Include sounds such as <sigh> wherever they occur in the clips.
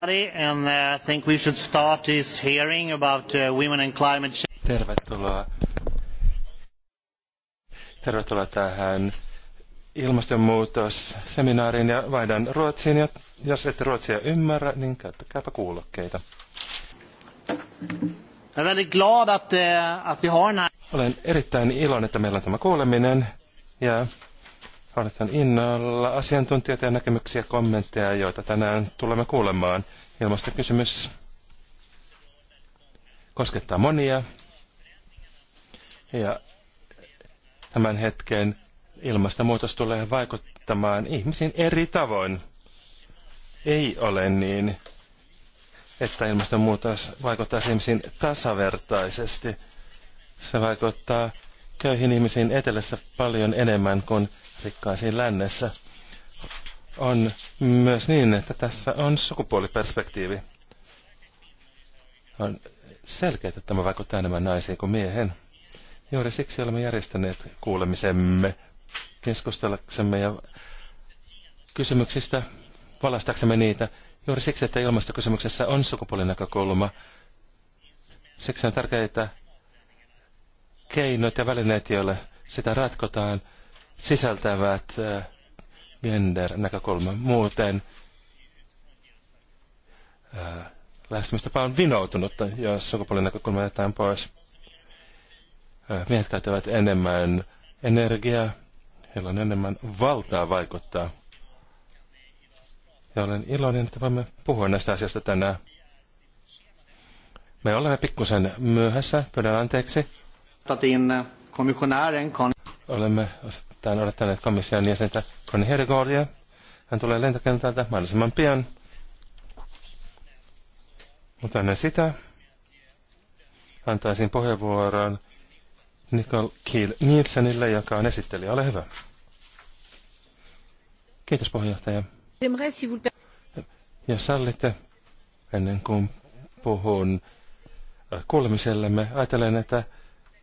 and uh, I think we should start this hearing about uh, women and climate change. Tervetuloa. Tervetuloa tähän ilmastonmuutosseminaariin ja vaihdan ruotsiin. Ja jos ette ruotsia ymmärrä, niin käyttäkääpä kuulokkeita. Uh, Olen erittäin iloinen, että meillä on tämä kuuleminen ja Odotan innolla asiantuntijoita ja näkemyksiä kommentteja, joita tänään tulemme kuulemaan. Ilmastokysymys koskettaa monia. Ja tämän hetken ilmastonmuutos tulee vaikuttamaan ihmisiin eri tavoin. Ei ole niin, että ilmastonmuutos vaikuttaa ihmisiin tasavertaisesti. Se vaikuttaa köyhiin ihmisiin etelässä paljon enemmän kuin rikkaisiin lännessä, on myös niin, että tässä on sukupuoliperspektiivi. On selkeää, että tämä vaikuttaa enemmän naisiin kuin miehen. Juuri siksi olemme järjestäneet kuulemisemme, keskustellaksemme ja kysymyksistä, valastaksemme niitä. Juuri siksi, että ilmastokysymyksessä on sukupuolinäkökulma. Siksi on tärkeitä keinot ja välineet, joilla sitä ratkotaan, sisältävät äh, gender-näkökulman. Muuten äh, lähestymistapa on vinoutunut, jos sukupuolen näkökulma jätetään pois. Äh, miehet käyttävät enemmän energiaa, heillä on enemmän valtaa vaikuttaa. Ja olen iloinen, että voimme puhua näistä asioista tänään. Me olemme pikkusen myöhässä, pyydän anteeksi. Olemme odottaen odottaneet komission jäsentä Conny Hedegaardia. Hän tulee lentokentältä mahdollisimman pian. Mutta ennen sitä antaisin puheenvuoron Nicole Kiel Nielsenille, joka on esittelijä. Ole hyvä. Kiitos puheenjohtaja. Ja sallitte, ennen kuin puhun kuulemisellemme, ajattelen, että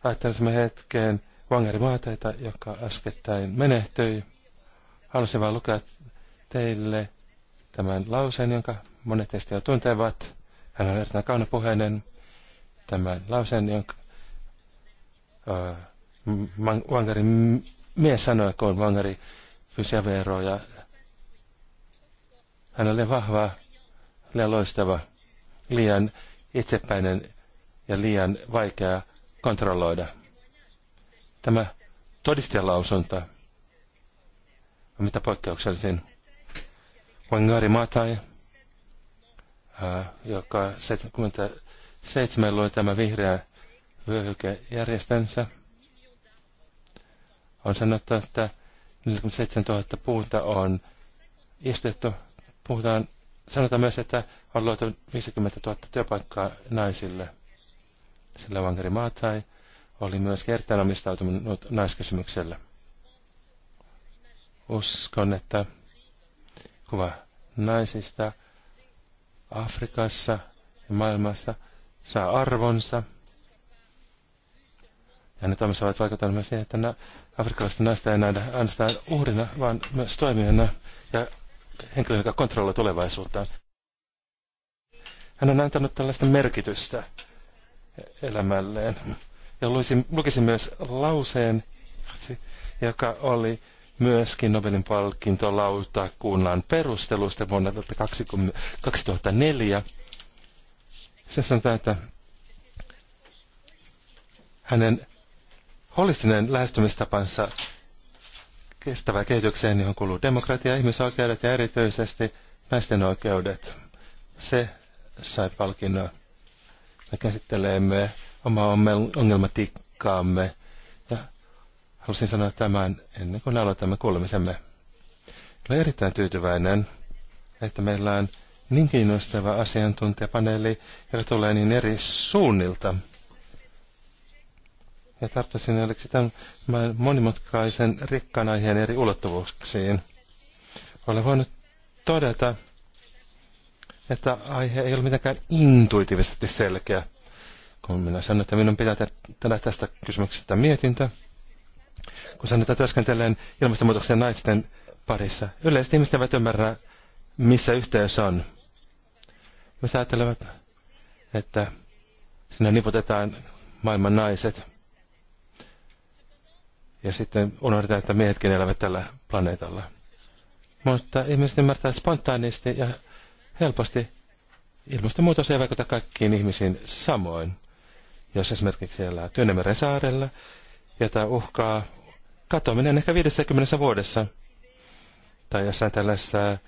ajattelisimme hetkeen – vangerimaateita, joka äskettäin menehtyi. Halusin vain lukea teille tämän lauseen, jonka monet teistä jo tuntevat. Hän on erittäin kaunopuheinen. Tämän lauseen, jonka äh, Vangeri mies sanoi, kun vangeri pyysi averoja. Hän oli vahva, liian loistava, liian itsepäinen ja liian vaikea kontrolloida tämä todistajalausunta on mitä poikkeuksellisin. Wangari Matai, joka 77 loi tämä vihreä vyöhykejärjestönsä, on sanottu, että 47 000 puuta on istettu. Puhutaan, sanotaan myös, että on luotu 50 000 työpaikkaa naisille. Sillä Wangari Maatai oli myös kertaan omistautunut naiskysymykselle. Uskon, että kuva naisista Afrikassa ja maailmassa saa arvonsa. Ja ne tämmöiset ovat vaikuttaneet myös siihen, että afrikkalaista naista ei nähdä ainoastaan uhrina, vaan myös toimijana ja henkilön, joka kontrolloi tulevaisuuttaan. Hän on antanut tällaista merkitystä elämälleen ja luisin, lukisin myös lauseen, joka oli myöskin Nobelin palkintolautakunnan perustelusta vuonna 2004. Se sanotaan, että hänen holistinen lähestymistapansa kestävää kehitykseen, johon kuuluu demokratia, ihmisoikeudet ja erityisesti naisten oikeudet. Se sai palkinnon. Me käsittelemme omaa ongelmatikkaamme. Ja halusin sanoa tämän ennen kuin aloitamme kuulemisemme. Olen erittäin tyytyväinen, että meillä on niin kiinnostava asiantuntijapaneeli, joka tulee niin eri suunnilta. Ja tarttuisin jälleksi tämän monimutkaisen rikkaan aiheen eri ulottuvuuksiin. Olen voinut todeta, että aihe ei ole mitenkään intuitiivisesti selkeä. Kun minä sanon, että minun pitää tehdä tästä kysymyksestä mietintö, kun sanon, että työskentelen ilmastonmuutoksen naisten parissa. Yleisesti ihmiset eivät ymmärrä, missä yhteys on. Jos ajattelevat, että sinä niputetaan maailman naiset. Ja sitten unohdetaan, että miehetkin elävät tällä planeetalla. Mutta ihmiset ymmärtää spontaanisti ja helposti. Ilmastonmuutos ei vaikuta kaikkiin ihmisiin samoin jos esimerkiksi siellä Työnnemeren saarella, jota uhkaa katoaminen ehkä 50 vuodessa. Tai jossain tällaisessa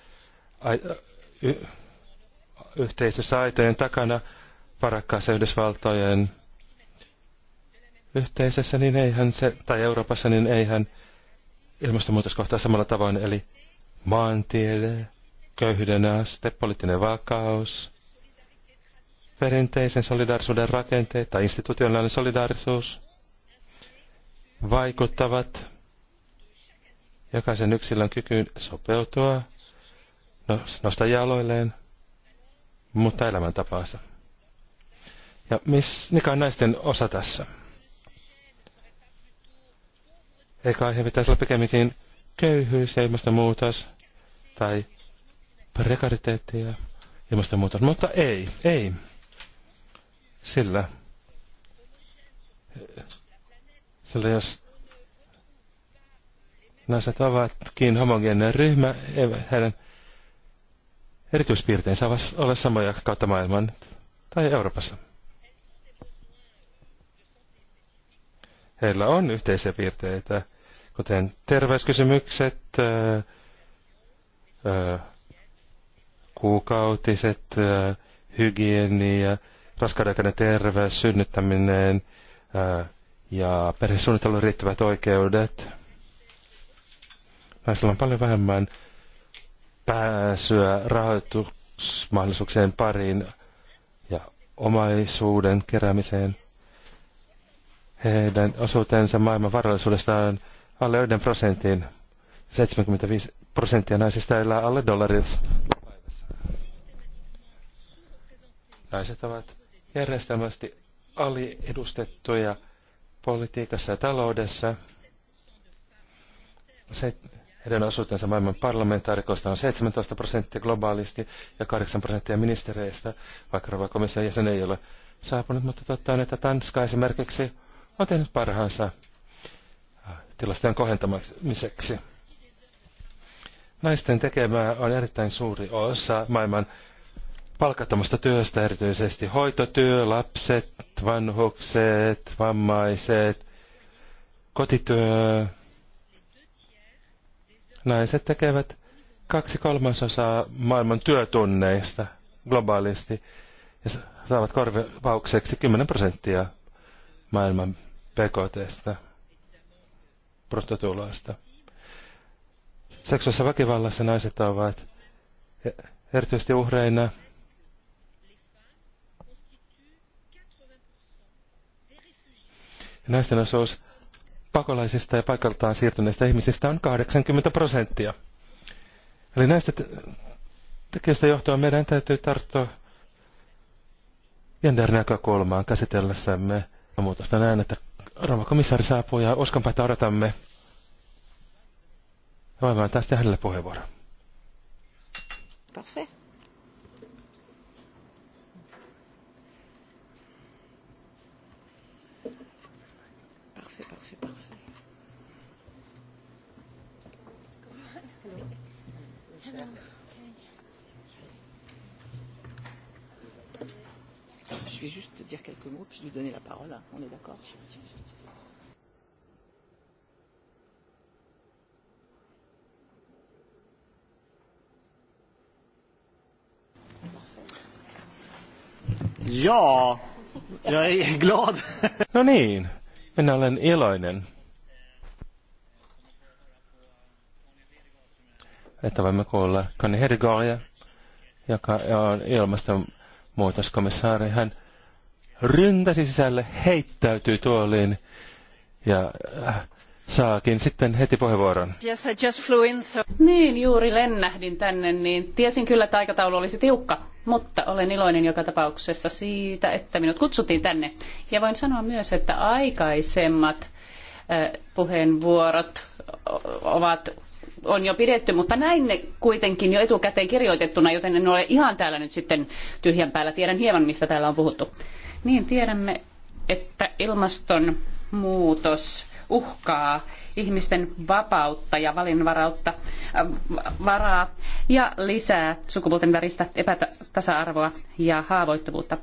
yhteisössä aitojen takana parakkaassa Yhdysvaltojen yhteisössä, niin eihän se, tai Euroopassa, niin eihän ilmastonmuutos kohtaa samalla tavoin, eli maantiede, köyhyyden aste, poliittinen vakaus, perinteisen solidaarisuuden rakenteet tai institutionaalinen solidaarisuus vaikuttavat jokaisen yksilön kykyyn sopeutua, nostaa jaloilleen, mutta elämäntapaansa. Ja miss, mikä on naisten osa tässä? Eikä aihe pitäisi olla pikemminkin köyhyys ja ilmastonmuutos tai prekariteetti ja ilmastonmuutos, mutta ei, ei. Sillä, sillä jos naiset ovatkin homogeeninen ryhmä, heidän erityispiirteensä olla samoja kautta maailman tai Euroopassa. Heillä on yhteisiä piirteitä, kuten terveyskysymykset, kuukautiset, hygienia, raskaudenaikainen terveys, synnyttäminen ja perhesuunnittelun riittävät oikeudet. Naisilla on paljon vähemmän pääsyä rahoitusmahdollisuuksien pariin ja omaisuuden keräämiseen. Heidän osuutensa maailman varallisuudesta on alle 1 prosentin. 75 prosenttia naisista elää alle dollarissa. Naiset ovat järjestelmästi aliedustettuja politiikassa ja taloudessa. Se, heidän osuutensa maailman parlamentaarikoista on 17 prosenttia globaalisti ja 8 prosenttia ministereistä, vaikka rova komission jäsen ei ole saapunut, mutta totta on, että Tanska esimerkiksi on tehnyt parhaansa tilastojen kohentamiseksi. Naisten tekemää on erittäin suuri osa maailman palkattomasta työstä, erityisesti hoitotyö, lapset, vanhukset, vammaiset, kotityö. Naiset tekevät kaksi kolmasosaa maailman työtunneista globaalisti ja saavat korvaukseksi 10 prosenttia maailman BKTstä, bruttotuloista. Seksuaalisessa väkivallassa naiset ovat e- erityisesti uhreina naisten osuus pakolaisista ja paikaltaan siirtyneistä ihmisistä on 80 prosenttia. Eli näistä tekijöistä johtuen meidän täytyy tarttua gender-näkökulmaan käsitellessämme no, muutosta näen, että rouva komissaari saapuu ja uskonpa, että odotamme. Voimme antaa sitten hänelle puheenvuoron. Parfait. dire quelques mots, puis lui donner la parole. Hein. On est d'accord Joo, jag är glad. No niin, minä olen iloinen. Että voimme kuulla Conny Hedegaardia, joka on ilmastonmuutoskomissaari. Hän ryntäsi sisälle, heittäytyi tuoliin ja äh, saakin sitten heti puheenvuoron. Yes, I just flew in, so... Niin, juuri lennähdin tänne, niin tiesin kyllä, että aikataulu olisi tiukka, mutta olen iloinen joka tapauksessa siitä, että minut kutsuttiin tänne. Ja voin sanoa myös, että aikaisemmat äh, puheenvuorot ovat on jo pidetty, mutta näin ne kuitenkin jo etukäteen kirjoitettuna, joten en ole ihan täällä nyt sitten tyhjän päällä. Tiedän hieman, mistä täällä on puhuttu niin tiedämme, että ilmastonmuutos uhkaa ihmisten vapautta ja valinvarautta äh, varaa ja lisää sukupuolten väristä epätasa-arvoa ja haavoittuvuutta.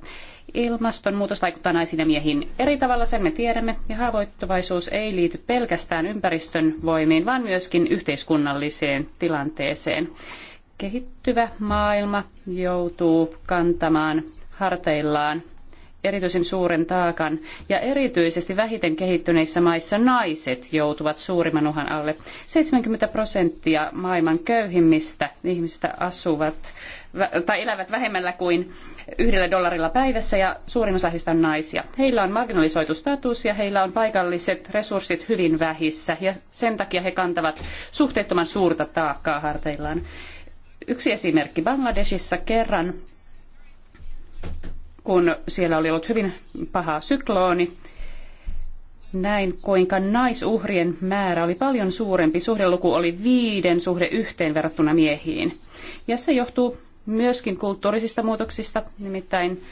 Ilmastonmuutos vaikuttaa naisiin ja miehiin eri tavalla, sen me tiedämme, ja haavoittuvaisuus ei liity pelkästään ympäristön voimiin, vaan myöskin yhteiskunnalliseen tilanteeseen. Kehittyvä maailma joutuu kantamaan harteillaan erityisen suuren taakan ja erityisesti vähiten kehittyneissä maissa naiset joutuvat suurimman uhan alle. 70 prosenttia maailman köyhimmistä ihmistä asuvat tai elävät vähemmällä kuin yhdellä dollarilla päivässä ja suurin osa heistä on naisia. Heillä on marginalisoitu status ja heillä on paikalliset resurssit hyvin vähissä ja sen takia he kantavat suhteettoman suurta taakkaa harteillaan. Yksi esimerkki Bangladesissa kerran kun siellä oli ollut hyvin paha syklooni, näin kuinka naisuhrien määrä oli paljon suurempi. Suhdeluku oli viiden suhde yhteen verrattuna miehiin. Ja se johtuu myöskin kulttuurisista muutoksista, nimittäin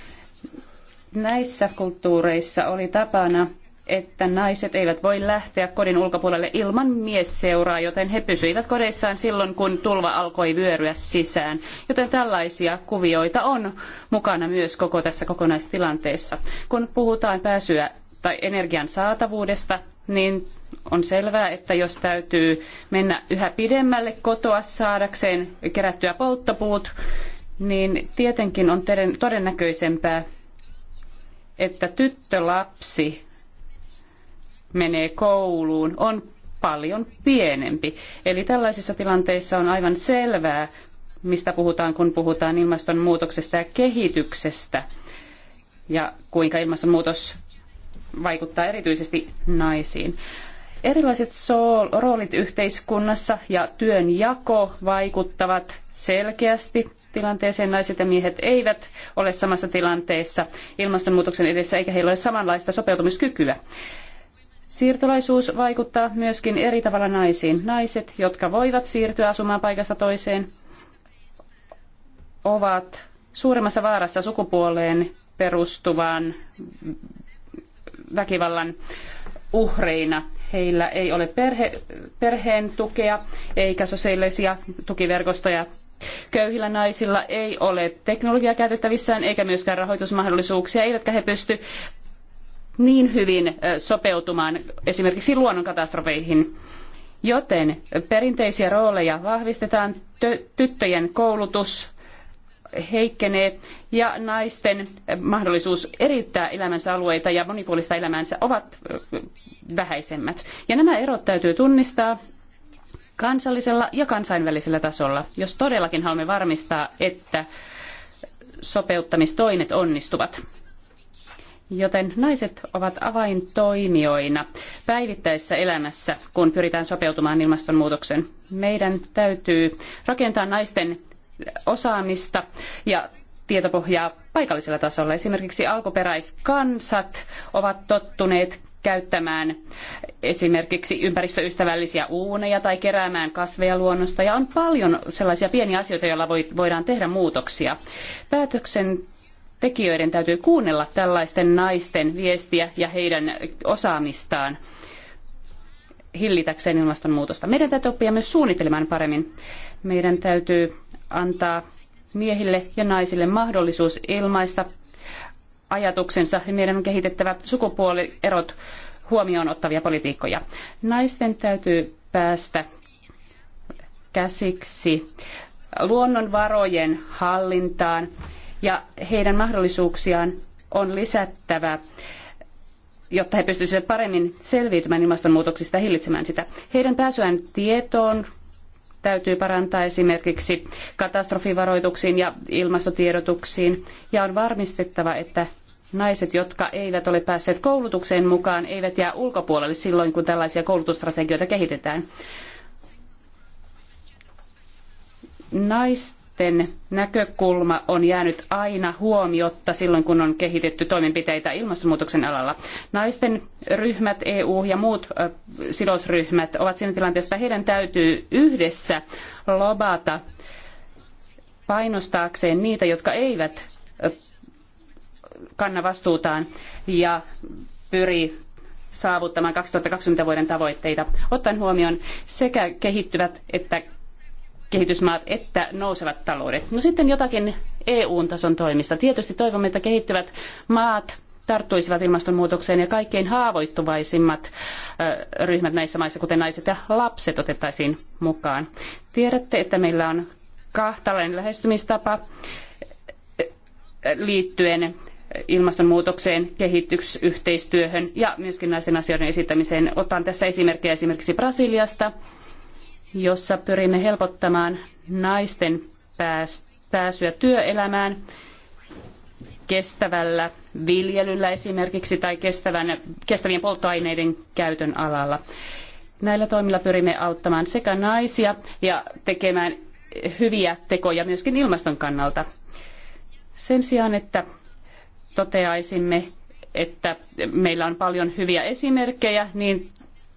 näissä kulttuureissa oli tapana että naiset eivät voi lähteä kodin ulkopuolelle ilman miesseuraa, joten he pysyivät kodeissaan silloin, kun tulva alkoi vyöryä sisään. Joten tällaisia kuvioita on mukana myös koko tässä kokonaistilanteessa. Kun puhutaan pääsyä tai energian saatavuudesta, niin on selvää, että jos täytyy mennä yhä pidemmälle kotoa saadakseen kerättyä polttopuut, niin tietenkin on todennäköisempää, että tyttölapsi menee kouluun, on paljon pienempi. Eli tällaisissa tilanteissa on aivan selvää, mistä puhutaan, kun puhutaan ilmastonmuutoksesta ja kehityksestä ja kuinka ilmastonmuutos vaikuttaa erityisesti naisiin. Erilaiset roolit yhteiskunnassa ja työnjako vaikuttavat selkeästi tilanteeseen. Naiset ja miehet eivät ole samassa tilanteessa ilmastonmuutoksen edessä, eikä heillä ole samanlaista sopeutumiskykyä. Siirtolaisuus vaikuttaa myöskin eri tavalla naisiin. Naiset, jotka voivat siirtyä asumaan paikasta toiseen, ovat suuremmassa vaarassa sukupuoleen perustuvan väkivallan uhreina. Heillä ei ole perhe, perheen tukea eikä sosiaalisia tukiverkostoja. Köyhillä naisilla ei ole teknologiaa käytettävissään eikä myöskään rahoitusmahdollisuuksia, eivätkä he pysty niin hyvin sopeutumaan esimerkiksi luonnonkatastrofeihin. Joten perinteisiä rooleja vahvistetaan, tyttöjen koulutus heikkenee ja naisten mahdollisuus eriyttää elämänsä alueita ja monipuolista elämäänsä ovat vähäisemmät. Ja nämä erot täytyy tunnistaa kansallisella ja kansainvälisellä tasolla, jos todellakin haluamme varmistaa, että sopeuttamistoimet onnistuvat. Joten naiset ovat avaintoimijoina päivittäisessä elämässä, kun pyritään sopeutumaan ilmastonmuutokseen. Meidän täytyy rakentaa naisten osaamista ja tietopohjaa paikallisella tasolla. Esimerkiksi alkuperäiskansat ovat tottuneet käyttämään esimerkiksi ympäristöystävällisiä uuneja tai keräämään kasveja luonnosta. Ja on paljon sellaisia pieniä asioita, joilla voidaan tehdä muutoksia. Päätöksen tekijöiden täytyy kuunnella tällaisten naisten viestiä ja heidän osaamistaan hillitäkseen ilmastonmuutosta. Meidän täytyy oppia myös suunnittelemaan paremmin. Meidän täytyy antaa miehille ja naisille mahdollisuus ilmaista ajatuksensa ja meidän on kehitettävä sukupuolierot huomioon ottavia politiikkoja. Naisten täytyy päästä käsiksi luonnonvarojen hallintaan ja heidän mahdollisuuksiaan on lisättävä jotta he pystyisivät paremmin selviytymään ilmastonmuutoksista ja hillitsemään sitä. Heidän pääsyään tietoon täytyy parantaa esimerkiksi katastrofivaroituksiin ja ilmastotiedotuksiin. Ja on varmistettava, että naiset, jotka eivät ole päässeet koulutukseen mukaan, eivät jää ulkopuolelle silloin, kun tällaisia koulutusstrategioita kehitetään. Nais, lasten näkökulma on jäänyt aina huomiotta silloin, kun on kehitetty toimenpiteitä ilmastonmuutoksen alalla. Naisten ryhmät, EU ja muut sidosryhmät ovat siinä tilanteessa, että heidän täytyy yhdessä lobata painostaakseen niitä, jotka eivät kanna vastuutaan ja pyri saavuttamaan 2020 vuoden tavoitteita, ottaen huomioon sekä kehittyvät että kehitysmaat että nousevat taloudet. No sitten jotakin EU-tason toimista. Tietysti toivomme, että kehittyvät maat tarttuisivat ilmastonmuutokseen ja kaikkein haavoittuvaisimmat ryhmät näissä maissa, kuten naiset ja lapset, otettaisiin mukaan. Tiedätte, että meillä on kahtalainen lähestymistapa liittyen ilmastonmuutokseen, kehitysyhteistyöhön ja myöskin naisten asioiden esittämiseen. Otan tässä esimerkkejä esimerkiksi Brasiliasta, jossa pyrimme helpottamaan naisten pääsyä työelämään kestävällä viljelyllä esimerkiksi tai kestävän, kestävien polttoaineiden käytön alalla. Näillä toimilla pyrimme auttamaan sekä naisia ja tekemään hyviä tekoja myöskin ilmaston kannalta. Sen sijaan, että toteaisimme, että meillä on paljon hyviä esimerkkejä, niin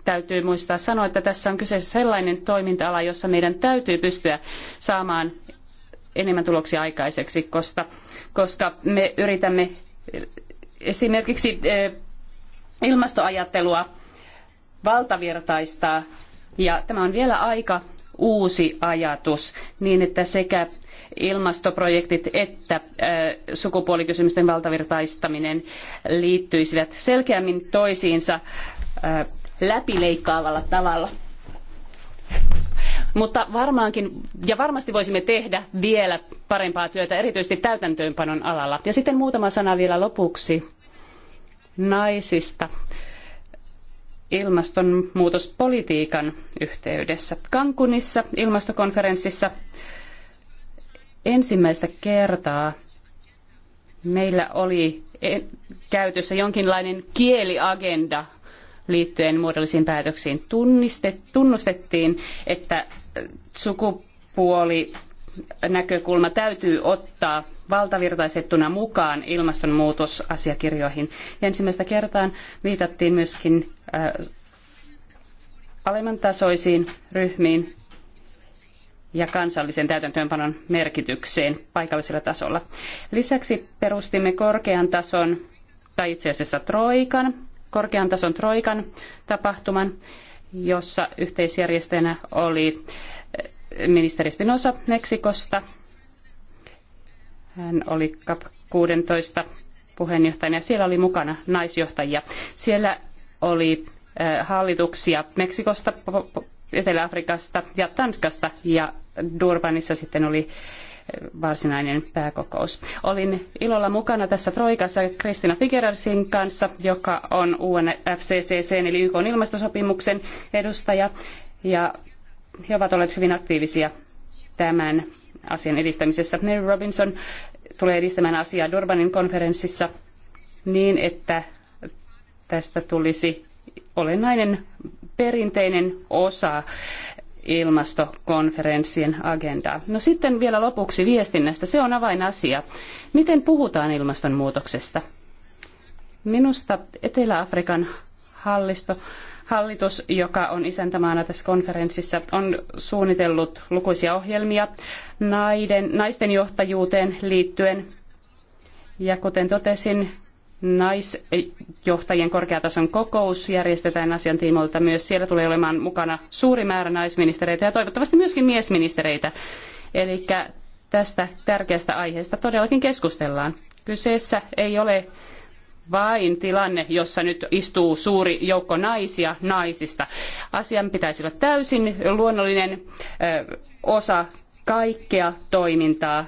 täytyy muistaa sanoa, että tässä on kyseessä sellainen toiminta-ala, jossa meidän täytyy pystyä saamaan enemmän tuloksia aikaiseksi, koska, koska me yritämme esimerkiksi eh, ilmastoajattelua valtavirtaistaa. Ja tämä on vielä aika uusi ajatus, niin että sekä ilmastoprojektit että eh, sukupuolikysymysten valtavirtaistaminen liittyisivät selkeämmin toisiinsa eh, läpileikkaavalla tavalla. Mutta varmaankin, ja varmasti voisimme tehdä vielä parempaa työtä, erityisesti täytäntöönpanon alalla. Ja sitten muutama sana vielä lopuksi naisista ilmastonmuutospolitiikan yhteydessä. Kankunissa ilmastokonferenssissa ensimmäistä kertaa meillä oli e- käytössä jonkinlainen kieliagenda liittyen muodollisiin päätöksiin tunnustettiin, että sukupuoli näkökulma täytyy ottaa valtavirtaisettuna mukaan ilmastonmuutosasiakirjoihin. ensimmäistä kertaa viitattiin myöskin äh, alemmantasoisiin ryhmiin ja kansallisen täytäntöönpanon merkitykseen paikallisella tasolla. Lisäksi perustimme korkean tason, tai itse asiassa Troikan, korkean tason Troikan tapahtuman, jossa yhteisjärjestäjänä oli eh, ministeri Spinoza Meksikosta. Hän oli CAP 16 puheenjohtajana ja siellä oli mukana naisjohtajia. Siellä oli eh, hallituksia Meksikosta, Etelä-Afrikasta ja Tanskasta ja Durbanissa sitten oli varsinainen pääkokous. Olin ilolla mukana tässä Troikassa Kristina Figerarsin kanssa, joka on UNFCCC eli YK ilmastosopimuksen edustaja. Ja he ovat olleet hyvin aktiivisia tämän asian edistämisessä. Mary Robinson tulee edistämään asiaa Durbanin konferenssissa niin, että tästä tulisi olennainen perinteinen osa ilmastokonferenssin agendaa. No sitten vielä lopuksi viestinnästä. Se on avainasia. Miten puhutaan ilmastonmuutoksesta? Minusta Etelä-Afrikan hallisto, hallitus, joka on isäntämaana tässä konferenssissa, on suunnitellut lukuisia ohjelmia naiden, naisten johtajuuteen liittyen. Ja kuten totesin, naisjohtajien korkeatason kokous järjestetään asian tiimoilta myös. Siellä tulee olemaan mukana suuri määrä naisministereitä ja toivottavasti myöskin miesministereitä. Eli tästä tärkeästä aiheesta todellakin keskustellaan. Kyseessä ei ole vain tilanne, jossa nyt istuu suuri joukko naisia naisista. Asian pitäisi olla täysin luonnollinen osa kaikkea toimintaa,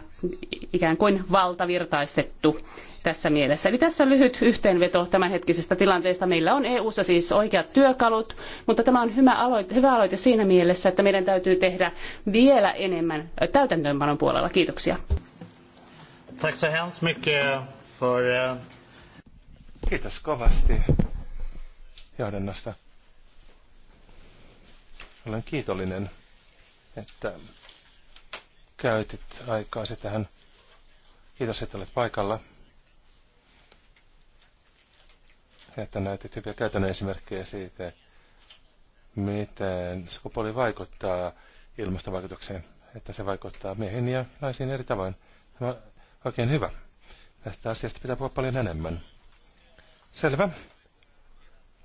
ikään kuin valtavirtaistettu tässä mielessä. Eli tässä lyhyt yhteenveto tämänhetkisestä tilanteesta. Meillä on EU-ssa siis oikeat työkalut, mutta tämä on hyvä aloite, hyvä aloite siinä mielessä, että meidän täytyy tehdä vielä enemmän täytäntöönpanon puolella. Kiitoksia. Eh, Kiitos kovasti johdannosta. Olen kiitollinen, että käytit aikaasi tähän. Kiitos, että olet paikalla. että näytit hyviä käytännön esimerkkejä siitä, miten sukupuoli vaikuttaa ilmastovaikutukseen, että se vaikuttaa miehiin ja naisiin eri tavoin. Tämä on oikein hyvä. Tästä asiasta pitää puhua paljon enemmän. Selvä.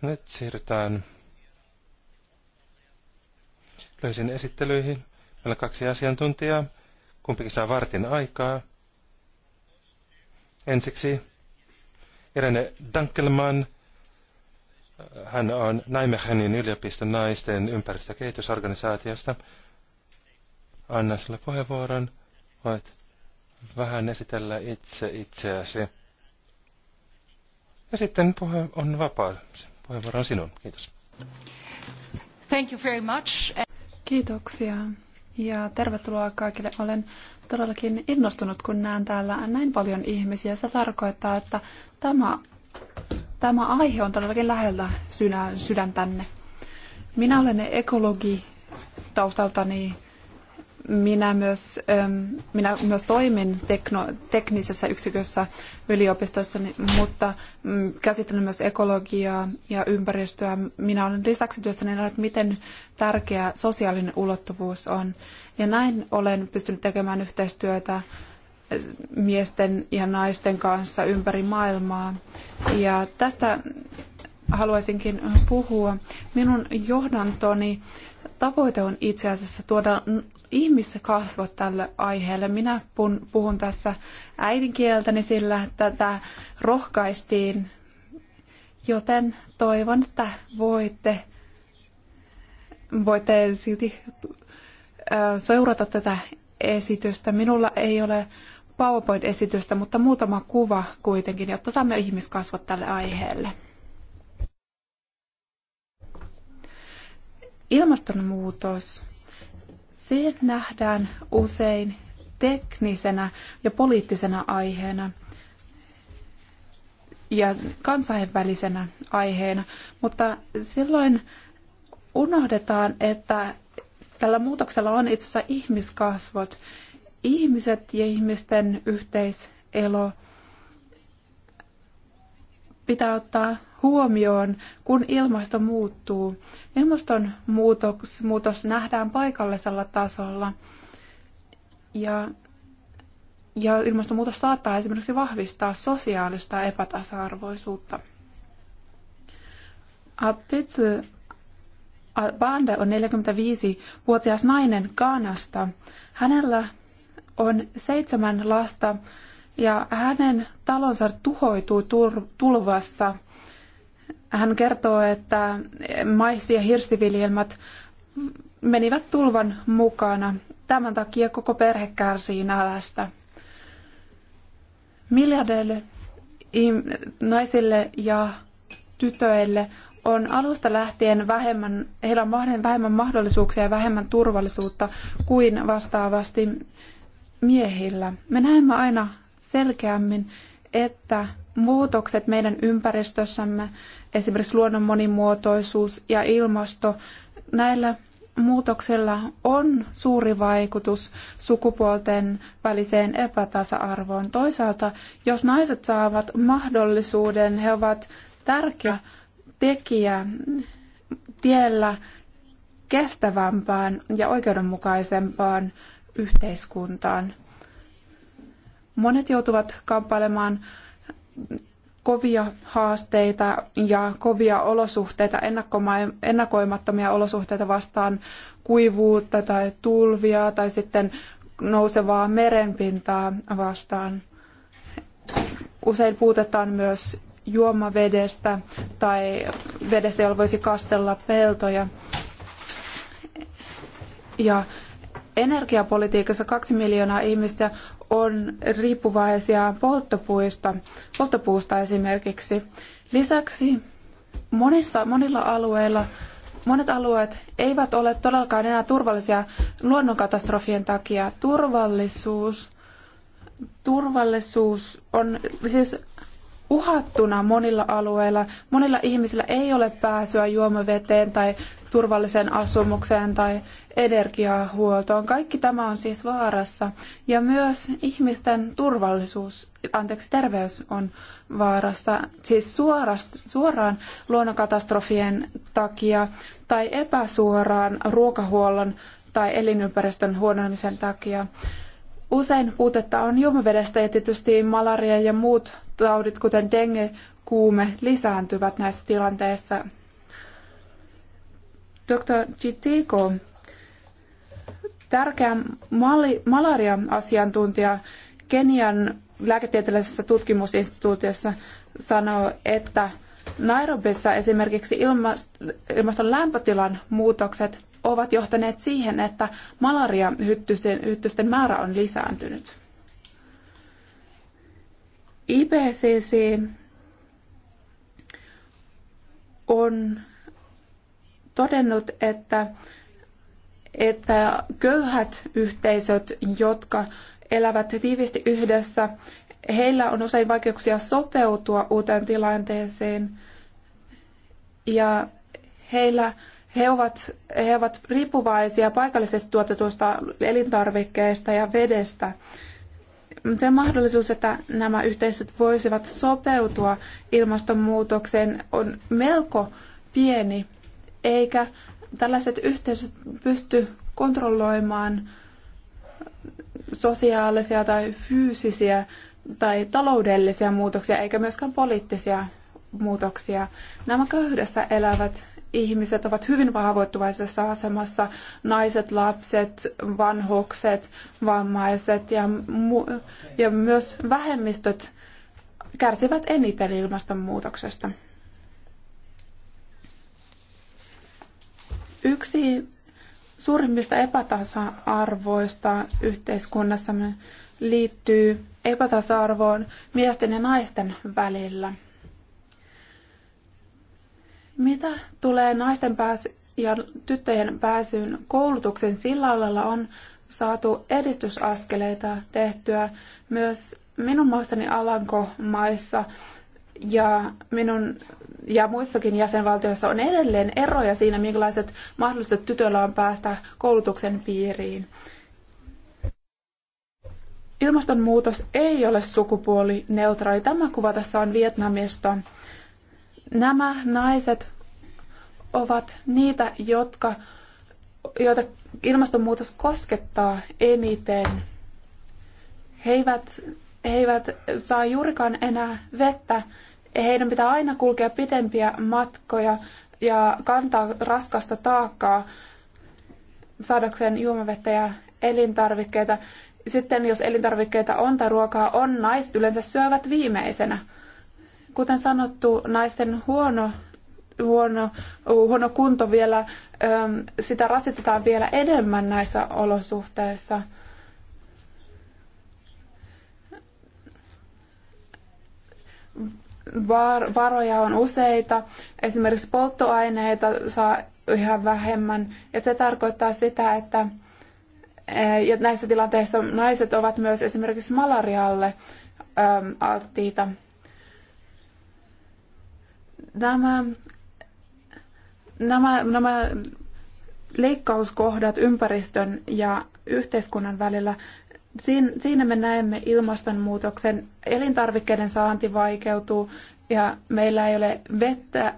Nyt siirrytään löysin esittelyihin. Meillä on kaksi asiantuntijaa. Kumpikin saa vartin aikaa. Ensiksi Irene Dankelman hän on Naimehenin yliopiston naisten ympäristökehitysorganisaatiosta. Anna sinulle puheenvuoron. Voit vähän esitellä itse itseäsi. Ja sitten puhe on vapaa. Puheenvuoro on sinun. Kiitos. Thank you very much. Kiitoksia ja tervetuloa kaikille. Olen todellakin innostunut, kun näen täällä näin paljon ihmisiä. Se tarkoittaa, että tämä Tämä aihe on todellakin lähellä sydän, sydäntänne. Minä olen ekologi taustaltani. Minä myös, ähm, minä myös toimin tekno, teknisessä yksikössä yliopistossa, mutta mm, käsittelen myös ekologiaa ja ympäristöä. Minä olen lisäksi työssäni nähnyt, miten tärkeä sosiaalinen ulottuvuus on. Ja näin olen pystynyt tekemään yhteistyötä miesten ja naisten kanssa ympäri maailmaa. Ja tästä haluaisinkin puhua. Minun johdantoni tavoite on itse asiassa tuoda ihmiskasvot tälle aiheelle. Minä puhun tässä äidinkieltäni sillä tätä rohkaistiin, joten toivon, että voitte, voitte silti seurata tätä esitystä. Minulla ei ole PowerPoint-esitystä, mutta muutama kuva kuitenkin, jotta saamme ihmiskasvot tälle aiheelle. Ilmastonmuutos. Se nähdään usein teknisenä ja poliittisena aiheena ja kansainvälisenä aiheena, mutta silloin unohdetaan, että tällä muutoksella on itse asiassa ihmiskasvot ihmiset ja ihmisten yhteiselo pitää ottaa huomioon, kun ilmasto muuttuu. Ilmastonmuutos muutos nähdään paikallisella tasolla ja, ja ilmastonmuutos saattaa esimerkiksi vahvistaa sosiaalista epätasa-arvoisuutta. Abditsu Bande on 45-vuotias nainen Kanasta. Hänellä on seitsemän lasta ja hänen talonsa tuhoituu tulvassa. Hän kertoo, että maissi- ja hirsiviljelmät menivät tulvan mukana. Tämän takia koko perhe kärsii nälästä. Miljardeille naisille ja tytöille on alusta lähtien vähemmän, heillä on vähemmän mahdollisuuksia ja vähemmän turvallisuutta kuin vastaavasti miehillä. Me näemme aina selkeämmin, että muutokset meidän ympäristössämme, esimerkiksi luonnon monimuotoisuus ja ilmasto, näillä muutoksella on suuri vaikutus sukupuolten väliseen epätasa-arvoon. Toisaalta, jos naiset saavat mahdollisuuden, he ovat tärkeä tekijä tiellä kestävämpään ja oikeudenmukaisempaan yhteiskuntaan. Monet joutuvat kamppailemaan kovia haasteita ja kovia olosuhteita, ennakoimattomia olosuhteita vastaan, kuivuutta tai tulvia tai sitten nousevaa merenpintaa vastaan. Usein puutetaan myös juomavedestä tai vedessä, jolla voisi kastella peltoja. Ja energiapolitiikassa kaksi miljoonaa ihmistä on riippuvaisia polttopuista, polttopuusta esimerkiksi. Lisäksi monissa, monilla alueilla monet alueet eivät ole todellakaan enää turvallisia luonnonkatastrofien takia. Turvallisuus, turvallisuus on siis uhattuna monilla alueilla. Monilla ihmisillä ei ole pääsyä juomaveteen tai turvalliseen asumukseen tai energiahuoltoon. Kaikki tämä on siis vaarassa. Ja myös ihmisten turvallisuus, anteeksi, terveys on vaarassa, siis suoraan luonnonkatastrofien takia tai epäsuoraan ruokahuollon tai elinympäristön huononemisen takia. Usein puutetta on juomavedestä ja tietysti malaria ja muut taudit, kuten dengue, kuume, lisääntyvät näissä tilanteissa Dr. Chitiko, tärkeä malaria-asiantuntija Kenian lääketieteellisessä tutkimusinstituutiossa sanoo, että Nairobissa esimerkiksi ilmaston lämpötilan muutokset ovat johtaneet siihen, että malaria-hyttysten määrä on lisääntynyt. IPCC on todennut, että, että köyhät yhteisöt, jotka elävät tiiviisti yhdessä, heillä on usein vaikeuksia sopeutua uuteen tilanteeseen ja heillä he ovat, he ovat riippuvaisia paikallisesti tuotetuista elintarvikkeista ja vedestä. Se mahdollisuus, että nämä yhteisöt voisivat sopeutua ilmastonmuutokseen, on melko pieni eikä tällaiset yhteisöt pysty kontrolloimaan sosiaalisia tai fyysisiä tai taloudellisia muutoksia, eikä myöskään poliittisia muutoksia. Nämä köyhdessä elävät ihmiset ovat hyvin vahvoittuvaisessa asemassa. Naiset, lapset, vanhukset, vammaiset ja, ja myös vähemmistöt kärsivät eniten ilmastonmuutoksesta. Yksi suurimmista epätasa-arvoista yhteiskunnassamme liittyy epätasa-arvoon miesten ja naisten välillä. Mitä tulee naisten pääsy ja tyttöjen pääsyyn koulutuksen sillä alalla on saatu edistysaskeleita tehtyä myös minun maassani Alankomaissa ja minun ja muissakin jäsenvaltioissa on edelleen eroja siinä, minkälaiset mahdollisuudet tytöillä on päästä koulutuksen piiriin. Ilmastonmuutos ei ole sukupuolineutraali. Tämä kuva tässä on Vietnamista. Nämä naiset ovat niitä, jotka, joita ilmastonmuutos koskettaa eniten. He eivät he eivät saa juurikaan enää vettä. Heidän pitää aina kulkea pitempiä matkoja ja kantaa raskasta taakkaa saadakseen juomavettä ja elintarvikkeita. Sitten jos elintarvikkeita on tai ruokaa on, naiset yleensä syövät viimeisenä. Kuten sanottu, naisten huono, huono, huono kunto vielä, sitä rasitetaan vielä enemmän näissä olosuhteissa. varoja on useita. Esimerkiksi polttoaineita saa yhä vähemmän. Ja se tarkoittaa sitä, että e, ja näissä tilanteissa naiset ovat myös esimerkiksi malarialle alttiita. Nämä, nämä, nämä leikkauskohdat ympäristön ja yhteiskunnan välillä Siinä me näemme ilmastonmuutoksen, elintarvikkeiden saanti vaikeutuu ja meillä ei ole vettä,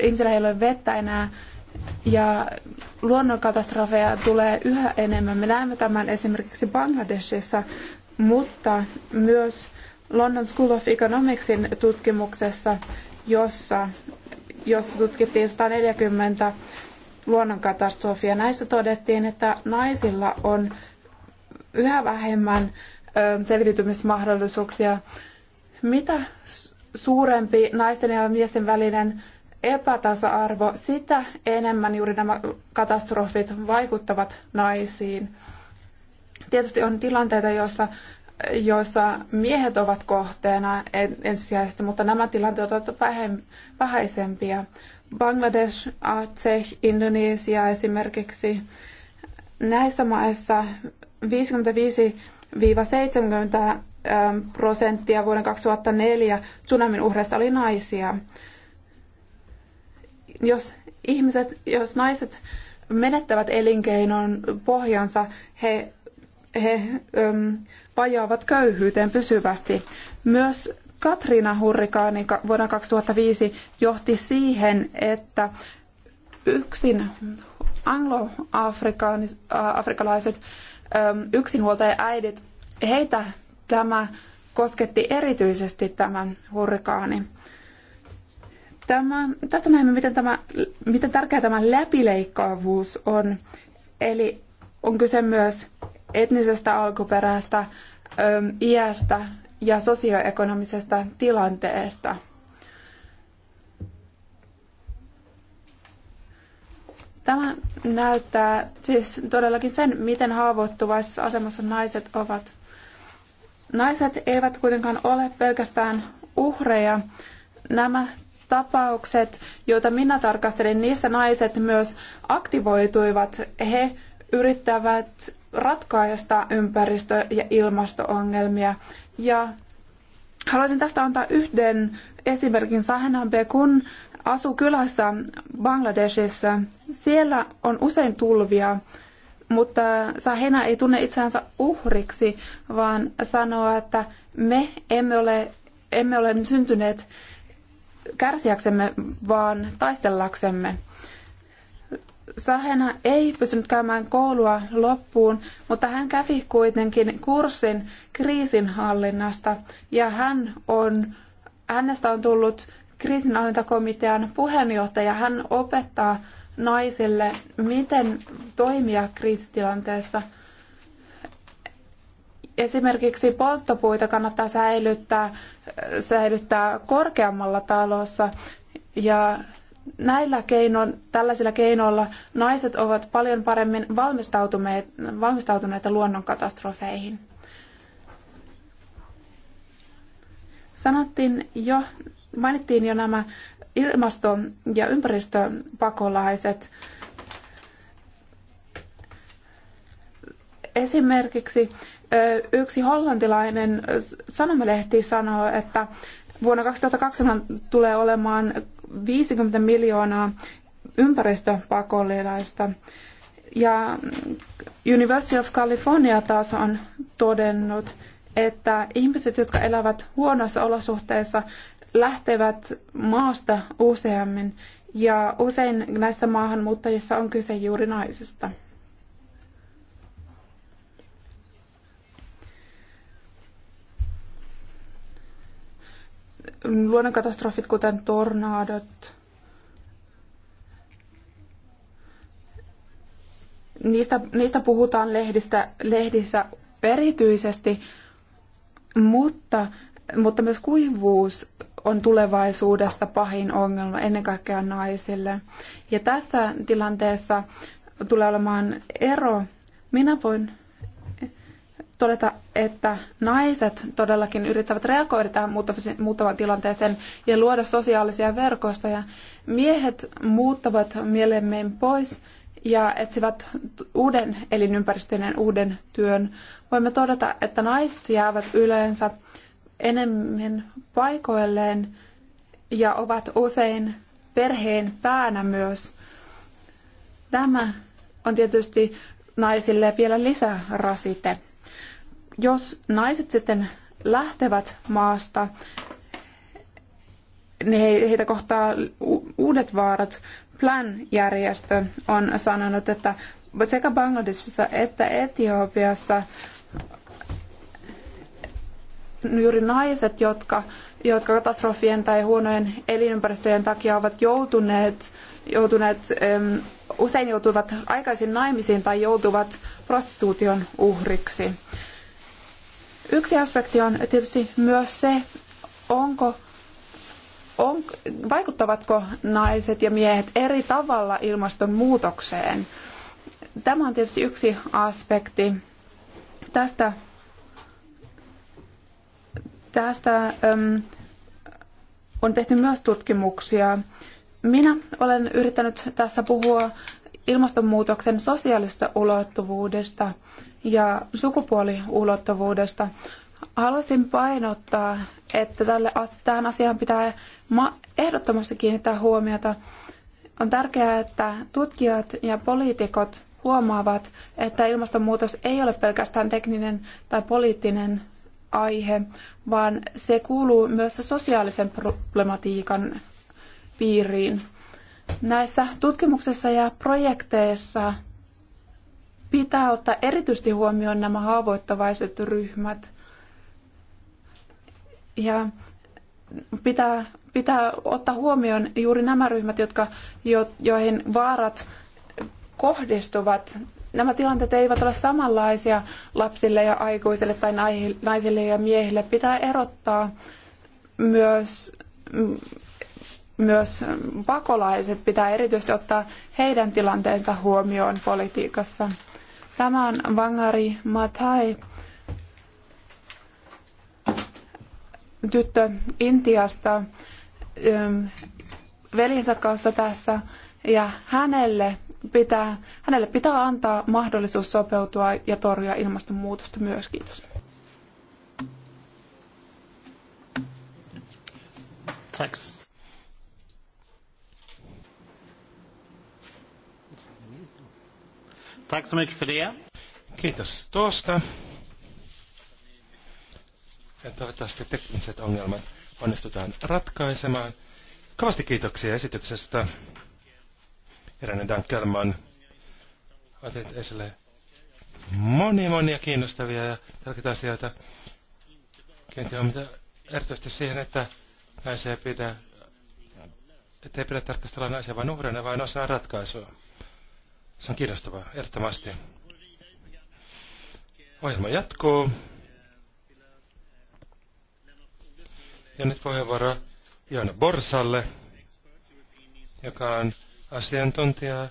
ihmisillä ei ole vettä enää ja luonnonkatastrofeja tulee yhä enemmän. Me näemme tämän esimerkiksi Bangladesissa, mutta myös London School of Economicsin tutkimuksessa, jossa, jossa tutkittiin 140 luonnonkatastrofia. Näissä todettiin, että naisilla on yhä vähemmän selviytymismahdollisuuksia. Mitä suurempi naisten ja miesten välinen epätasa-arvo, sitä enemmän juuri nämä katastrofit vaikuttavat naisiin. Tietysti on tilanteita, joissa joissa miehet ovat kohteena ensisijaisesti, mutta nämä tilanteet ovat vähäisempiä. Bangladesh, Aceh, Indonesia esimerkiksi. Näissä maissa 55 70 ähm, prosenttia vuoden 2004 tsunamin uhreista oli naisia. Jos ihmiset, jos naiset menettävät elinkeinon pohjansa, he, he äm, vajaavat köyhyyteen pysyvästi. Myös Katrina hurrikaani vuonna 2005 johti siihen, että yksin anglo-afrikalaiset äh, yksinhuoltaja-äidit, heitä tämä kosketti erityisesti tämä hurrikaani. Tämä, tästä näemme, miten, tämä, miten tärkeä tämä läpileikkaavuus on. Eli on kyse myös etnisestä alkuperästä, iästä ja sosioekonomisesta tilanteesta. Tämä näyttää siis todellakin sen, miten haavoittuvaisessa asemassa naiset ovat. Naiset eivät kuitenkaan ole pelkästään uhreja. Nämä tapaukset, joita minä tarkastelin, niissä naiset myös aktivoituivat. He yrittävät ratkaista ympäristö- ja ilmastoongelmia. Ja haluaisin tästä antaa yhden esimerkin Sahenan Bekun asuu kylässä Bangladesissa. Siellä on usein tulvia, mutta Sahena ei tunne itseänsä uhriksi, vaan sanoo, että me emme ole, emme ole syntyneet kärsiäksemme, vaan taistellaksemme. Sahena ei pystynyt käymään koulua loppuun, mutta hän kävi kuitenkin kurssin kriisinhallinnasta ja hän on, hänestä on tullut kriisinhallintakomitean puheenjohtaja. Hän opettaa naisille, miten toimia kriisitilanteessa. Esimerkiksi polttopuita kannattaa säilyttää, säilyttää korkeammalla talossa ja näillä keinoin, tällaisilla keinoilla naiset ovat paljon paremmin valmistautuneet, valmistautuneita luonnonkatastrofeihin. Sanottiin jo Mainittiin jo nämä ilmasto- ja ympäristöpakolaiset. Esimerkiksi yksi hollantilainen sanomalehti sanoo, että vuonna 2020 tulee olemaan 50 miljoonaa ympäristöpakolaista. Ja University of California taas on todennut, että ihmiset, jotka elävät huonoissa olosuhteissa, lähtevät maasta useammin ja usein näissä maahanmuuttajissa on kyse juuri naisista. Luonnonkatastrofit, kuten tornaadot, niistä, niistä puhutaan lehdistä, lehdissä erityisesti, mutta, mutta myös kuivuus on tulevaisuudessa pahin ongelma ennen kaikkea naisille. Ja tässä tilanteessa tulee olemaan ero. Minä voin todeta, että naiset todellakin yrittävät reagoida tähän muuttavaan tilanteeseen ja luoda sosiaalisia verkostoja. Miehet muuttavat mielemmin pois ja etsivät uuden elinympäristön uuden työn. Voimme todeta, että naiset jäävät yleensä enemmän paikoilleen ja ovat usein perheen päänä myös. Tämä on tietysti naisille vielä lisärasite. Jos naiset sitten lähtevät maasta, niin heitä kohtaa uudet vaarat. Plan-järjestö on sanonut, että sekä Bangladesissa että Etiopiassa juuri naiset, jotka, jotka katastrofien tai huonojen elinympäristöjen takia ovat joutuneet, joutuneet usein joutuvat aikaisin naimisiin tai joutuvat prostituution uhriksi. Yksi aspekti on tietysti myös se, onko on, vaikuttavatko naiset ja miehet eri tavalla ilmastonmuutokseen. Tämä on tietysti yksi aspekti. Tästä Tästä ähm, on tehty myös tutkimuksia. Minä olen yrittänyt tässä puhua ilmastonmuutoksen sosiaalisesta ulottuvuudesta ja sukupuoliulottuvuudesta. Haluaisin painottaa, että tälle, tähän asiaan pitää ehdottomasti kiinnittää huomiota. On tärkeää, että tutkijat ja poliitikot huomaavat, että ilmastonmuutos ei ole pelkästään tekninen tai poliittinen aihe, vaan se kuuluu myös sosiaalisen problematiikan piiriin. Näissä tutkimuksissa ja projekteissa pitää ottaa erityisesti huomioon nämä haavoittavaiset ryhmät. Ja pitää, pitää ottaa huomioon juuri nämä ryhmät, jotka, jo, joihin vaarat kohdistuvat. Nämä tilanteet eivät ole samanlaisia lapsille ja aikuisille tai naisille ja miehille. Pitää erottaa myös, mm, myös pakolaiset, pitää erityisesti ottaa heidän tilanteensa huomioon politiikassa. Tämä on Vangari Mathai, tyttö Intiasta, mm, veljensä kanssa tässä ja hänelle pitää, hänelle pitää antaa mahdollisuus sopeutua ja torjua ilmastonmuutosta myös. Kiitos. Thanks. Tack så mycket för det. Kiitos tuosta. Ja toivottavasti tekniset ongelmat onnistutaan ratkaisemaan. Kovasti kiitoksia esityksestä eräinen Dankelman otit esille monia monia kiinnostavia ja tärkeitä asioita. Kenties on mitä erityisesti siihen, että naisia ei pidä, ei pidä tarkastella naisia vain uhreina, vaan osana ratkaisua. Se on kiinnostavaa, ehdottomasti. Ohjelma jatkuu. Ja nyt puheenvuoro Joona Borsalle, joka on asiantuntijaa,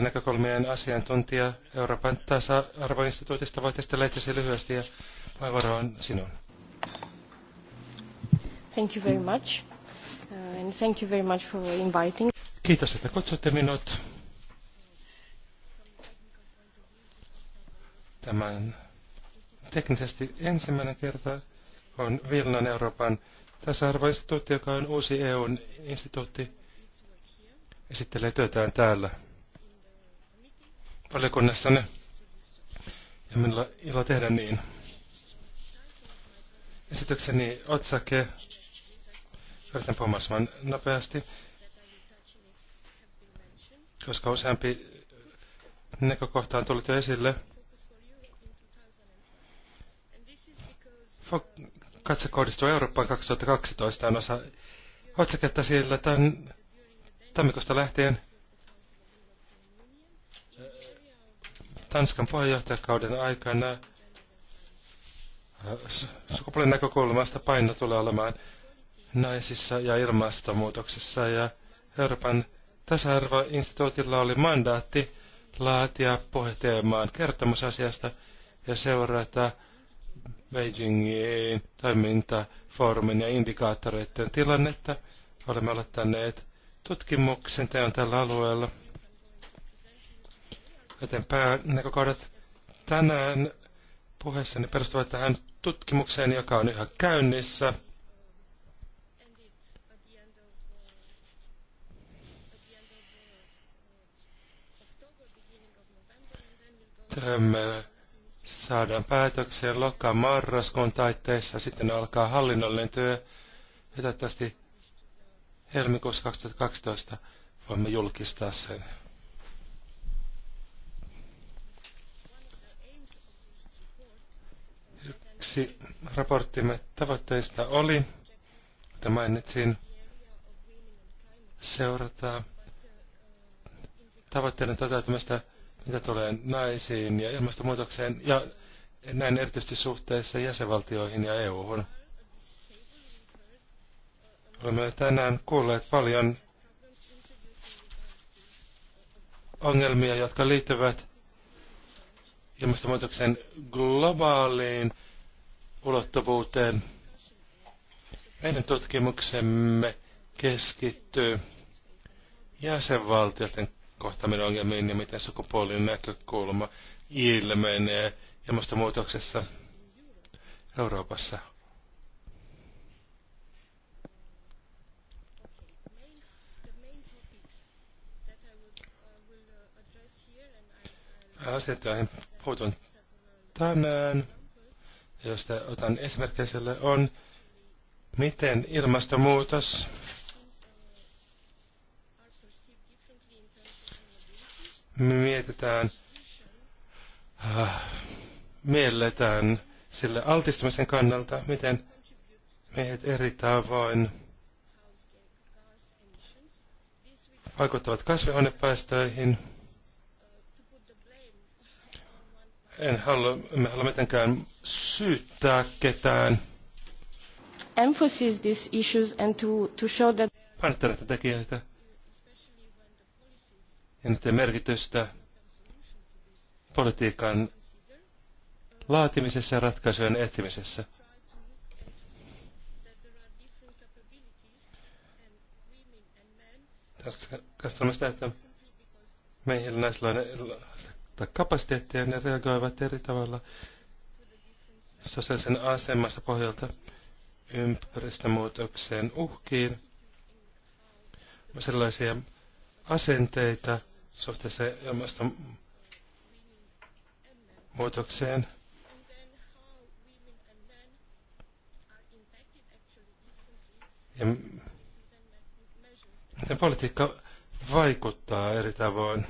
näkökulmien asiantuntija Euroopan tasa-arvoinstituutista. Voit esitellä itsesi lyhyesti ja puheenvuoro on sinun. Thank you very much. Uh, and thank you very much for inviting. Kiitos, että kutsutte minut. Tämän teknisesti ensimmäinen kerta on Vilnan Euroopan tasa-arvoinstituutti, joka on uusi eu instituutti esittelee työtään täällä valiokunnassanne. Ja minulla on ilo tehdä niin. Esitykseni otsake, yritän puhua nopeasti, koska useampi näkökohta on tullut jo esille. Katse kohdistuu Eurooppaan 2012 on osa otsaketta sillä tämän tammikosta lähtien Tanskan puheenjohtajakauden aikana äh, sukupuolen näkökulmasta paino tulee olemaan naisissa ja ilmastonmuutoksessa ja Euroopan tasa-arvoinstituutilla oli mandaatti laatia puheteemaan kertomusasiasta ja seurata Beijingin toimintafoorumin ja indikaattoreiden tilannetta. Olemme aloittaneet tutkimuksen teon tällä alueella. Joten päänäkökohdat tänään puheessani perustuvat tähän tutkimukseen, joka on yhä käynnissä. Me saadaan päätöksiä, lokaan marraskuun taitteessa, sitten alkaa hallinnollinen työ, ja toivottavasti helmikuussa 2012 voimme julkistaa sen. Yksi raporttimme tavoitteista oli, että mainitsin, seurata tavoitteiden toteutumista, mitä tulee naisiin ja ilmastonmuutokseen ja näin erityisesti suhteessa jäsenvaltioihin ja EU-hun. Olemme tänään kuulleet paljon ongelmia, jotka liittyvät ilmastonmuutoksen globaaliin ulottuvuuteen. Meidän tutkimuksemme keskittyy jäsenvaltioiden kohtaaminen ongelmiin ja miten sukupuolin näkökulma ilmenee ilmastonmuutoksessa Euroopassa. asiat, joihin tänään, josta otan esimerkkejä on miten ilmastonmuutos mietitään, äh, mielletään sille altistumisen kannalta, miten miehet eri tavoin vaikuttavat kasvihuonepäästöihin, En halua, emme halua mitenkään syyttää ketään. Emphasis these issues and to, to show that... Painottaneita tekijöitä ja niiden merkitystä politiikan laatimisessa ja ratkaisujen etsimisessä. Tarkastelemme sitä, että meillä näisillä on tai kapasiteettia, ne reagoivat eri tavalla sosiaalisen asemassa pohjalta ympäristömuutokseen uhkiin, sellaisia asenteita suhteessa ilmastonmuutokseen, ja miten politiikka vaikuttaa eri tavoin.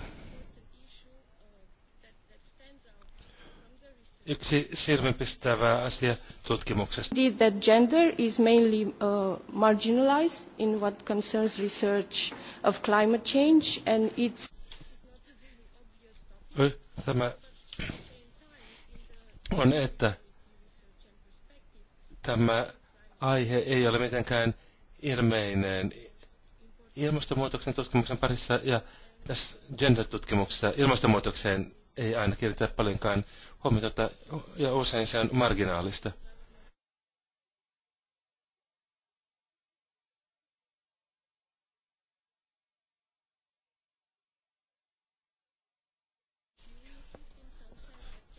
Yksi silmipistävä asia tutkimuksesta. Indeed that gender is mainly uh, marginalized in what concerns research of climate change and it's... Tämä on, että tämä aihe ei ole mitenkään ilmeinen ilmastonmuutoksen tutkimuksen parissa ja tässä gender-tutkimuksessa ilmastonmuutokseen ei aina kiinnitä paljonkaan huomiota, ja usein se on marginaalista.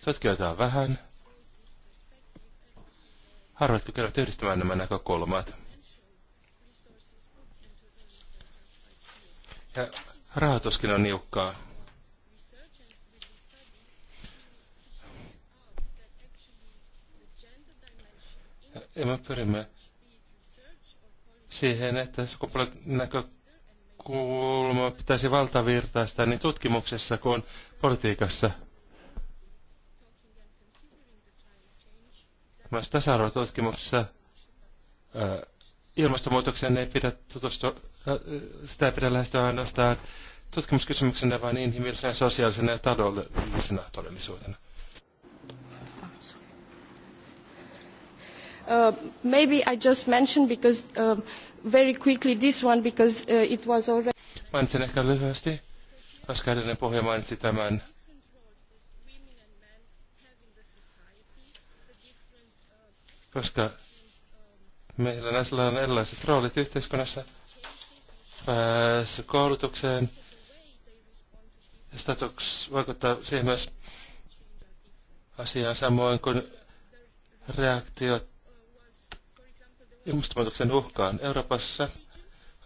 Tutkijoita vähän. Harvat kykenevät yhdistämään nämä näkökulmat. Ja rahoituskin on niukkaa. Ja me pyrimme siihen, että näkökulma pitäisi valtavirtaista niin tutkimuksessa kuin politiikassa. Myös tasa-arvotutkimuksessa ilmastonmuutokseen ei pidä tutustua, sitä ei pidä lähestyä ainoastaan tutkimuskysymyksenä, vaan inhimillisenä, sosiaalisena ja taloudellisena todellisuutena. Uh, maybe I just mentioned because uh, very quickly this one because uh, it was already... Mainitsin ehkä lyhyesti, koska edellinen puhuja mainitsi tämän koska meillä naisilla on erilaiset roolit yhteiskunnassa, pääsy koulutukseen, status vaikuttaa siihen myös asiaan samoin kuin reaktiot ilmastonmuutoksen uhkaan. Euroopassa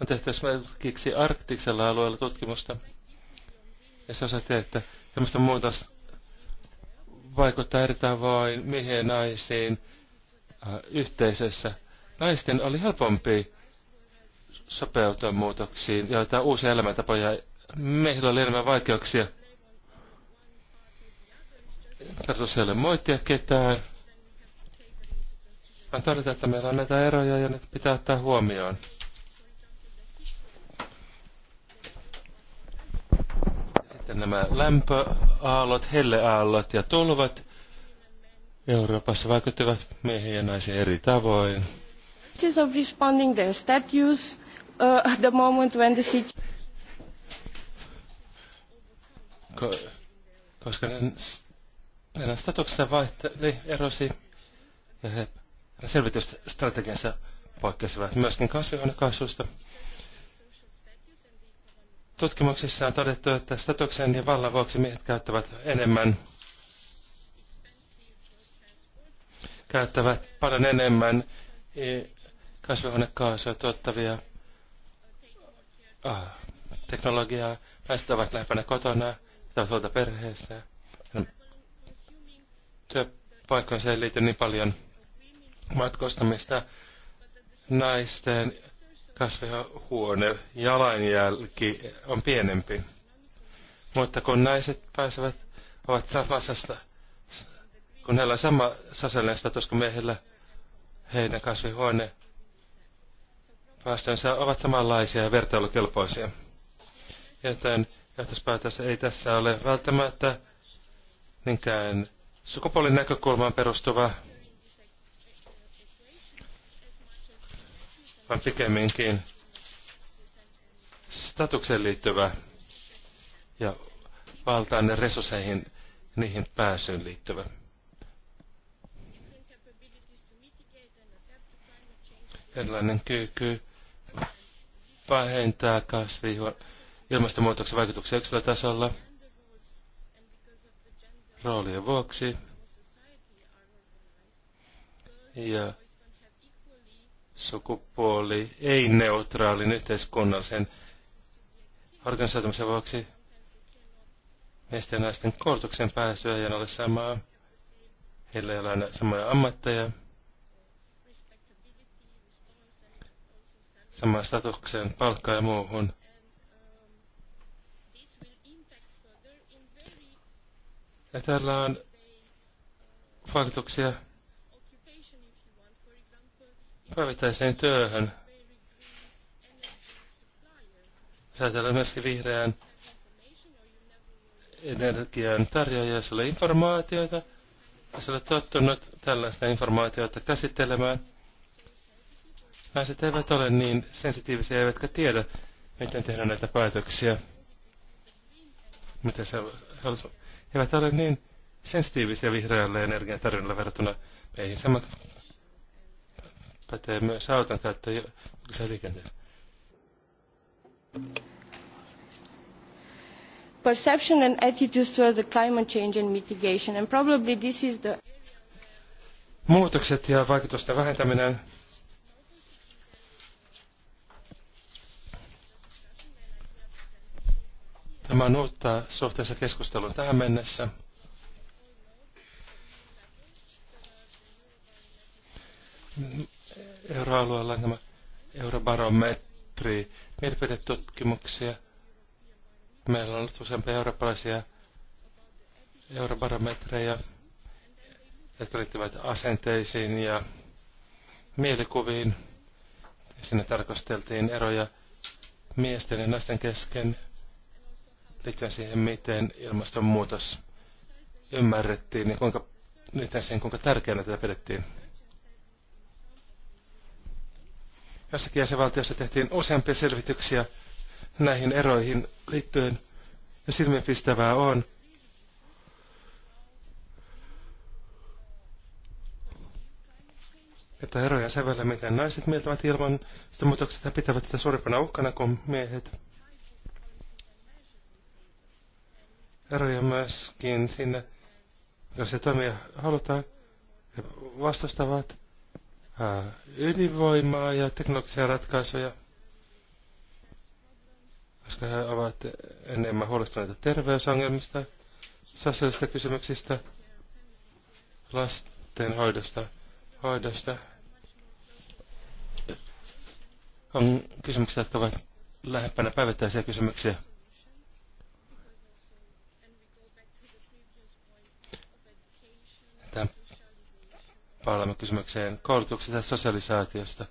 on tehty esimerkiksi arktiksella alueella tutkimusta, ja se osoitti, että ilmastonmuutos vaikuttaa eri tavoin miehiin ja naisiin äh, yhteisössä. Naisten oli helpompi sopeutua muutoksiin ja ottaa uusia elämäntapoja. miehillä oli enemmän vaikeuksia. Tarkoitus ei ole moittia ketään vaan todeta, että meillä on näitä eroja ja ne pitää ottaa huomioon. Sitten nämä lämpöaallot, helleaallot ja tulvat Euroopassa vaikuttivat miehiin ja naisiin eri tavoin. Of responding their status, uh, the moment when the Ko, koska heidän statuksessa vaihteli erosi ja he selvitysstrategiassa poikkesivat myöskin kasvihuonekaasuista. Tutkimuksissa on todettu, että statuksen ja vallan vuoksi miehet käyttävät enemmän käyttävät paljon enemmän e, kasvihuonekaasua tuottavia ah, teknologiaa. Naiset ovat lähempänä kotona, pitävät huolta perheestä. Työpaikkoihin ei liity niin paljon matkustamista, naisten kasvihuone jalanjälki on pienempi. Mutta kun naiset pääsevät, ovat samassa, kun heillä on sama sosiaalinen status kuin miehillä, heidän kasvihuone päästönsä ovat samanlaisia ja vertailukelpoisia. Joten johtospäätössä ei tässä ole välttämättä niinkään sukupuolin näkökulmaan perustuva vaan pikemminkin statukseen liittyvä ja valtaan ja resursseihin niihin pääsyyn liittyvä. Erilainen kyky vähentää kasvi ilmastonmuutoksen vaikutuksia yksilötasolla roolien vuoksi ja sukupuoli ei-neutraalin yhteiskunnallisen organisoitumisen vuoksi miesten ja naisten koulutuksen pääsyä ja ole samaa. Heillä ei ole aina samoja ammatteja. Samaan statukseen, palkkaan ja muuhun. Ja täällä on vaikutuksia päivittäiseen työhön. Säätellään myöskin vihreän energian tarjoajia, jos ole informaatiota, jos olet tottunut tällaista informaatiota käsittelemään. Naiset eivät ole niin sensitiivisiä, eivätkä tiedä, miten tehdä näitä päätöksiä. Miten se olisi, eivät ole niin sensitiivisiä vihreälle energian tarjonnalle verrattuna meihin. Samat pätee myös auton julkisen liikenteessä. Perception and attitudes toward the climate change and mitigation, and probably this is the... Muutokset ja vaikutusten vähentäminen Tämä on uutta suhteessa keskustelun tähän mennessä euroalueella nämä eurobarometri mielipidetutkimuksia. Meillä on ollut useampia eurooppalaisia eurobarometreja, jotka liittyvät asenteisiin ja mielikuviin. Sinne tarkasteltiin eroja miesten ja naisten kesken liittyen siihen, miten ilmastonmuutos ymmärrettiin ja kuinka, liittyen siihen, kuinka tärkeänä tätä pidettiin Jossakin jäsenvaltiossa tehtiin useampia selvityksiä näihin eroihin liittyen, ja silmiinpistävää on, että eroja sävellä, miten naiset mieltävät ilman sitä muutokset ja pitävät sitä suurempana uhkana kuin miehet. Eroja myöskin sinne, jos se toimia halutaan, he vastustavat Äh, ydinvoimaa ja teknologisia ratkaisuja, koska he ovat enemmän huolestuneita terveysongelmista, sosiaalisista kysymyksistä, lastenhoidosta, hoidosta. On kysymyksiä, jotka ovat lähempänä päivittäisiä kysymyksiä. Tämä palaamme kysymykseen koulutuksesta ja sosialisaatiosta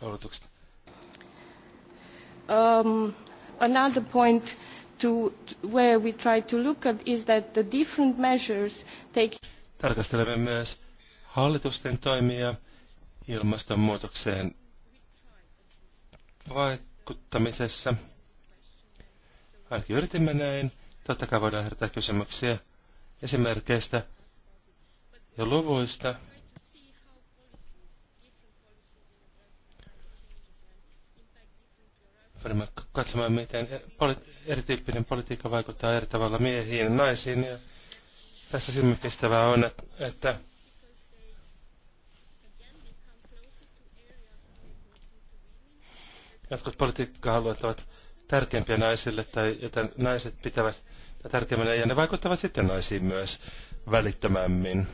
koulutuksesta. Um, another point to, where we try to look at is that the different measures take... Tarkastelemme myös hallitusten toimia ilmastonmuutokseen vaikuttamisessa. Ainakin yritimme näin. Totta kai voidaan herättää kysymyksiä esimerkkeistä ja luvuista. Pyrimme katsomaan, miten e- erityyppinen politiikka vaikuttaa eri tavalla miehiin ja naisiin. Ja tässä silmipistävää on, että jotkut politiikka-alueet ovat tärkeimpiä naisille tai joita naiset pitävät tärkeimmänä ja ne vaikuttavat sitten naisiin myös välittömämmin.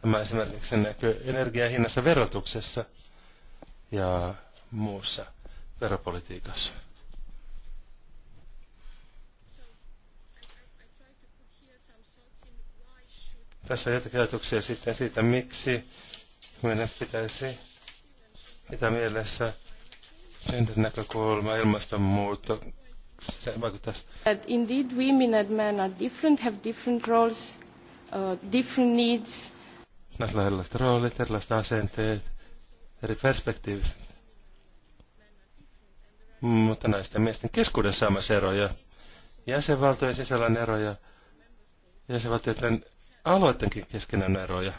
Tämä esimerkiksi näkyy energiahinnassa verotuksessa ja muussa veropolitiikassa. Tässä on jotakin ajatuksia sitten siitä, miksi meidän pitäisi pitää mielessä gender näkökulma ilmastonmuutos That indeed women and men are different, have different roles, uh, different needs, Näillä erilaiset roolit, erilaiset asenteet, eri perspektiivit. Mutta näistä miesten keskuudessa on myös eroja. Jäsenvaltojen sisällä on eroja. Jäsenvaltioiden alueidenkin kesken on eroja.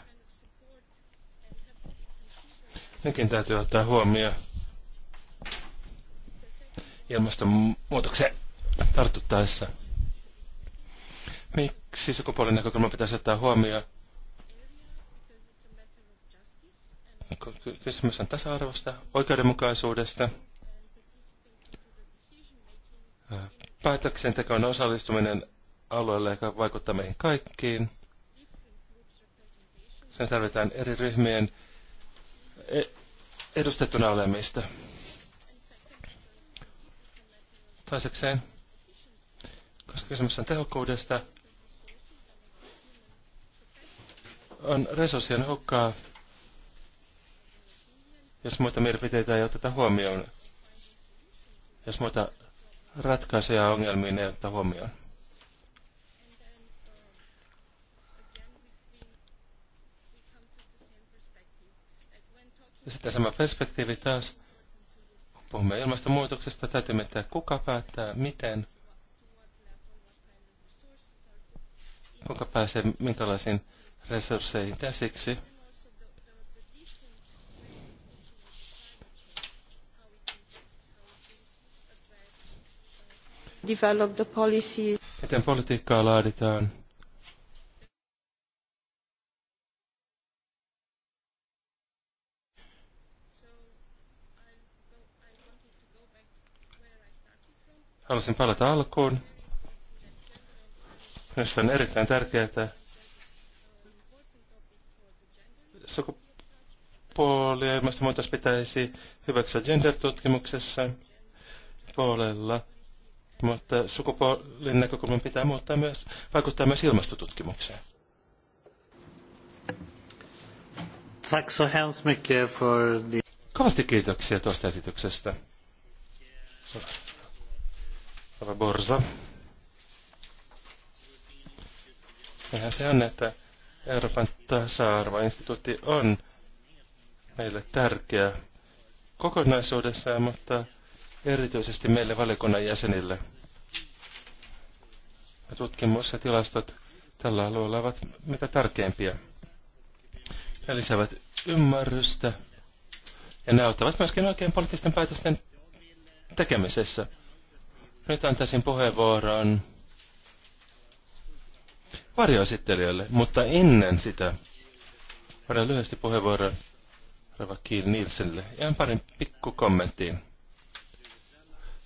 Nekin täytyy ottaa huomioon. Ilmastonmuutokseen tartuttaessa. Miksi sukupuolinäkökulma pitäisi ottaa huomioon? Kysymys on tasa-arvosta, oikeudenmukaisuudesta. Päätöksentekoon osallistuminen alueelle, joka vaikuttaa meihin kaikkiin. Sen tarvitaan eri ryhmien e- edustettuna olemista. Toisekseen, koska kysymys on tehokkuudesta, on resurssien hukkaa jos muita mielipiteitä ei oteta huomioon, jos muita ratkaisuja ongelmiin ei oteta huomioon. Ja sitten sama perspektiivi taas. Kun puhumme ilmastonmuutoksesta, täytyy miettiä, kuka päättää, miten, kuka pääsee minkälaisiin resursseihin käsiksi. develop the policies. Miten politiikkaa laaditaan? Haluaisin palata alkuun. Minusta on erittäin tärkeää sukupuolia, ja muutos pitäisi hyväksyä gender-tutkimuksessa puolella mutta sukupuolen näkökulman pitää muuttaa myös, vaikuttaa myös ilmastotutkimukseen. Tack så hemskt mycket för din... Kovasti kiitoksia tuosta esityksestä. Tämä Borsa. Sehän se on, että Euroopan tasa-arvoinstituutti on meille tärkeä kokonaisuudessaan, mutta erityisesti meille valiokunnan jäsenille – ja tutkimus ja tilastot tällä alueella ovat mitä tärkeimpiä. Ne lisäävät ymmärrystä ja ne auttavat myöskin oikein poliittisten päätösten tekemisessä. Nyt antaisin puheenvuoron varjoesittelijälle, mutta ennen sitä varjoin lyhyesti puheenvuoron Rava Kiil Nielsenille. Ihan parin pikku kommenttiin.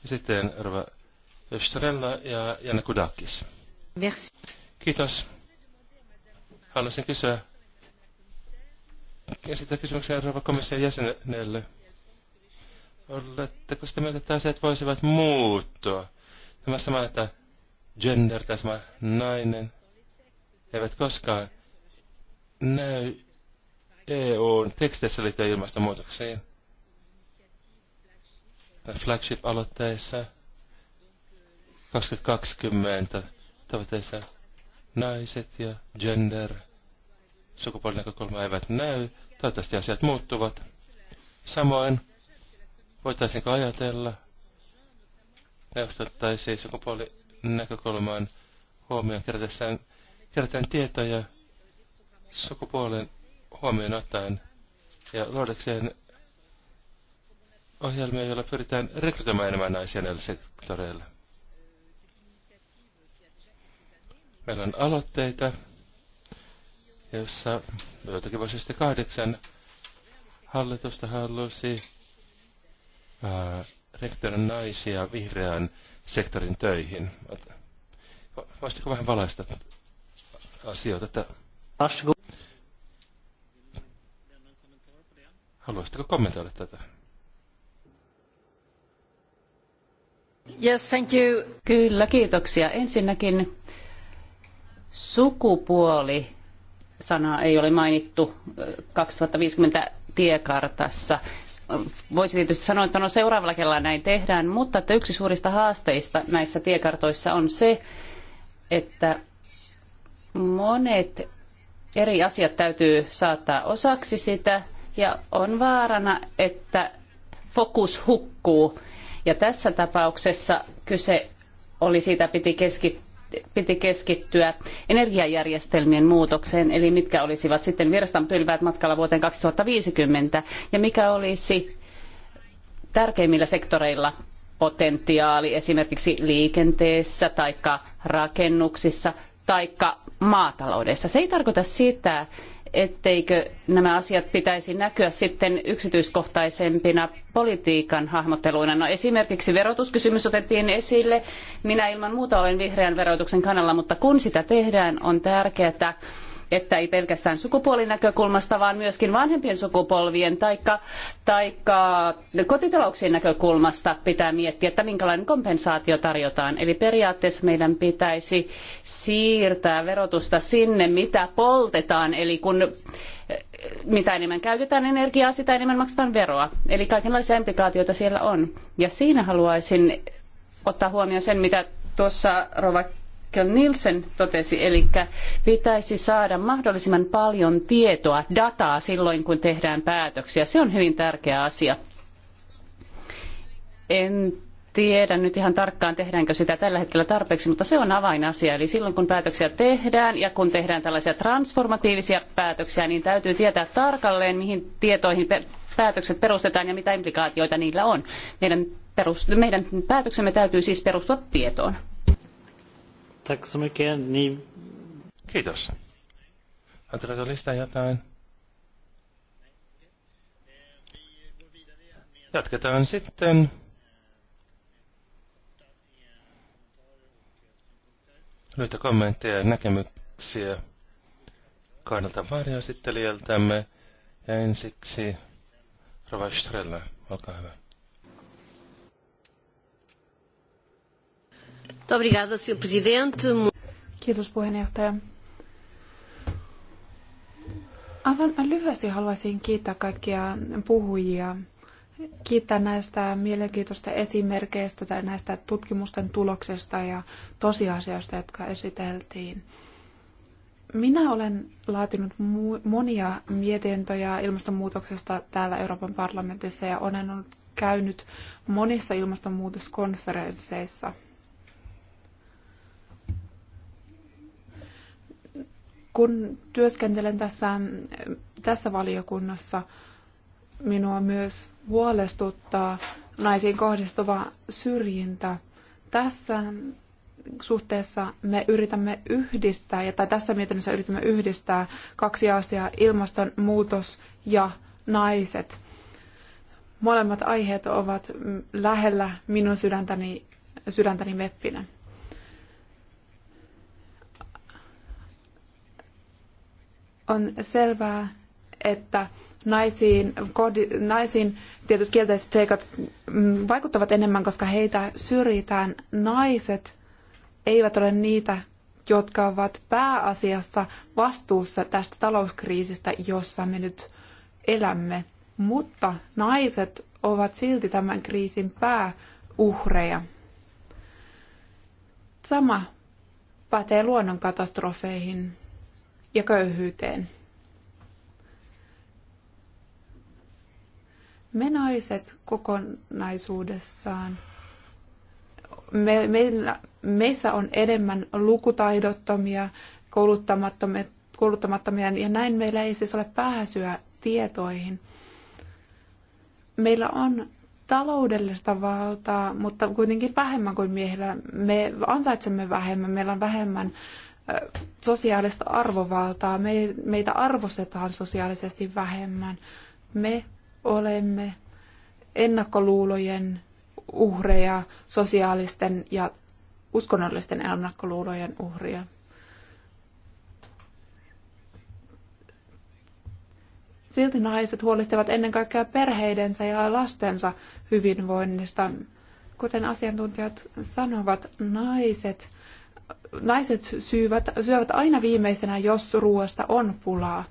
Ja sitten Rava Österella ja Janne Kudakis. Merci. Kiitos. Haluaisin kysyä esittää sitten kysymyksen seuraava komission jäsenelle. Oletteko sitä mieltä, että asiat voisivat muuttua? Tämä sama, että gender tai sama nainen eivät koskaan näy EUn teksteissä liittyen ilmastonmuutokseen. Flagship-aloitteissa 2020 tavoitteessa naiset ja gender, sukupuolinäkökulma eivät näy. Toivottavasti asiat muuttuvat. Samoin voitaisiinko ajatella, neuvostottaisiin sukupuolinäkökulmaan huomioon kerätessään, kerätään tietoja sukupuolen huomioon ottaen ja luodakseen ohjelmia, joilla pyritään rekrytoimaan enemmän naisia näillä sektoreilla. Meillä on aloitteita, jossa joitakin vuosista kahdeksan hallitusta halusi rektorin naisia vihreän sektorin töihin. Voisitko vähän valaista asioita? Että... Haluaisitko kommentoida tätä? Yes, thank you. Kyllä, kiitoksia. Ensinnäkin Sukupuoli sana ei ole mainittu 2050 tiekartassa. Voisi tietysti sanoa, että no seuraavalla kerralla näin tehdään, mutta että yksi suurista haasteista näissä tiekartoissa on se, että monet eri asiat täytyy saattaa osaksi sitä ja on vaarana, että fokus hukkuu. Ja tässä tapauksessa kyse oli siitä, piti keskittyä piti keskittyä energiajärjestelmien muutokseen, eli mitkä olisivat sitten virstanpylväät matkalla vuoteen 2050 ja mikä olisi tärkeimmillä sektoreilla potentiaali esimerkiksi liikenteessä tai rakennuksissa tai maataloudessa. Se ei tarkoita sitä, etteikö nämä asiat pitäisi näkyä sitten yksityiskohtaisempina politiikan hahmotteluina. No esimerkiksi verotuskysymys otettiin esille. Minä ilman muuta olen vihreän verotuksen kannalla, mutta kun sitä tehdään, on tärkeää, että ei pelkästään sukupuolinäkökulmasta, vaan myöskin vanhempien sukupolvien taikka, taikka kotitalouksien näkökulmasta pitää miettiä, että minkälainen kompensaatio tarjotaan. Eli periaatteessa meidän pitäisi siirtää verotusta sinne, mitä poltetaan, eli kun eh, mitä enemmän käytetään energiaa, sitä enemmän maksetaan veroa. Eli kaikenlaisia implikaatioita siellä on. Ja siinä haluaisin ottaa huomioon sen, mitä tuossa Rova Askel Nielsen totesi, eli pitäisi saada mahdollisimman paljon tietoa, dataa silloin, kun tehdään päätöksiä. Se on hyvin tärkeä asia. En tiedä nyt ihan tarkkaan, tehdäänkö sitä tällä hetkellä tarpeeksi, mutta se on avainasia. Eli silloin kun päätöksiä tehdään ja kun tehdään tällaisia transformatiivisia päätöksiä, niin täytyy tietää tarkalleen, mihin tietoihin päätökset perustetaan ja mitä implikaatioita niillä on. Meidän, perust- meidän päätöksemme täytyy siis perustua tietoon. Tack så mycket. Ni... Kiitos. Antetaanko listaa jotain? Jatketaan sitten. Lyhyitä kommentteja ja näkemyksiä kahdelta varjoesittelijältämme. Ja ensiksi Rova Strella, olkaa hyvä. Obrigada, senhor presidente. Kiitos puheenjohtaja. Aivan lyhyesti haluaisin kiittää kaikkia puhujia. Kiittää näistä mielenkiintoista esimerkkeistä tai näistä tutkimusten tuloksista ja tosiasioista, jotka esiteltiin. Minä olen laatinut monia mietintöjä ilmastonmuutoksesta täällä Euroopan parlamentissa ja olen käynyt monissa ilmastonmuutoskonferensseissa – Kun työskentelen tässä, tässä valiokunnassa, minua myös huolestuttaa naisiin kohdistuva syrjintä. Tässä suhteessa me yritämme yhdistää, ja tai tässä mietinnössä yritämme yhdistää kaksi asiaa, ilmastonmuutos ja naiset. Molemmat aiheet ovat lähellä minun sydäntäni, sydäntäni meppinen. On selvää, että naisiin, kohdi, naisiin tietyt kielteiset seikat mm, vaikuttavat enemmän, koska heitä syrjitään. Naiset eivät ole niitä, jotka ovat pääasiassa vastuussa tästä talouskriisistä, jossa me nyt elämme. Mutta naiset ovat silti tämän kriisin pääuhreja. Sama pätee luonnonkatastrofeihin ja köyhyyteen. Me naiset kokonaisuudessaan, me, meillä, meissä on enemmän lukutaidottomia, kouluttamattomia, kouluttamattomia, ja näin meillä ei siis ole pääsyä tietoihin. Meillä on taloudellista valtaa, mutta kuitenkin vähemmän kuin miehillä. Me ansaitsemme vähemmän, meillä on vähemmän sosiaalista arvovaltaa. meitä arvostetaan sosiaalisesti vähemmän. Me olemme ennakkoluulojen uhreja, sosiaalisten ja uskonnollisten ennakkoluulojen uhria. Silti naiset huolehtivat ennen kaikkea perheidensä ja lastensa hyvinvoinnista. Kuten asiantuntijat sanovat, naiset naiset syyvät, syövät aina viimeisenä, jos ruoasta on pulaa.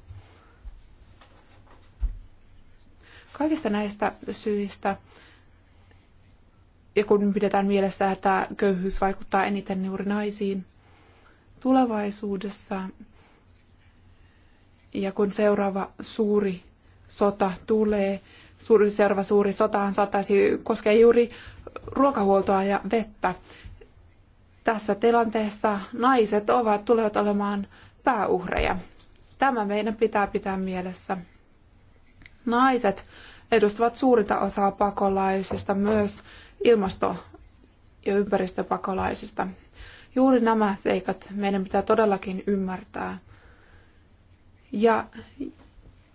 Kaikista näistä syistä, ja kun pidetään mielessä, että köyhyys vaikuttaa eniten juuri naisiin, tulevaisuudessa ja kun seuraava suuri sota tulee, suuri, seuraava suuri sotahan saattaisi koskea juuri ruokahuoltoa ja vettä. Tässä tilanteessa naiset ovat, tulevat olemaan pääuhreja. Tämä meidän pitää pitää mielessä. Naiset edustavat suurinta osaa pakolaisista, myös ilmasto- ja ympäristöpakolaisista. Juuri nämä seikat meidän pitää todellakin ymmärtää. Ja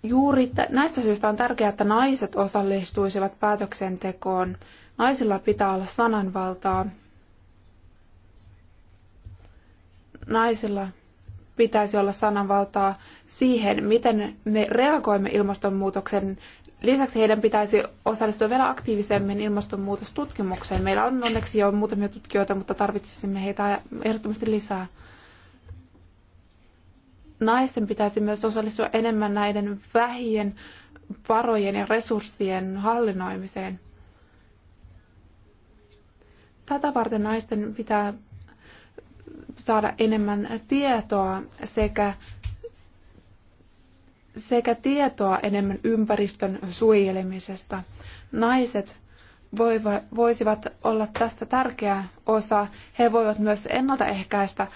juuri näistä syistä on tärkeää, että naiset osallistuisivat päätöksentekoon. Naisilla pitää olla sananvaltaa naisilla pitäisi olla sananvaltaa siihen, miten me reagoimme ilmastonmuutoksen. Lisäksi heidän pitäisi osallistua vielä aktiivisemmin ilmastonmuutostutkimukseen. Meillä on onneksi jo muutamia tutkijoita, mutta tarvitsisimme heitä ehdottomasti lisää. Naisten pitäisi myös osallistua enemmän näiden vähien varojen ja resurssien hallinnoimiseen. Tätä varten naisten pitää saada enemmän tietoa sekä, sekä tietoa enemmän ympäristön suojelemisesta. Naiset voisivat olla tästä tärkeä osa. He voivat myös ennaltaehkäistä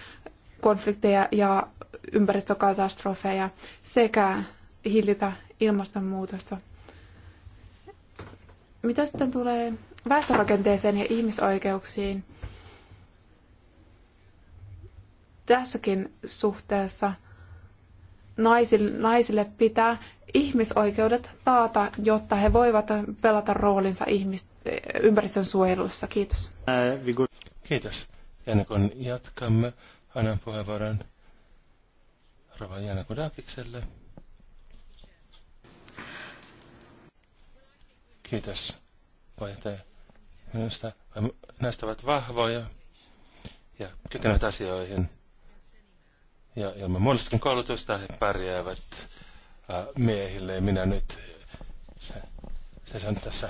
konflikteja ja ympäristökatastrofeja sekä hillitä ilmastonmuutosta. Mitä sitten tulee väestörakenteeseen ja ihmisoikeuksiin? tässäkin suhteessa naisille, naisille pitää ihmisoikeudet taata, jotta he voivat pelata roolinsa ihmis, ympäristön suojelussa. Kiitos. Kiitos. Ennen kuin jatkamme, annan puheenvuoron Rova Jana Kudakikselle. Kiitos, puheenjohtaja. Minusta näistä ovat vahvoja ja kykenevät asioihin. Ja ilman muodostakin koulutusta he pärjäävät miehille. Minä nyt, se, se sanon tässä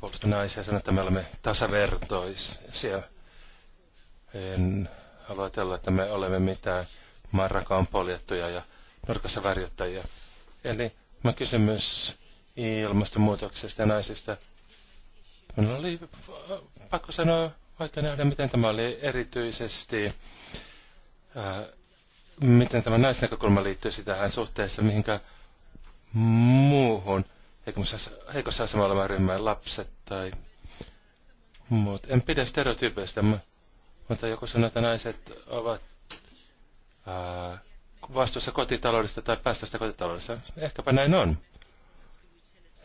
puolesta naisia, sanon, että me olemme tasavertoisia. En halua ajatella, että me olemme mitään marrakaan poljettuja ja nurkassa värjöttäjiä. Eli mä myös ilmastonmuutoksesta ja naisista. Mun oli pakko sanoa, vaikka nähdä, miten tämä oli erityisesti ää, miten tämä naisnäkökulma liittyy tähän suhteessa mihinkä muuhun heikossa asemassa olevan ryhmään, lapset tai muut. En pidä stereotypeistä, mutta joku sanoo, että naiset ovat ää, vastuussa kotitaloudesta tai päästöstä kotitaloudessa. Ehkäpä näin on.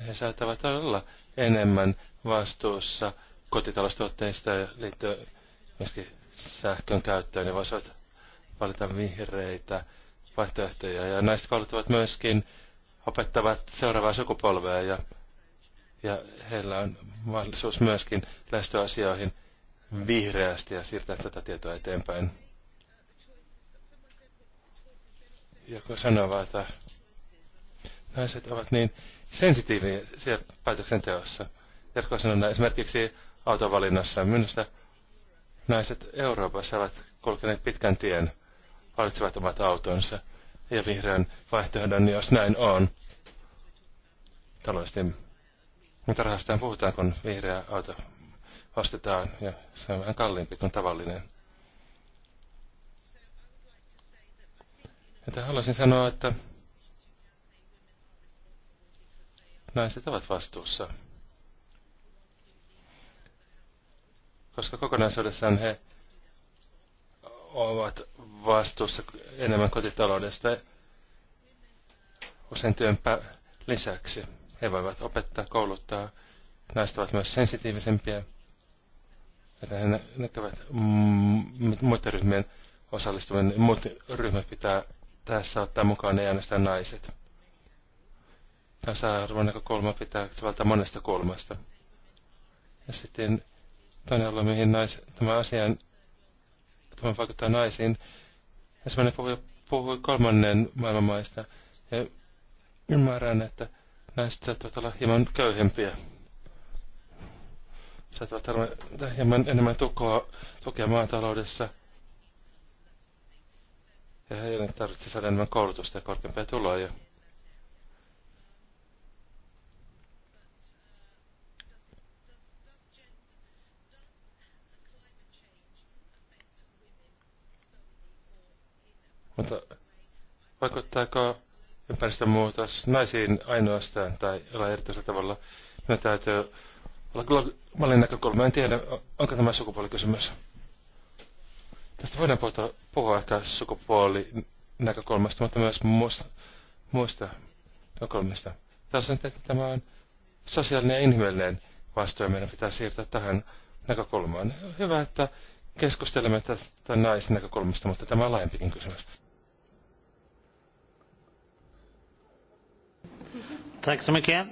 He saattavat olla enemmän vastuussa kotitaloustuotteista liittyen myöskin sähkön käyttöön ja voisivat valita vihreitä vaihtoehtoja. Ja naiset kouluttavat myöskin, opettavat seuraavaa sukupolvea ja, ja heillä on mahdollisuus myöskin lähestyä asioihin vihreästi ja siirtää tätä tietoa eteenpäin. Joku sanoo että naiset ovat niin sensitiivisiä päätöksenteossa. sanon sanoi esimerkiksi autovalinnassa. Minusta naiset Euroopassa ovat kulkeneet pitkän tien valitsevat omat autonsa ja vihreän vaihtoehdon, jos näin on. Taloudellisesti, mutta rahastaan puhutaan, kun vihreä auto ostetaan ja se on vähän kalliimpi kuin tavallinen. Että haluaisin sanoa, että naiset ovat vastuussa. Koska kokonaisuudessaan he ovat vastuussa enemmän kotitaloudesta usein työn lisäksi. He voivat opettaa, kouluttaa. Naiset ovat myös sensitiivisempiä, että he näkevät muiden ryhmien osallistuminen. Muut ryhmät pitää tässä ottaa mukaan, ei ainoastaan naiset. Tasa-arvon näkökulma pitää valtaa monesta kulmasta. Ja sitten toinen alue, mihin nais, tämä asian voin vaikuttaa naisiin. semmoinen puhui, puhui kolmannen maailman maista. Ja ymmärrän, että naiset saattavat olla hieman köyhempiä. Saattavat tarvita hieman enemmän tukoa, tukea maataloudessa. Ja heidän tarvitsee saada enemmän koulutusta ja korkeampia tuloja. Mutta vaikuttaako ympäristömuutos naisiin ainoastaan tai jollain erityisellä tavalla? Minä täytyy olla globaalin näkökulma. En tiedä, onko tämä sukupuolikysymys. Tästä voidaan puhua, puhua ehkä sukupuolinäkökulmasta, mutta myös muista, muista näkökulmista. Tässä on, että tämä on sosiaalinen ja inhimillinen vastuu, ja meidän pitää siirtää tähän näkökulmaan. Hyvä, että keskustelemme tästä näkökulmasta, mutta tämä on laajempikin kysymys. Tack så mycket.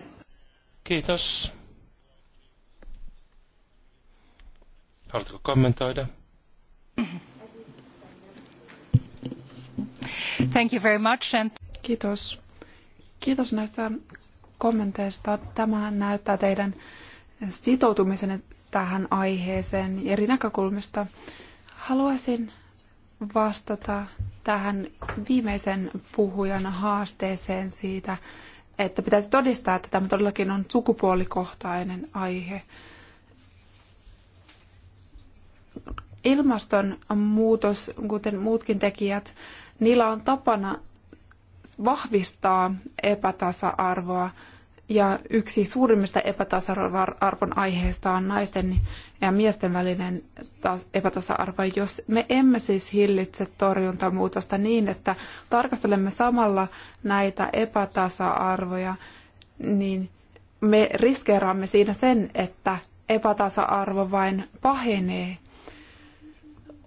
Kiitos. Haluatko kommentoida? Thank you very much and... Kiitos. Kiitos näistä kommenteista. Tämä näyttää teidän sitoutumisenne tähän aiheeseen eri näkökulmista. Haluaisin vastata tähän viimeisen puhujan haasteeseen siitä, että pitäisi todistaa, että tämä todellakin on sukupuolikohtainen aihe. Ilmastonmuutos, kuten muutkin tekijät, niillä on tapana vahvistaa epätasa-arvoa ja yksi suurimmista epätasa-arvon aiheista on naisten ja miesten välinen epätasa-arvo. Jos me emme siis hillitse torjuntamuutosta niin, että tarkastelemme samalla näitä epätasa-arvoja, niin me riskeeraamme siinä sen, että epätasa-arvo vain pahenee.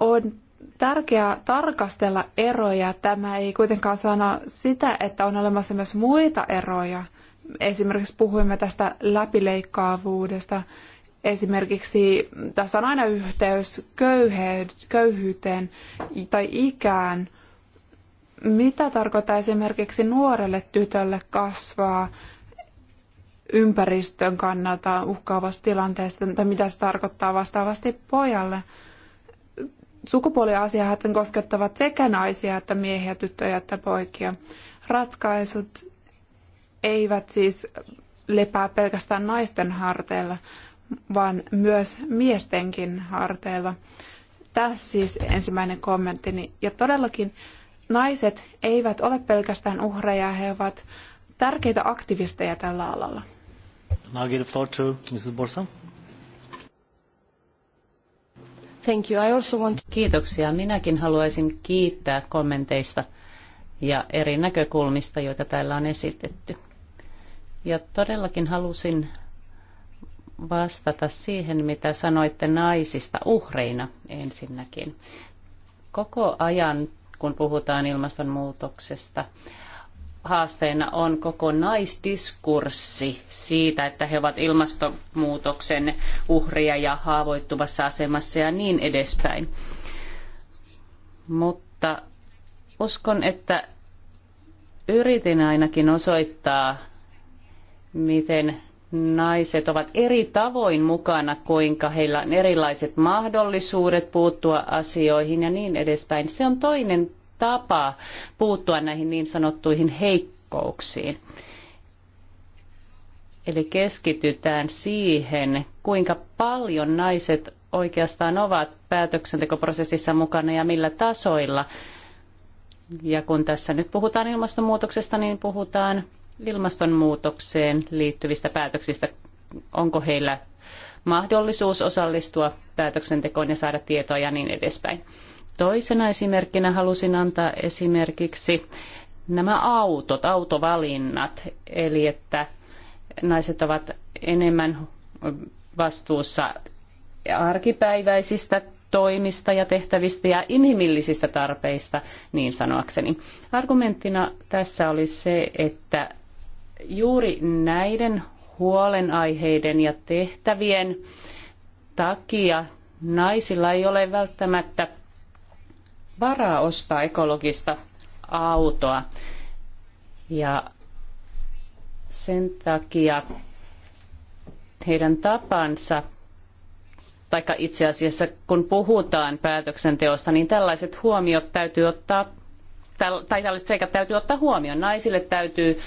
On tärkeää tarkastella eroja. Tämä ei kuitenkaan sano sitä, että on olemassa myös muita eroja – Esimerkiksi puhuimme tästä läpileikkaavuudesta. Esimerkiksi tässä on aina yhteys köyhyyteen tai ikään. Mitä tarkoittaa esimerkiksi nuorelle tytölle kasvaa ympäristön kannalta uhkaavassa tilanteesta, tai mitä se tarkoittaa vastaavasti pojalle? sukupuoliasiat koskettavat sekä naisia että miehiä, tyttöjä että poikia. Ratkaisut eivät siis lepää pelkästään naisten harteilla, vaan myös miestenkin harteilla. Tässä siis ensimmäinen kommenttini. Ja todellakin naiset eivät ole pelkästään uhreja, he ovat tärkeitä aktivisteja tällä alalla. Mrs. Borsa. Thank you. I also want... Kiitoksia. Minäkin haluaisin kiittää kommenteista ja eri näkökulmista, joita täällä on esitetty. Ja todellakin halusin vastata siihen, mitä sanoitte naisista uhreina ensinnäkin. Koko ajan, kun puhutaan ilmastonmuutoksesta, haasteena on koko naisdiskurssi siitä, että he ovat ilmastonmuutoksen uhria ja haavoittuvassa asemassa ja niin edespäin. Mutta uskon, että yritin ainakin osoittaa miten naiset ovat eri tavoin mukana, kuinka heillä on erilaiset mahdollisuudet puuttua asioihin ja niin edespäin. Se on toinen tapa puuttua näihin niin sanottuihin heikkouksiin. Eli keskitytään siihen, kuinka paljon naiset oikeastaan ovat päätöksentekoprosessissa mukana ja millä tasoilla. Ja kun tässä nyt puhutaan ilmastonmuutoksesta, niin puhutaan ilmastonmuutokseen liittyvistä päätöksistä. Onko heillä mahdollisuus osallistua päätöksentekoon ja saada tietoa ja niin edespäin. Toisena esimerkkinä halusin antaa esimerkiksi nämä autot, autovalinnat, eli että naiset ovat enemmän vastuussa arkipäiväisistä toimista ja tehtävistä ja inhimillisistä tarpeista, niin sanoakseni. Argumenttina tässä oli se, että juuri näiden huolenaiheiden ja tehtävien takia naisilla ei ole välttämättä varaa ostaa ekologista autoa. Ja sen takia heidän tapansa, tai itse asiassa kun puhutaan päätöksenteosta, niin tällaiset huomiot täytyy ottaa, tai tällaiset seikat täytyy ottaa huomioon. Naisille täytyy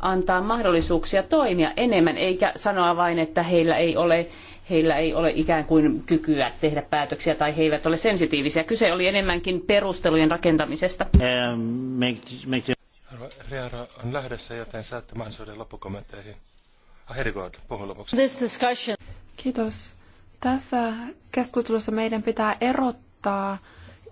antaa mahdollisuuksia toimia enemmän, eikä sanoa vain, että heillä ei ole heillä ei ole ikään kuin kykyä tehdä päätöksiä tai he eivät ole sensitiivisiä. Kyse oli enemmänkin perustelujen rakentamisesta. Eh, on lähdössä, joten saatte mahdollisuuden loppukommentteihin. Ah, This discussion. Kiitos. Tässä keskustelussa meidän pitää erottaa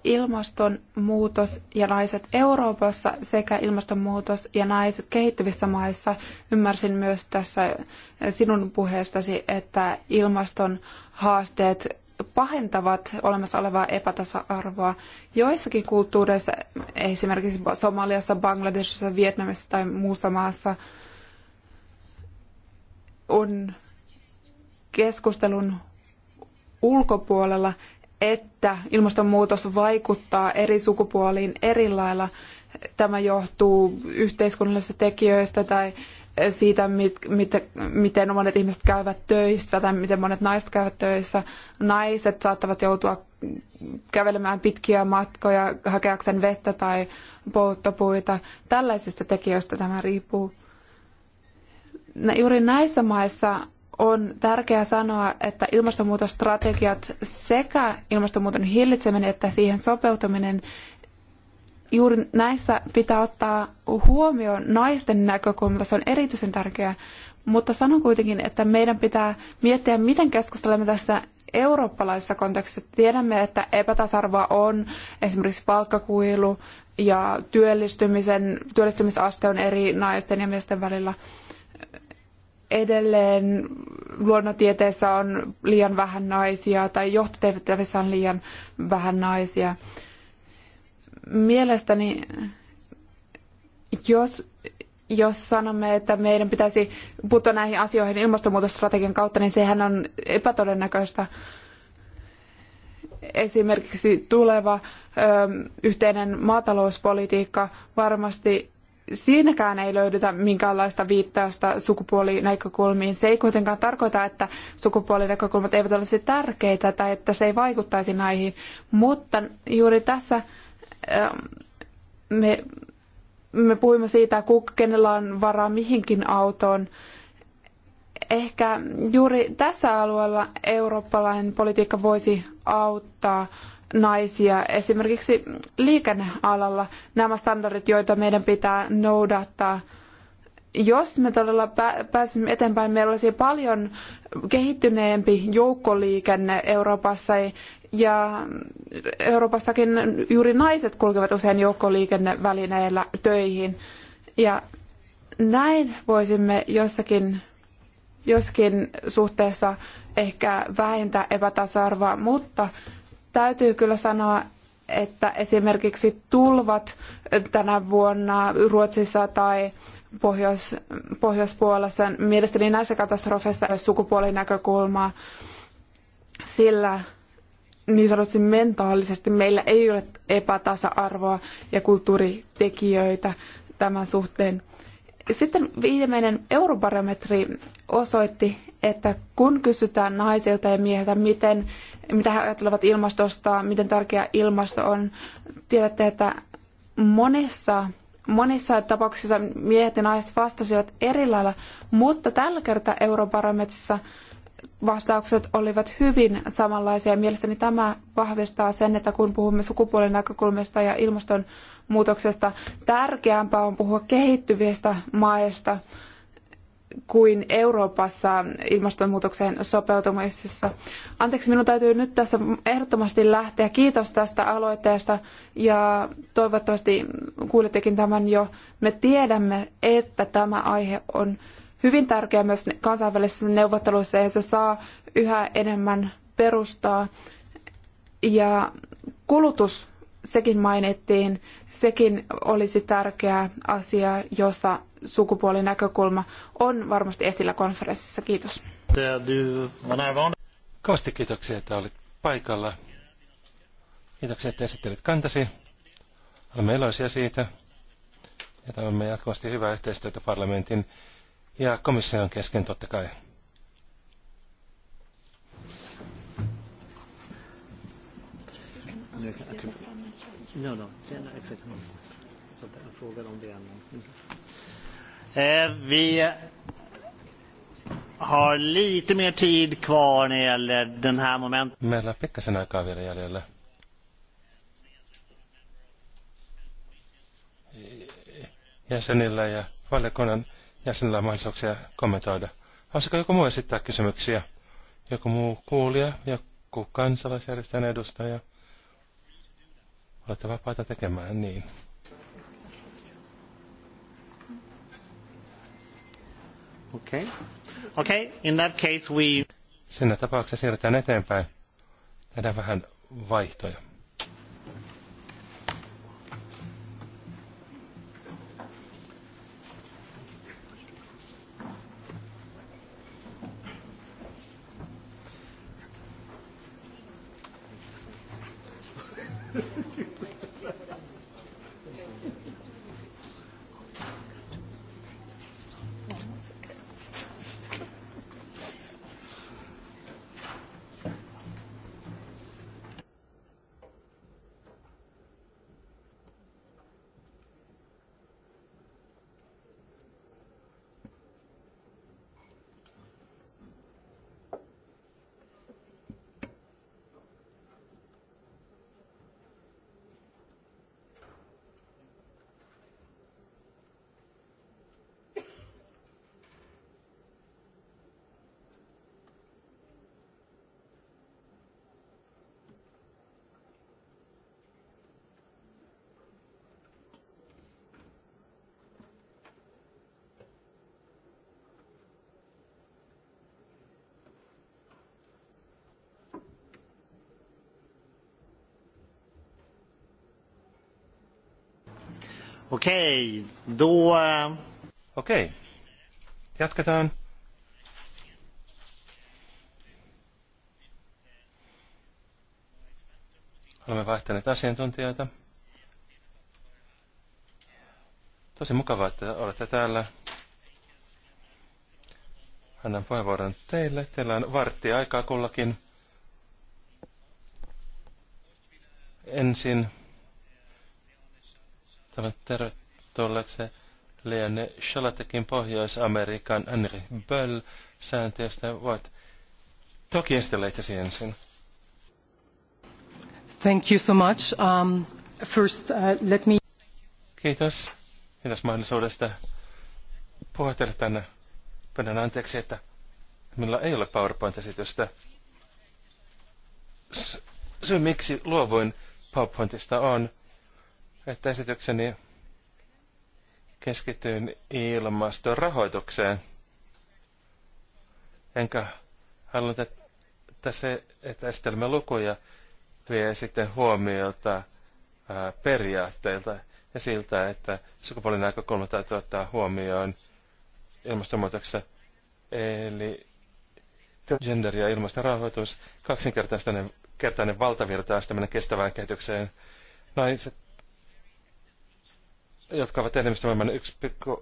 ilmastonmuutos ja naiset Euroopassa sekä ilmastonmuutos ja naiset kehittyvissä maissa. Ymmärsin myös tässä sinun puheestasi, että ilmaston haasteet pahentavat olemassa olevaa epätasa-arvoa. Joissakin kulttuureissa, esimerkiksi Somaliassa, Bangladesissa, Vietnamissa tai muussa maassa, on keskustelun ulkopuolella että ilmastonmuutos vaikuttaa eri sukupuoliin eri lailla. Tämä johtuu yhteiskunnallisista tekijöistä tai siitä, mit, mit, miten monet ihmiset käyvät töissä tai miten monet naiset käyvät töissä. Naiset saattavat joutua kävelemään pitkiä matkoja hakeakseen vettä tai polttopuita. Tällaisista tekijöistä tämä riippuu. Juuri näissä maissa on tärkeää sanoa, että ilmastonmuutosstrategiat sekä ilmastonmuuton hillitseminen että siihen sopeutuminen juuri näissä pitää ottaa huomioon naisten näkökulmasta. Se on erityisen tärkeää. Mutta sanon kuitenkin, että meidän pitää miettiä, miten keskustelemme tästä eurooppalaisessa kontekstissa. Tiedämme, että epätasarvoa on esimerkiksi palkkakuilu ja työllistymisen, työllistymisaste on eri naisten ja miesten välillä – edelleen luonnontieteessä on liian vähän naisia tai johtotehtävissä on liian vähän naisia. Mielestäni, jos, jos sanomme, että meidän pitäisi puuttua näihin asioihin ilmastonmuutosstrategian kautta, niin sehän on epätodennäköistä. Esimerkiksi tuleva ö, yhteinen maatalouspolitiikka varmasti siinäkään ei löydetä minkäänlaista viittausta sukupuolinäkökulmiin. Se ei kuitenkaan tarkoita, että sukupuolinäkökulmat eivät olisi tärkeitä tai että se ei vaikuttaisi näihin, mutta juuri tässä ähm, me, me puhuimme siitä, kenellä on varaa mihinkin autoon. Ehkä juuri tässä alueella eurooppalainen politiikka voisi auttaa naisia. Esimerkiksi liikennealalla nämä standardit, joita meidän pitää noudattaa, jos me todella pääsisimme eteenpäin, meillä olisi paljon kehittyneempi joukkoliikenne Euroopassa ja Euroopassakin juuri naiset kulkevat usein joukkoliikennevälineillä töihin. Ja näin voisimme jossakin, jossakin suhteessa ehkä vähentää epätasa-arvoa, mutta Täytyy kyllä sanoa, että esimerkiksi tulvat tänä vuonna Ruotsissa tai pohjois, Pohjois-Puolassa, mielestäni näissä katastrofeissa ei ole sukupuolinäkökulmaa, sillä niin sanotusti mentaalisesti meillä ei ole epätasa-arvoa ja kulttuuritekijöitä tämän suhteen. Sitten viimeinen eurobarometri osoitti, että kun kysytään naisilta ja miehiltä, miten, mitä he ajattelevat ilmastosta, miten tärkeä ilmasto on, tiedätte, että monissa, monissa tapauksissa miehet ja naiset vastasivat eri lailla, mutta tällä kertaa Eurobarometrissä vastaukset olivat hyvin samanlaisia. Mielestäni tämä vahvistaa sen, että kun puhumme sukupuolen näkökulmasta ja ilmastonmuutoksesta, tärkeämpää on puhua kehittyvistä maista kuin Euroopassa ilmastonmuutokseen sopeutumisessa. Anteeksi, minun täytyy nyt tässä ehdottomasti lähteä. Kiitos tästä aloitteesta ja toivottavasti kuulittekin tämän jo. Me tiedämme, että tämä aihe on hyvin tärkeä myös kansainvälisissä neuvotteluissa ja se saa yhä enemmän perustaa. Ja kulutus, sekin mainittiin, sekin olisi tärkeä asia, jossa sukupuolinäkökulma on varmasti esillä konferenssissa. Kiitos. Kovasti kiitoksia, että olit paikalla. Kiitoksia, että esittelit kantasi. Olemme iloisia siitä. Ja toivomme jatkuvasti hyvää yhteistyötä parlamentin ja komission kesken totta kai. No, no, den no, är exakt. Så den frågan om det är någonting. Eh, vi har lite mer tid kvar när det gäller den här momentet. Meillä on pikkasen aikaa vielä jäljellä. Jäsenillä ja valiokunnan jäsenillä on mahdollisuuksia kommentoida. Haluaisiko joku muu esittää kysymyksiä? Joku muu kuulija? Joku kansalaisjärjestön edustaja? Olette vapaita tekemään niin. Okay. Okay, in that case we... Siinä tapauksessa siirrytään eteenpäin. Tehdään vähän vaihtoja. Okej, okay, då... Eh, Okei, okay. jatketaan. Olemme vaihtaneet asiantuntijoita. Tosi mukavaa, että olette täällä. Annan puheenvuoron teille. Teillä on vartti aikaa kullakin. Ensin Toivat tervetulleeksi Leanne Shalatekin Pohjois-Amerikan Henry Böll sääntiöstä. Voit toki esitellä itsesi ensin. Thank you so much. Um, first, uh, let me... Kiitos. Kiitos mahdollisuudesta puhua teille tänne. Pyydän anteeksi, että minulla ei ole PowerPoint-esitystä. Syy miksi luovuin PowerPointista on, että esitykseni keskityin ilmaston rahoitukseen. Enkä halunnut, että se, että esitelmä lukuja vie sitten huomiota ää, periaatteilta ja siltä, että sukupuolen näkökulma täytyy ottaa huomioon ilmastonmuutoksessa. Eli gender ja ilmastorahoitus, kaksinkertainen kertainen valtavirtaistaminen kestävään kehitykseen. Naiset jotka ovat enemmistömaailman 1,4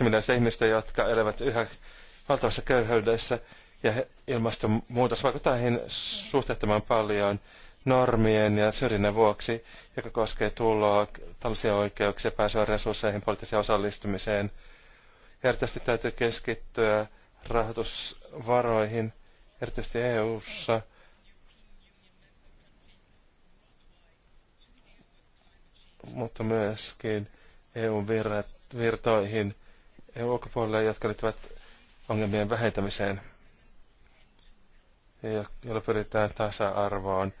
miljoonaa ihmistä, jotka elävät yhä valtavassa köyhyydessä ja ilmastonmuutos vaikuttaa heihin suhteettoman paljon normien ja syrjinnän vuoksi, joka koskee tuloa, tällaisia oikeuksia, pääsyä resursseihin, poliittiseen osallistumiseen. Erityisesti täytyy keskittyä rahoitusvaroihin, erityisesti EU-ssa – mutta myöskin eu virtoihin eu ulkopuolelle, jotka liittyvät ongelmien vähentämiseen, jolla pyritään tasa-arvoon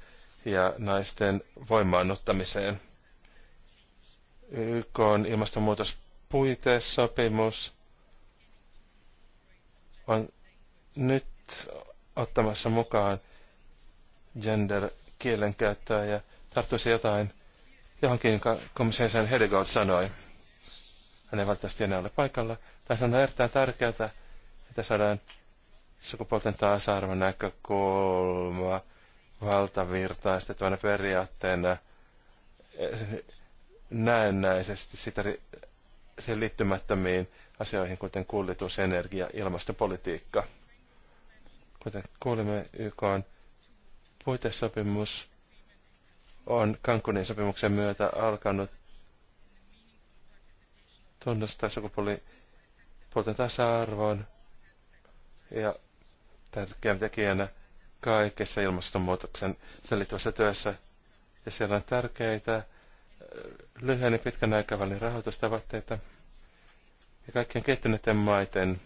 ja naisten voimaannuttamiseen. YK on ilmastonmuutospuitesopimus on nyt ottamassa mukaan gender kielenkäyttöä ja tarttuisi jotain johonkin, komission sen Hedegaard sanoi. Hän ei välttämättä enää ole paikalla. Tai on erittäin tärkeää, että saadaan sukupuolten tasa-arvon näkökulma valtavirtaistettavana periaatteena näennäisesti sitä siihen liittymättömiin asioihin, kuten kuljetus, energia, ilmastopolitiikka. Kuten kuulimme, YK on puitesopimus on Cancunin sopimuksen myötä alkanut tunnustaa sukupuolten tasa arvoon ja tärkeän tekijänä kaikessa ilmastonmuutoksen selittävässä työssä. Ja siellä on tärkeitä äh, lyhyen ja pitkän aikavälin rahoitustavoitteita. Ja kaikkien kehittyneiden maiden,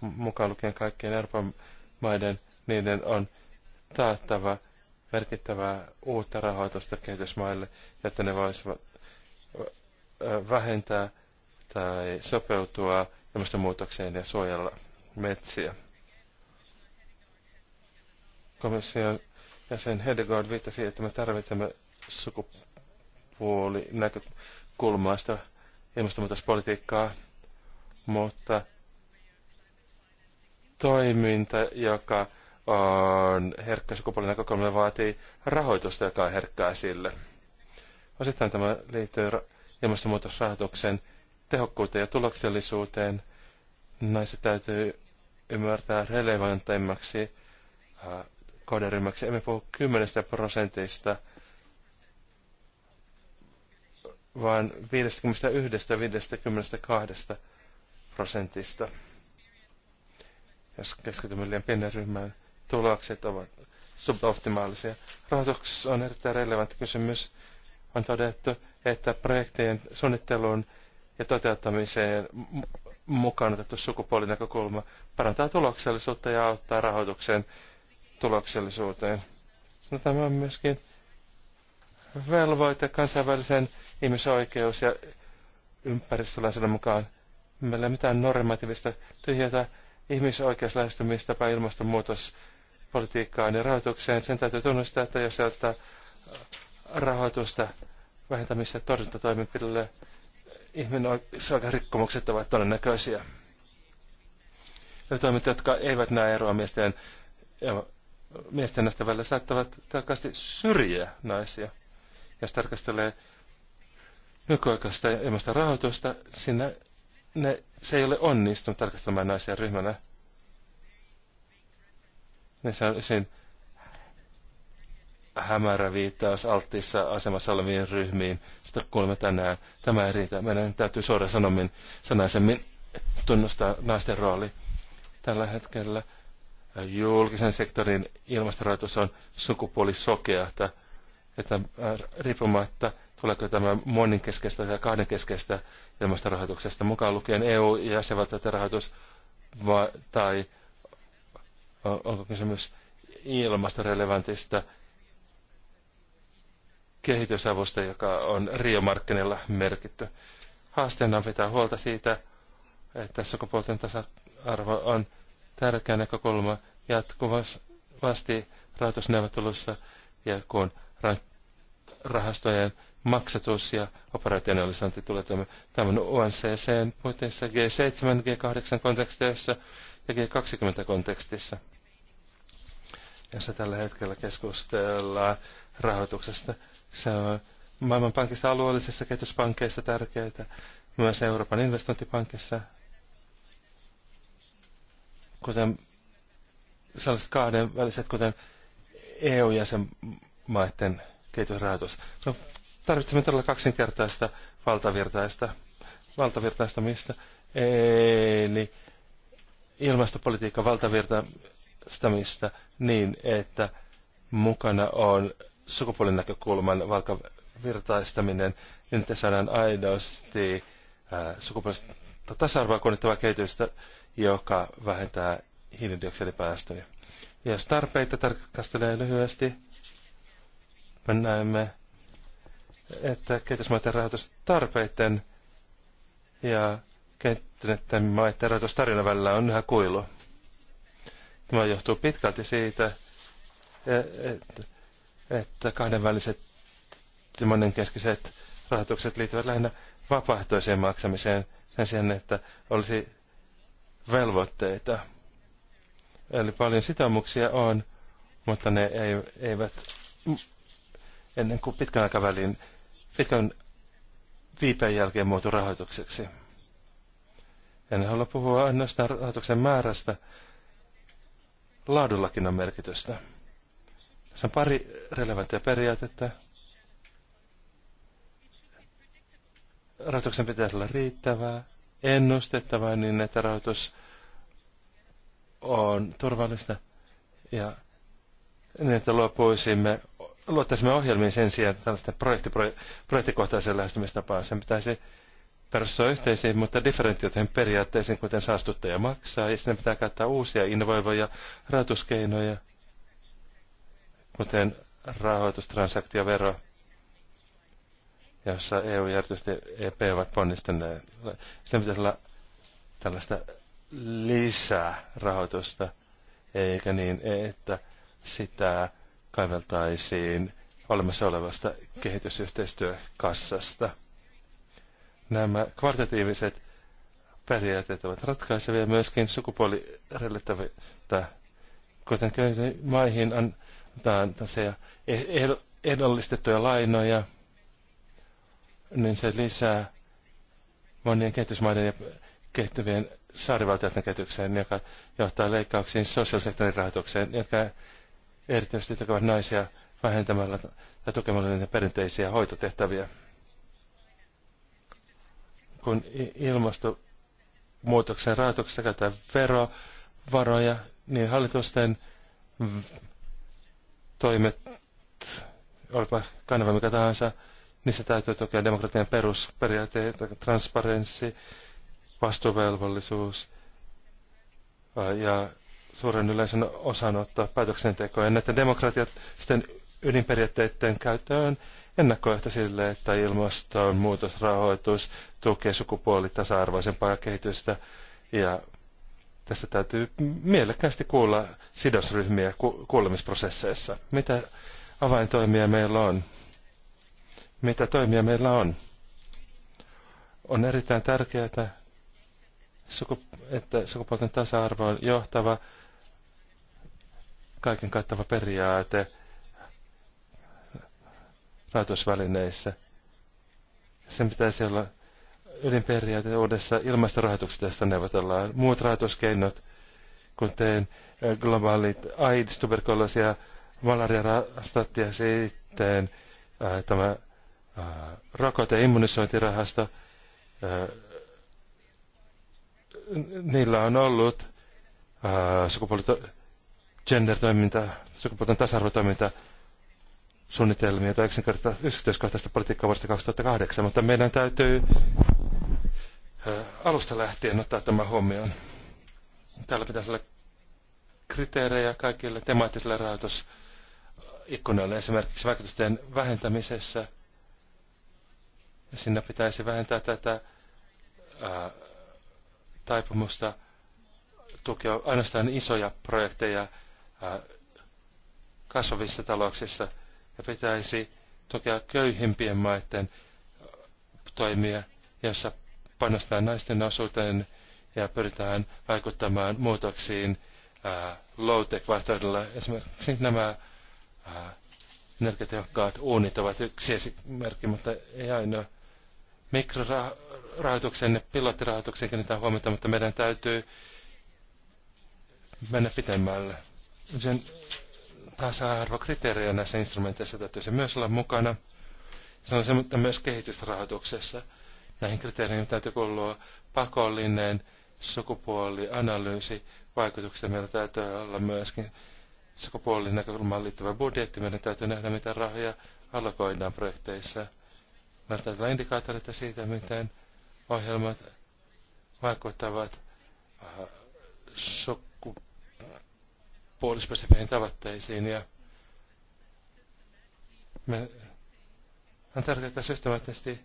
mukaan lukien kaikkien Euroopan maiden, niiden on taattava merkittävää uutta rahoitusta kehitysmaille, jotta ne voisivat vähentää tai sopeutua ilmastonmuutokseen ja suojella metsiä. Komission jäsen Hedegaard viittasi, että me tarvitsemme sukupuolinäkökulmaista ilmastonmuutospolitiikkaa, mutta toiminta, joka on herkkä sukupuolinäkökulma vaatii rahoitusta, joka on herkkää sille. Osittain tämä liittyy ilmastonmuutosrahoituksen tehokkuuteen ja tuloksellisuuteen. Naiset täytyy ymmärtää relevanteimmaksi äh, kohderyhmäksi. Emme puhu 10 prosentista, vaan 51-52 prosentista. Jos keskitymme liian pienen ryhmään, tulokset ovat suboptimaalisia. Rahoituksessa on erittäin relevantti kysymys. On todettu, että projektien suunnitteluun ja toteuttamiseen mukaan otettu sukupuolinäkökulma parantaa tuloksellisuutta ja auttaa rahoituksen tuloksellisuuteen. No, tämä on myöskin velvoite kansainvälisen ihmisoikeus- ja ympäristölainsäädännön mukaan. Meillä ei ole mitään normatiivista tyhjätä tai ilmastonmuutos politiikkaan ja rahoitukseen, sen täytyy tunnustaa, että jos se ottaa äh, rahoitusta vähentämistä torjuntatoimenpidelle, rikkomukset ovat todennäköisiä. Ja toimet, jotka eivät näe eroa miesten ja miesten näistä välillä, saattavat tarkasti syrjiä naisia. Jos tarkastelee nykyaikaista ilmasta rahoitusta, siinä ne, se ei ole onnistunut tarkastelemaan naisia ryhmänä. Niissä on sen hämärä viittaus alttiissa asemassa oleviin ryhmiin. Sitä kuulemme tänään. Tämä ei riitä. Meidän täytyy suoraan sanomin, sanaisemmin tunnustaa naisten rooli. Tällä hetkellä äh, julkisen sektorin ilmastorahoitus on sukupuolisokeata, että äh, riippumatta tuleeko tämä moninkeskeistä tai kahdenkeskeistä ilmastorahoituksesta mukaan lukien EU-jäsenvaltioiden rahoitus vai, tai onko kysymys ilmastorelevantista kehitysavusta, joka on Rio-markkinilla merkitty. Haasteena on pitää huolta siitä, että sukupuolten tasa-arvo on tärkeä näkökulma jatkuvasti rahoitusneuvottelussa ja kun rahastojen maksatus ja operationalisointi tulee tämän UNCCn puitteissa G7, G8 konteksteissa ja G20 kontekstissa jossa tällä hetkellä keskustellaan rahoituksesta. Se on Maailmanpankissa alueellisissa kehityspankkeissa tärkeää, myös Euroopan investointipankissa, kuten sellaiset kahden väliset, kuten EU-jäsenmaiden kehitysrahoitus. No, tarvitsemme todella kaksinkertaista valtavirtaista, valtavirtaista mistä? eli niin ilmastopolitiikan valtavirtaistamista niin, että mukana on sukupuolen näkökulman valkavirtaistaminen, niin että saadaan aidosti äh, sukupuolista tasa-arvoa kunnittavaa kehitystä, joka vähentää hiilidioksidipäästöjä. jos tarpeita tarkastelee lyhyesti, me näemme, että kehitysmaiden rahoitustarpeiden ja kehittyneiden maiden rahoitustarjonnan välillä on yhä kuilu. Tämä johtuu pitkälti siitä, e, että kahdenväliset ja monenkeskiset rahoitukset liittyvät lähinnä vapaaehtoiseen maksamiseen sen sijaan, että olisi velvoitteita. Eli paljon sitoumuksia on, mutta ne eivät ennen kuin pitkän aikavälin, pitkän viipeen jälkeen muutu rahoitukseksi. En halua puhua ainoastaan rahoituksen määrästä, laadullakin on merkitystä. Tässä on pari relevanttia periaatetta. Rahoituksen pitäisi olla riittävää, ennustettavaa niin, että rahoitus on turvallista ja niin, että luopuisimme, luottaisimme ohjelmiin sen sijaan tällaista projekti, projektikohtaisen lähestymistapaan. Sen pitäisi perustua yhteisiin, mutta differentioiden periaatteisiin, kuten saastuttaja maksaa, ja sinne pitää käyttää uusia innovoivia rahoituskeinoja, kuten rahoitustransaktiovero, jossa EU ja erityisesti EP ovat ponnistaneet. Sen pitäisi olla tällaista lisää rahoitusta, eikä niin, että sitä kaiveltaisiin olemassa olevasta kehitysyhteistyökassasta – Nämä kvartatiiviset periaatteet ovat ratkaisevia myöskin sukupuolirellettävyyttä, kuten maihin antaa tällaisia eh-, ehdollistettuja lainoja, niin se lisää monien kehitysmaiden ja kehittyvien saarivaltioiden kehitykseen, joka johtaa leikkauksiin sosiaalisektorin rahoitukseen, jotka erityisesti tukevat naisia vähentämällä ja tukemalla niitä perinteisiä hoitotehtäviä kun ilmastonmuutoksen rahoituksessa käytetään verovaroja, niin hallitusten toimet, olipa kanava mikä tahansa, niissä täytyy tukea demokratian perusperiaatteita, transparenssi, vastuuvelvollisuus ja suuren yleisön osanotto päätöksentekoon. Näiden demokratiat sitten ydinperiaatteiden käyttöön ennakkoehto sille, että ilmastonmuutosrahoitus tukee sukupuolitasa-arvoisempaa kehitystä ja tässä täytyy mielekkäästi kuulla sidosryhmiä ku- kuulemisprosesseissa. Mitä avaintoimia meillä on? Mitä toimia meillä on? On erittäin tärkeää, että, suku- että sukupuolten tasa-arvo on johtava, kaiken kattava periaate – rahoitusvälineissä. Sen pitäisi olla ydinperiaate uudessa ilmastorahoituksessa, josta neuvotellaan. Muut rahoituskeinot, kuten eh, globaalit AIDS, tuberkuloosi ja malariarastot ja sitten ää, eh, tämä ää, eh, rokote- ja immunisointirahasto, ää, niillä on ollut ää, sukupuolito- gender-toiminta, sukupuolten tasa-arvotoiminta suunnitelmia tai yksityiskohtaista politiikkaa vuodesta 2008, mutta meidän täytyy äh, alusta lähtien ottaa tämä huomioon. Täällä pitäisi olla kriteerejä kaikille temaattisille rahoitusikkunoille, esimerkiksi vaikutusten vähentämisessä. Siinä pitäisi vähentää tätä ää, äh, taipumusta tukea ainoastaan isoja projekteja ää, äh, kasvavissa talouksissa – ja pitäisi tukea köyhimpien maiden toimia, jossa panostetaan naisten osuuteen ja pyritään vaikuttamaan muutoksiin low-tech-vaihtoehdolla. Esimerkiksi nämä ää, energiatehokkaat uunit ovat yksi esimerkki, mutta ei ainoa. Mikrorahoituksen ja pilottirahoituksen kiinnitetään huomiota, mutta meidän täytyy mennä pitemmälle. Sen tasa-arvokriteerejä näissä instrumenteissa täytyisi myös olla mukana. Se on se, mutta myös kehitysrahoituksessa. Näihin kriteereihin täytyy kuulua pakollinen sukupuolianalyysi vaikutuksia. Meillä täytyy olla myöskin sukupuolin näkökulmaan liittyvä budjetti. Meidän täytyy nähdä, mitä rahoja allokoidaan projekteissa. Meillä täytyy olla indikaattoreita siitä, miten ohjelmat vaikuttavat äh, sukupuolin puolispesifeihin tavoitteisiin. Ja me, on tärkeää että systemaattisesti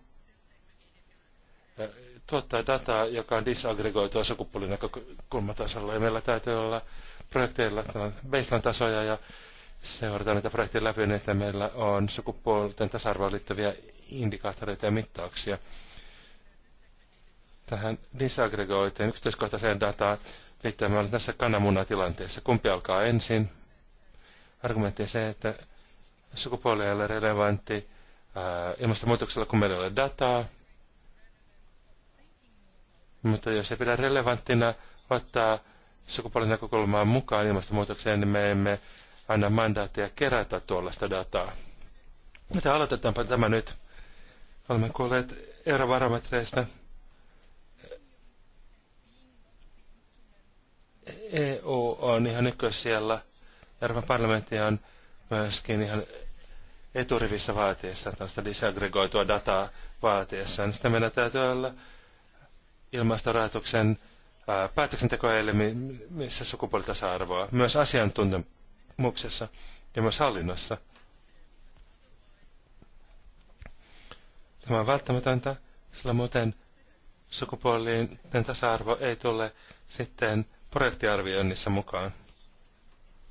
tuottaa dataa, joka on disaggregoitua sukupuolinäkökulmatasolla. Ja meillä täytyy olla projekteilla baseline-tasoja ja seurata niitä projekteja läpi, niin että meillä on sukupuolten tasa-arvoon liittyviä indikaattoreita ja mittauksia. Tähän disaggregoiteen yksityiskohtaiseen dataan Riittää, me olemme tässä kananmunatilanteessa. Kumpi alkaa ensin? Argumentti se, että sukupuoli ei ole relevantti äh, ilmastonmuutoksella, kun meillä ei ole dataa. Mutta jos ei pidä relevanttina ottaa sukupuolen näkökulmaa mukaan ilmastonmuutokseen, niin me emme anna mandaattia kerätä tuollaista dataa. Mitä aloitetaanpa tämä nyt? Olemme kuulleet eurovarometreistä. EU on ihan siellä, Euroopan parlamentti on myöskin ihan eturivissä vaatiessa tällaista disaggregoitua dataa vaatiessaan. sitten meidän täytyy olla ilmastorahoituksen päätöksentekoelimissä sukupuolitasa-arvoa, myös asiantuntemuksessa ja myös hallinnossa. Tämä on välttämätöntä, sillä muuten sukupuolien tasa-arvo ei tule sitten projektiarvioinnissa mukaan.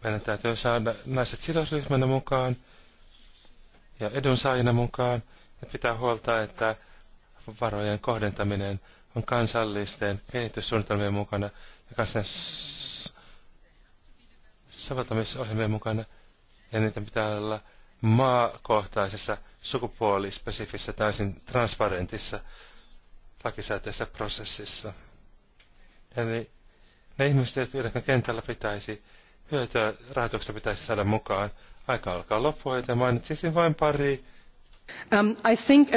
Meidän täytyy saada naiset sidosryhmänä mukaan ja edunsaajina mukaan. Ja pitää huolta, että varojen kohdentaminen on kansallisten kehityssuunnitelmien mukana ja kansallisten soveltamisohjelmien mukana. Ja niitä pitää olla maakohtaisessa sukupuolispesifissä täysin transparentissa lakisääteisessä prosessissa. Eli ne ihmiset, joiden kentällä pitäisi hyötyä rahoituksesta pitäisi saada mukaan. Aika alkaa loppua, joten mainitsisin vain pari um, I think...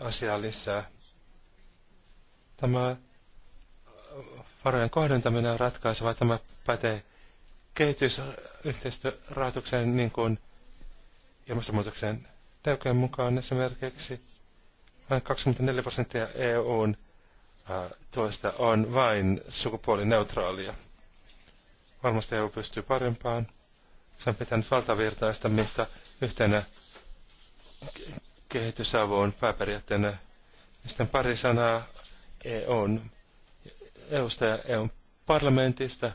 asiaa lisää. Tämä äh, varojen kohdentaminen on ratkaiseva. Tämä pätee kehitysyhteistyörahoitukseen niin kuin ilmastonmuutoksen tekojen mukaan esimerkiksi vain 24 prosenttia EUn tuosta on vain sukupuolineutraalia. Varmasti EU pystyy parempaan. Se on pitänyt mistä yhtenä kehitysavun pääperiaatteena. sitten pari sanaa EUn, EUsta ja EUn parlamentista.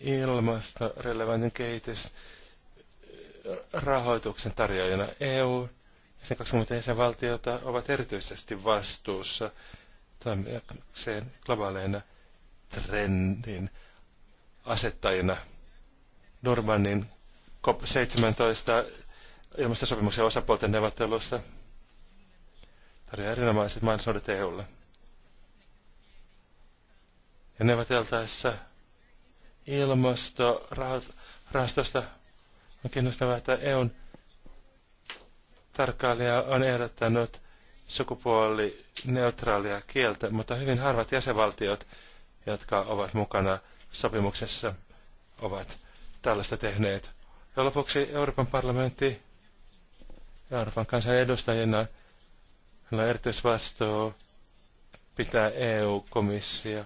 Ilmasta relevantin kehitys rahoituksen tarjoajana EU 120 jäsenvaltiota ovat erityisesti vastuussa toimijakseen globaaleina trendin asettajina. Normannin COP17 ilmastosopimuksen osapuolten neuvottelussa tarjoaa erinomaiset mahdollisuudet EUlle. Ja neuvoteltaessa ilmastorahastosta on kiinnostavaa, että EUn tarkkailija on ehdottanut sukupuolineutraalia kieltä, mutta hyvin harvat jäsenvaltiot, jotka ovat mukana sopimuksessa, ovat tällaista tehneet. Ja lopuksi Euroopan parlamentti Euroopan kansan edustajina on erityisvastuu pitää EU-komissio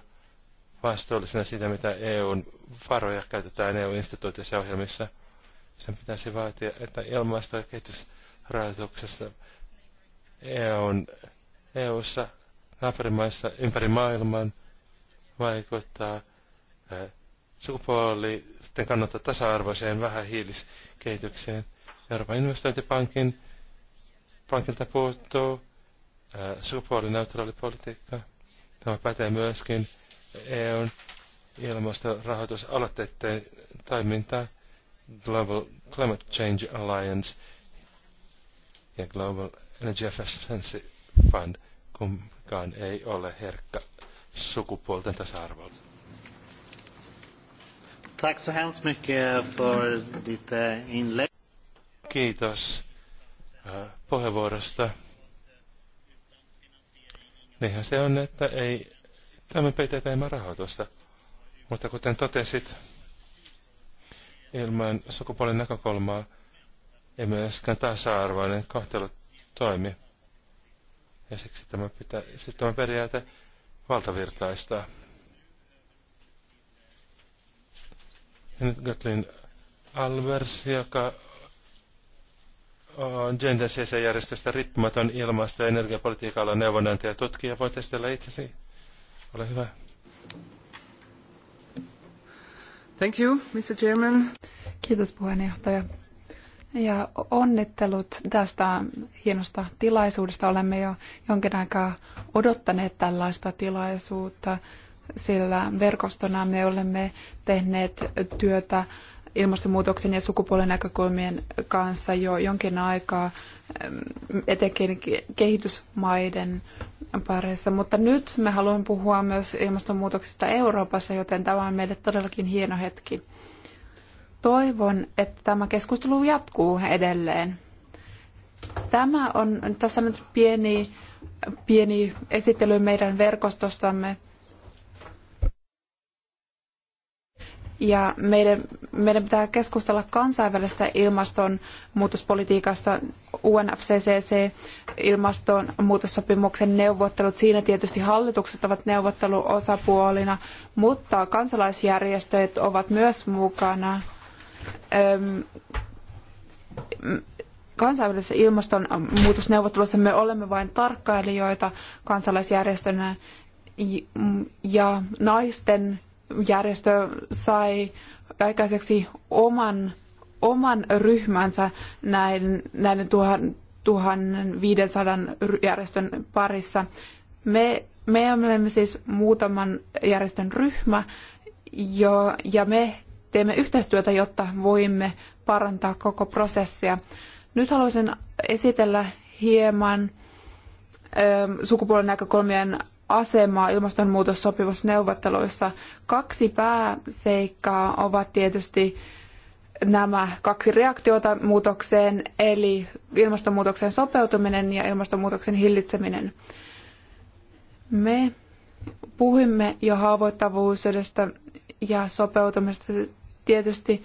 vastuullisena sitä, mitä EUn varoja käytetään eu ja ohjelmissa. Sen pitäisi vaatia, että ilmasto- ja kehitys- rahoituksesta EUn, EU-ssa naapurimaissa ympäri maailman vaikuttaa sukupuolisten kannalta tasa-arvoiseen vähähiiliskehitykseen. Euroopan investointipankin pankilta puuttuu sukupuolineutraalipolitiikka. Tämä pätee myöskin EUn ilmastorahoitusaloitteiden toimintaan Global Climate Change Alliance ja Global Energy Efficiency Fund kumpikaan ei ole herkkä sukupuolten tasa arvolla Tack så hemskt mycket för ditt eh, inlägg. Kiitos eh, puheenvuorosta. Niinhän se on, että ei tämä PTT ilman rahoitusta. Mutta kuten totesit, ilman sukupuolen näkökulmaa ei myöskään tasa-arvoinen kohtelu toimi. Ja siksi tämä, pitää, sitten tämä periaate valtavirtaistaa. Ja nyt Gatlin Albers, joka on gendersiesen järjestöstä riippumaton ilmasto- ja energiapolitiikalla neuvonantaja ja tutkija. Voit esitellä itsesi. Ole hyvä. Thank you, Mr. Chairman. Kiitos puheenjohtaja. Ja onnittelut tästä hienosta tilaisuudesta. Olemme jo jonkin aikaa odottaneet tällaista tilaisuutta, sillä verkostona me olemme tehneet työtä ilmastonmuutoksen ja sukupuolen näkökulmien kanssa jo jonkin aikaa, mm, etenkin kehitysmaiden parissa. Mutta nyt me haluamme puhua myös ilmastonmuutoksesta Euroopassa, joten tämä on meille todellakin hieno hetki. Toivon, että tämä keskustelu jatkuu edelleen. Tämä on tässä nyt pieni, pieni esittely meidän verkostostamme. Ja meidän, meidän pitää keskustella kansainvälisestä ilmastonmuutospolitiikasta. UNFCCC, ilmastonmuutossopimuksen neuvottelut, siinä tietysti hallitukset ovat neuvotteluosapuolina, mutta kansalaisjärjestöt ovat myös mukana kansainvälisessä ilmastonmuutosneuvottelussa me olemme vain tarkkailijoita kansalaisjärjestönä ja naisten järjestö sai aikaiseksi oman, oman ryhmänsä näiden, näiden tuhan, 1500 järjestön parissa. Me, me olemme siis muutaman järjestön ryhmä jo, ja me teemme yhteistyötä, jotta voimme parantaa koko prosessia. Nyt haluaisin esitellä hieman ö, ähm, sukupuolen näkökulmien asemaa ilmastonmuutossopimusneuvotteluissa. Kaksi pääseikkaa ovat tietysti nämä kaksi reaktiota muutokseen, eli ilmastonmuutokseen sopeutuminen ja ilmastonmuutoksen hillitseminen. Me puhuimme jo haavoittavuudesta ja sopeutumisesta tietysti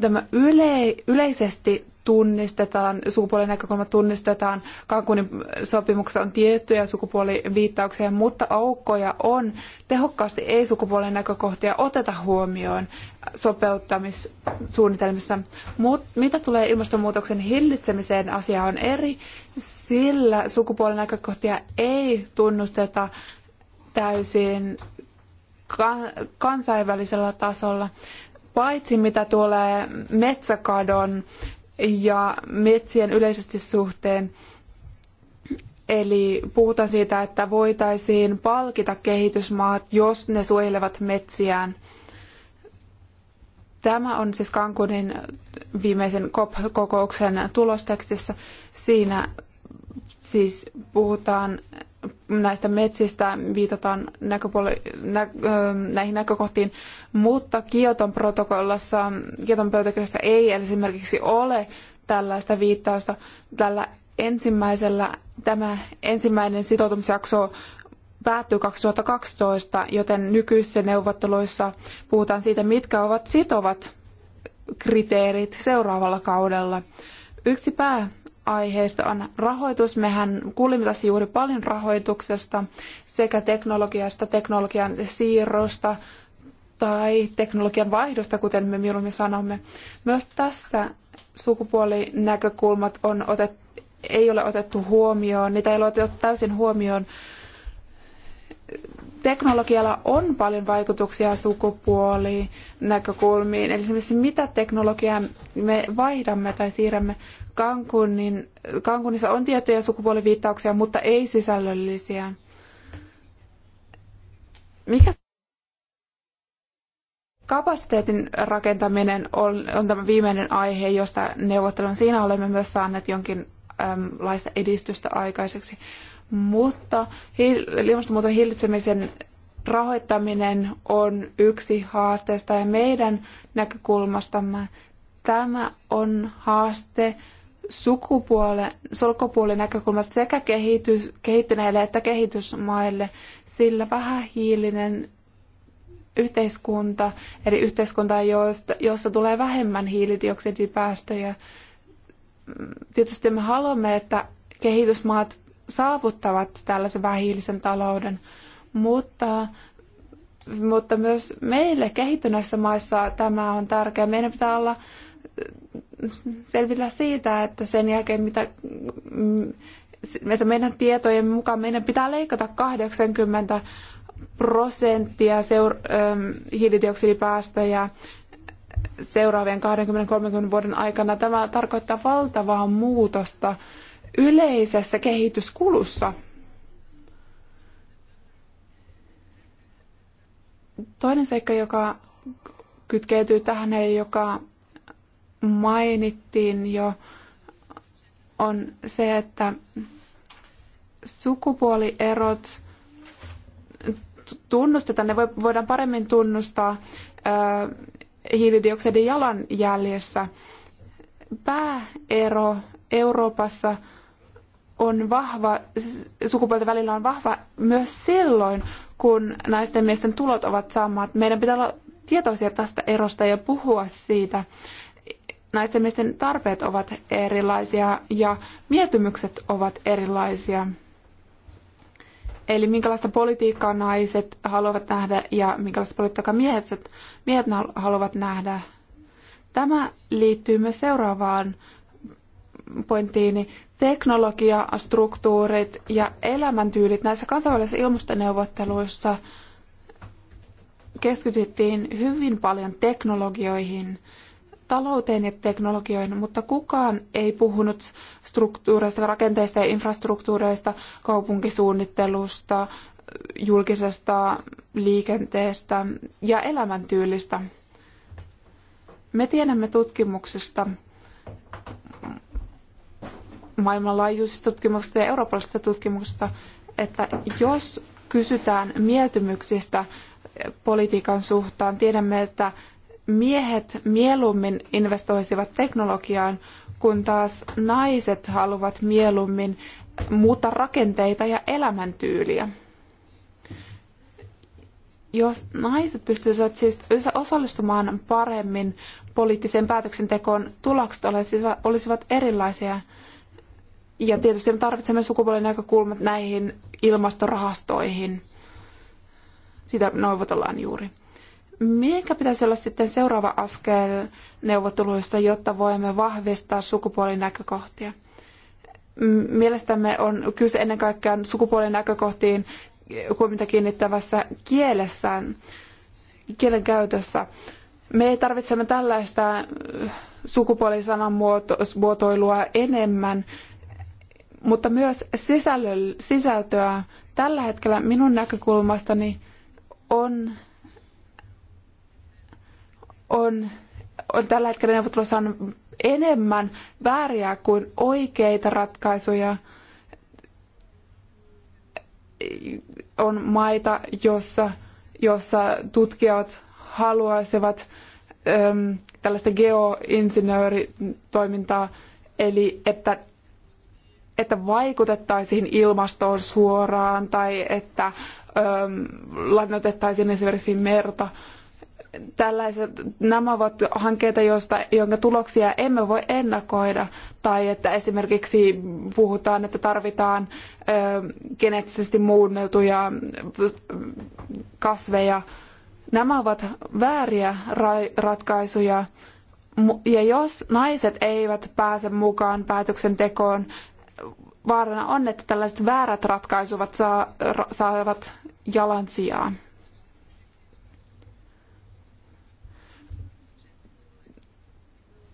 tämä yle, yleisesti tunnistetaan, sukupuolen näkökulma tunnistetaan, Cancunin sopimuksessa on tiettyjä sukupuoliviittauksia, mutta aukkoja on. Tehokkaasti ei sukupuolen näkökohtia oteta huomioon sopeuttamissuunnitelmissa. Mut, mitä tulee ilmastonmuutoksen hillitsemiseen, asia on eri, sillä sukupuolen näkökohtia ei tunnusteta täysin kansainvälisellä tasolla. Paitsi mitä tulee metsäkadon ja metsien yleisesti suhteen, Eli puhutaan siitä, että voitaisiin palkita kehitysmaat, jos ne suojelevat metsiään. Tämä on siis kankunin viimeisen COP-kokouksen tulostekstissä. Siinä siis puhutaan näistä metsistä viitataan näköpuoli- nä- näihin näkökohtiin, mutta Kioton protokollassa, Kioton pöytäkirjassa ei esimerkiksi ole tällaista viittausta. Tällä ensimmäisellä, tämä ensimmäinen sitoutumisjakso päättyy 2012, joten nykyisissä neuvotteluissa puhutaan siitä, mitkä ovat sitovat kriteerit seuraavalla kaudella. Yksi pää aiheista on rahoitus. Mehän kuulimme tässä juuri paljon rahoituksesta sekä teknologiasta, teknologian siirrosta tai teknologian vaihdosta, kuten me mieluummin sanomme. Myös tässä sukupuolinäkökulmat on otet, ei ole otettu huomioon, niitä ei ole otettu täysin huomioon. Teknologialla on paljon vaikutuksia sukupuolinäkökulmiin, eli esimerkiksi mitä teknologiaa me vaihdamme tai siirrämme Cancunin, Cancunissa on tiettyjä sukupuoliviittauksia, mutta ei sisällöllisiä. Mikä kapasiteetin rakentaminen on, on tämä viimeinen aihe, josta neuvottelun siinä olemme myös saaneet jonkinlaista edistystä aikaiseksi. Mutta ilmastonmuutoksen hillitsemisen rahoittaminen on yksi haasteista ja meidän näkökulmastamme tämä on haaste, sukupuolen, solkopuolen näkökulmasta sekä kehitys, kehittyneille että kehitysmaille, sillä vähähiilinen yhteiskunta, eli yhteiskunta, josta, jossa tulee vähemmän hiilidioksidipäästöjä. Tietysti me haluamme, että kehitysmaat saavuttavat tällaisen vähähiilisen talouden, mutta, mutta myös meille kehittyneissä maissa tämä on tärkeää. Meidän pitää olla selvillä siitä, että sen jälkeen mitä mm, että meidän tietojen mukaan meidän pitää leikata 80 prosenttia seura- hiilidioksidipäästöjä seuraavien 20-30 vuoden aikana. Tämä tarkoittaa valtavaa muutosta yleisessä kehityskulussa. Toinen seikka, joka kytkeytyy tähän ja joka mainittiin jo, on se, että sukupuolierot tunnustetaan, ne voidaan paremmin tunnustaa hiilidioksidin jalanjäljessä. Pääero Euroopassa on vahva, sukupuolten välillä on vahva myös silloin, kun naisten ja miesten tulot ovat samat. Meidän pitää olla tietoisia tästä erosta ja puhua siitä naisten miesten tarpeet ovat erilaisia ja mieltymykset ovat erilaisia. Eli minkälaista politiikkaa naiset haluavat nähdä ja minkälaista politiikkaa miehet, miehet haluavat nähdä. Tämä liittyy myös seuraavaan pointtiin: Teknologia, struktuurit ja elämäntyylit näissä kansainvälisissä ilmastoneuvotteluissa keskityttiin hyvin paljon teknologioihin – talouteen ja teknologioihin, mutta kukaan ei puhunut struktuureista, rakenteista ja infrastruktuureista, kaupunkisuunnittelusta, julkisesta liikenteestä ja elämäntyylistä. Me tiedämme tutkimuksista, maailmanlaajuisista tutkimuksista ja eurooppalaisista tutkimuksista, että jos kysytään mieltymyksistä politiikan suhtaan, tiedämme, että miehet mieluummin investoisivat teknologiaan, kun taas naiset haluavat mieluummin muuttaa rakenteita ja elämäntyyliä. Jos naiset pystyisivät siis osallistumaan paremmin poliittiseen päätöksentekoon, tulokset olisivat erilaisia. Ja tietysti me tarvitsemme sukupuolinäkökulmat näihin ilmastorahastoihin. Sitä noivotellaan juuri. Mikä pitäisi olla sitten seuraava askel neuvotteluissa, jotta voimme vahvistaa sukupuolinäkökohtia? Mielestämme on kyse ennen kaikkea sukupuolinäkökohtiin huomiota kiinnittävässä kielessään, kielen käytössä. Me tarvitsemme tällaista äh, sukupuolisanamuotoilua muotoilua enemmän, mutta myös sisältöä. Tällä hetkellä minun näkökulmastani on on, on tällä hetkellä neuvottelussa on enemmän vääriä kuin oikeita ratkaisuja. On maita, jossa, jossa tutkijat haluaisivat äm, tällaista geoinsinööritoimintaa, eli että, että vaikutettaisiin ilmastoon suoraan tai että äm, lannotettaisiin esimerkiksi merta. Äm, tällaiset, nämä ovat hankkeita, joista, jonka tuloksia emme voi ennakoida, tai että esimerkiksi puhutaan, että tarvitaan ö, geneettisesti muunneltuja kasveja. Nämä ovat vääriä ratkaisuja, ja jos naiset eivät pääse mukaan päätöksentekoon, vaarana on, että tällaiset väärät ratkaisut saavat jalan sijaan.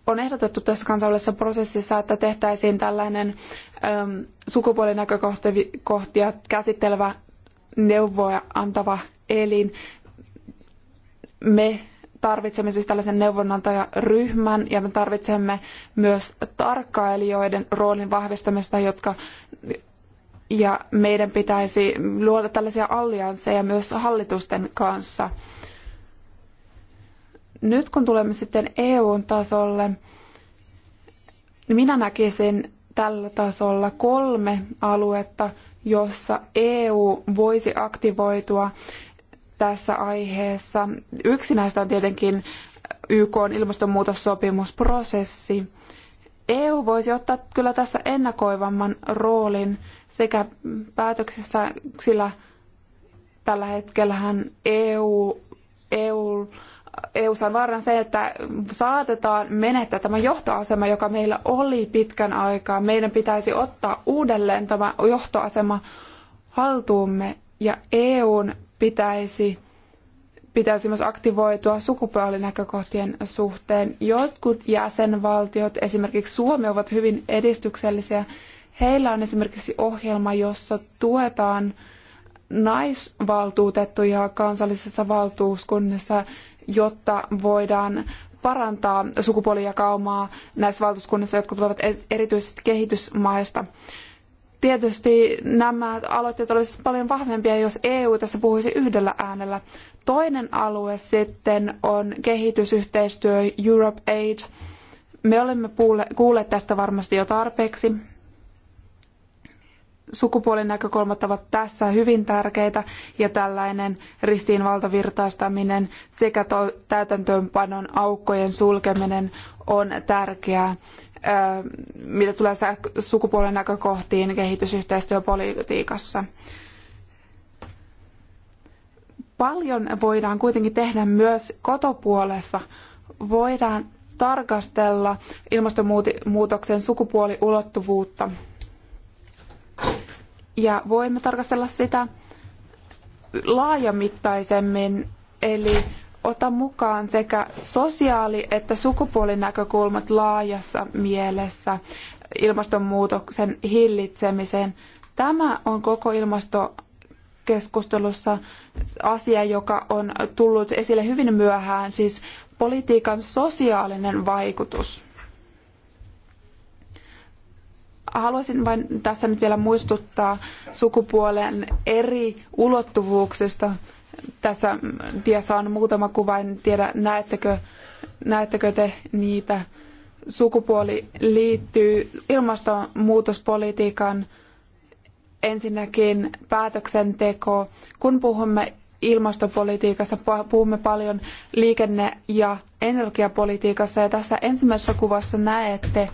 on ehdotettu tässä kansainvälisessä prosessissa, että tehtäisiin tällainen äm, sukupuolinäkökohtia käsittelevä neuvoja antava elin. Me tarvitsemme siis tällaisen neuvonantajaryhmän ja me tarvitsemme myös tarkkailijoiden roolin vahvistamista, jotka ja meidän pitäisi luoda tällaisia alliansseja myös hallitusten kanssa nyt kun tulemme sitten EUn tasolle, niin minä näkisin tällä tasolla kolme aluetta, jossa EU voisi aktivoitua tässä aiheessa. Yksi näistä on tietenkin YK on ilmastonmuutossopimusprosessi. EU voisi ottaa kyllä tässä ennakoivamman roolin sekä päätöksessä, sillä tällä hetkellähän EU, EU EU on vaaran se, että saatetaan menettää tämä johtoasema, joka meillä oli pitkän aikaa. Meidän pitäisi ottaa uudelleen tämä johtoasema haltuumme ja EUn pitäisi, pitäisi myös aktivoitua sukupuolinäkökohtien suhteen. Jotkut jäsenvaltiot, esimerkiksi Suomi, ovat hyvin edistyksellisiä. Heillä on esimerkiksi ohjelma, jossa tuetaan naisvaltuutettuja kansallisessa valtuuskunnassa jotta voidaan parantaa sukupuolijakaumaa näissä valtuuskunnissa, jotka tulevat e- erityisesti kehitysmaista. Tietysti nämä aloitteet olisivat paljon vahvempia, jos EU tässä puhuisi yhdellä äänellä. Toinen alue sitten on kehitysyhteistyö Europe Aid. Me olemme kuulleet tästä varmasti jo tarpeeksi sukupuolen näkökulmat ovat tässä hyvin tärkeitä ja tällainen ristiinvaltavirtaistaminen sekä to- täytäntöönpanon aukkojen sulkeminen on tärkeää, mitä tulee sukupuolen näkökohtiin kehitysyhteistyöpolitiikassa. Paljon voidaan kuitenkin tehdä myös kotopuolessa. Voidaan tarkastella ilmastonmuutoksen sukupuoliulottuvuutta ja voimme tarkastella sitä laajamittaisemmin, eli ota mukaan sekä sosiaali- että sukupuolinäkökulmat laajassa mielessä ilmastonmuutoksen hillitsemiseen. Tämä on koko ilmastokeskustelussa asia, joka on tullut esille hyvin myöhään, siis politiikan sosiaalinen vaikutus. haluaisin vain tässä nyt vielä muistuttaa sukupuolen eri ulottuvuuksista. Tässä tiessä on muutama kuva, en tiedä näettekö, näettekö te niitä. Sukupuoli liittyy ilmastonmuutospolitiikan ensinnäkin päätöksenteko. Kun puhumme ilmastopolitiikassa puhumme paljon liikenne- ja energiapolitiikassa ja tässä ensimmäisessä kuvassa näette,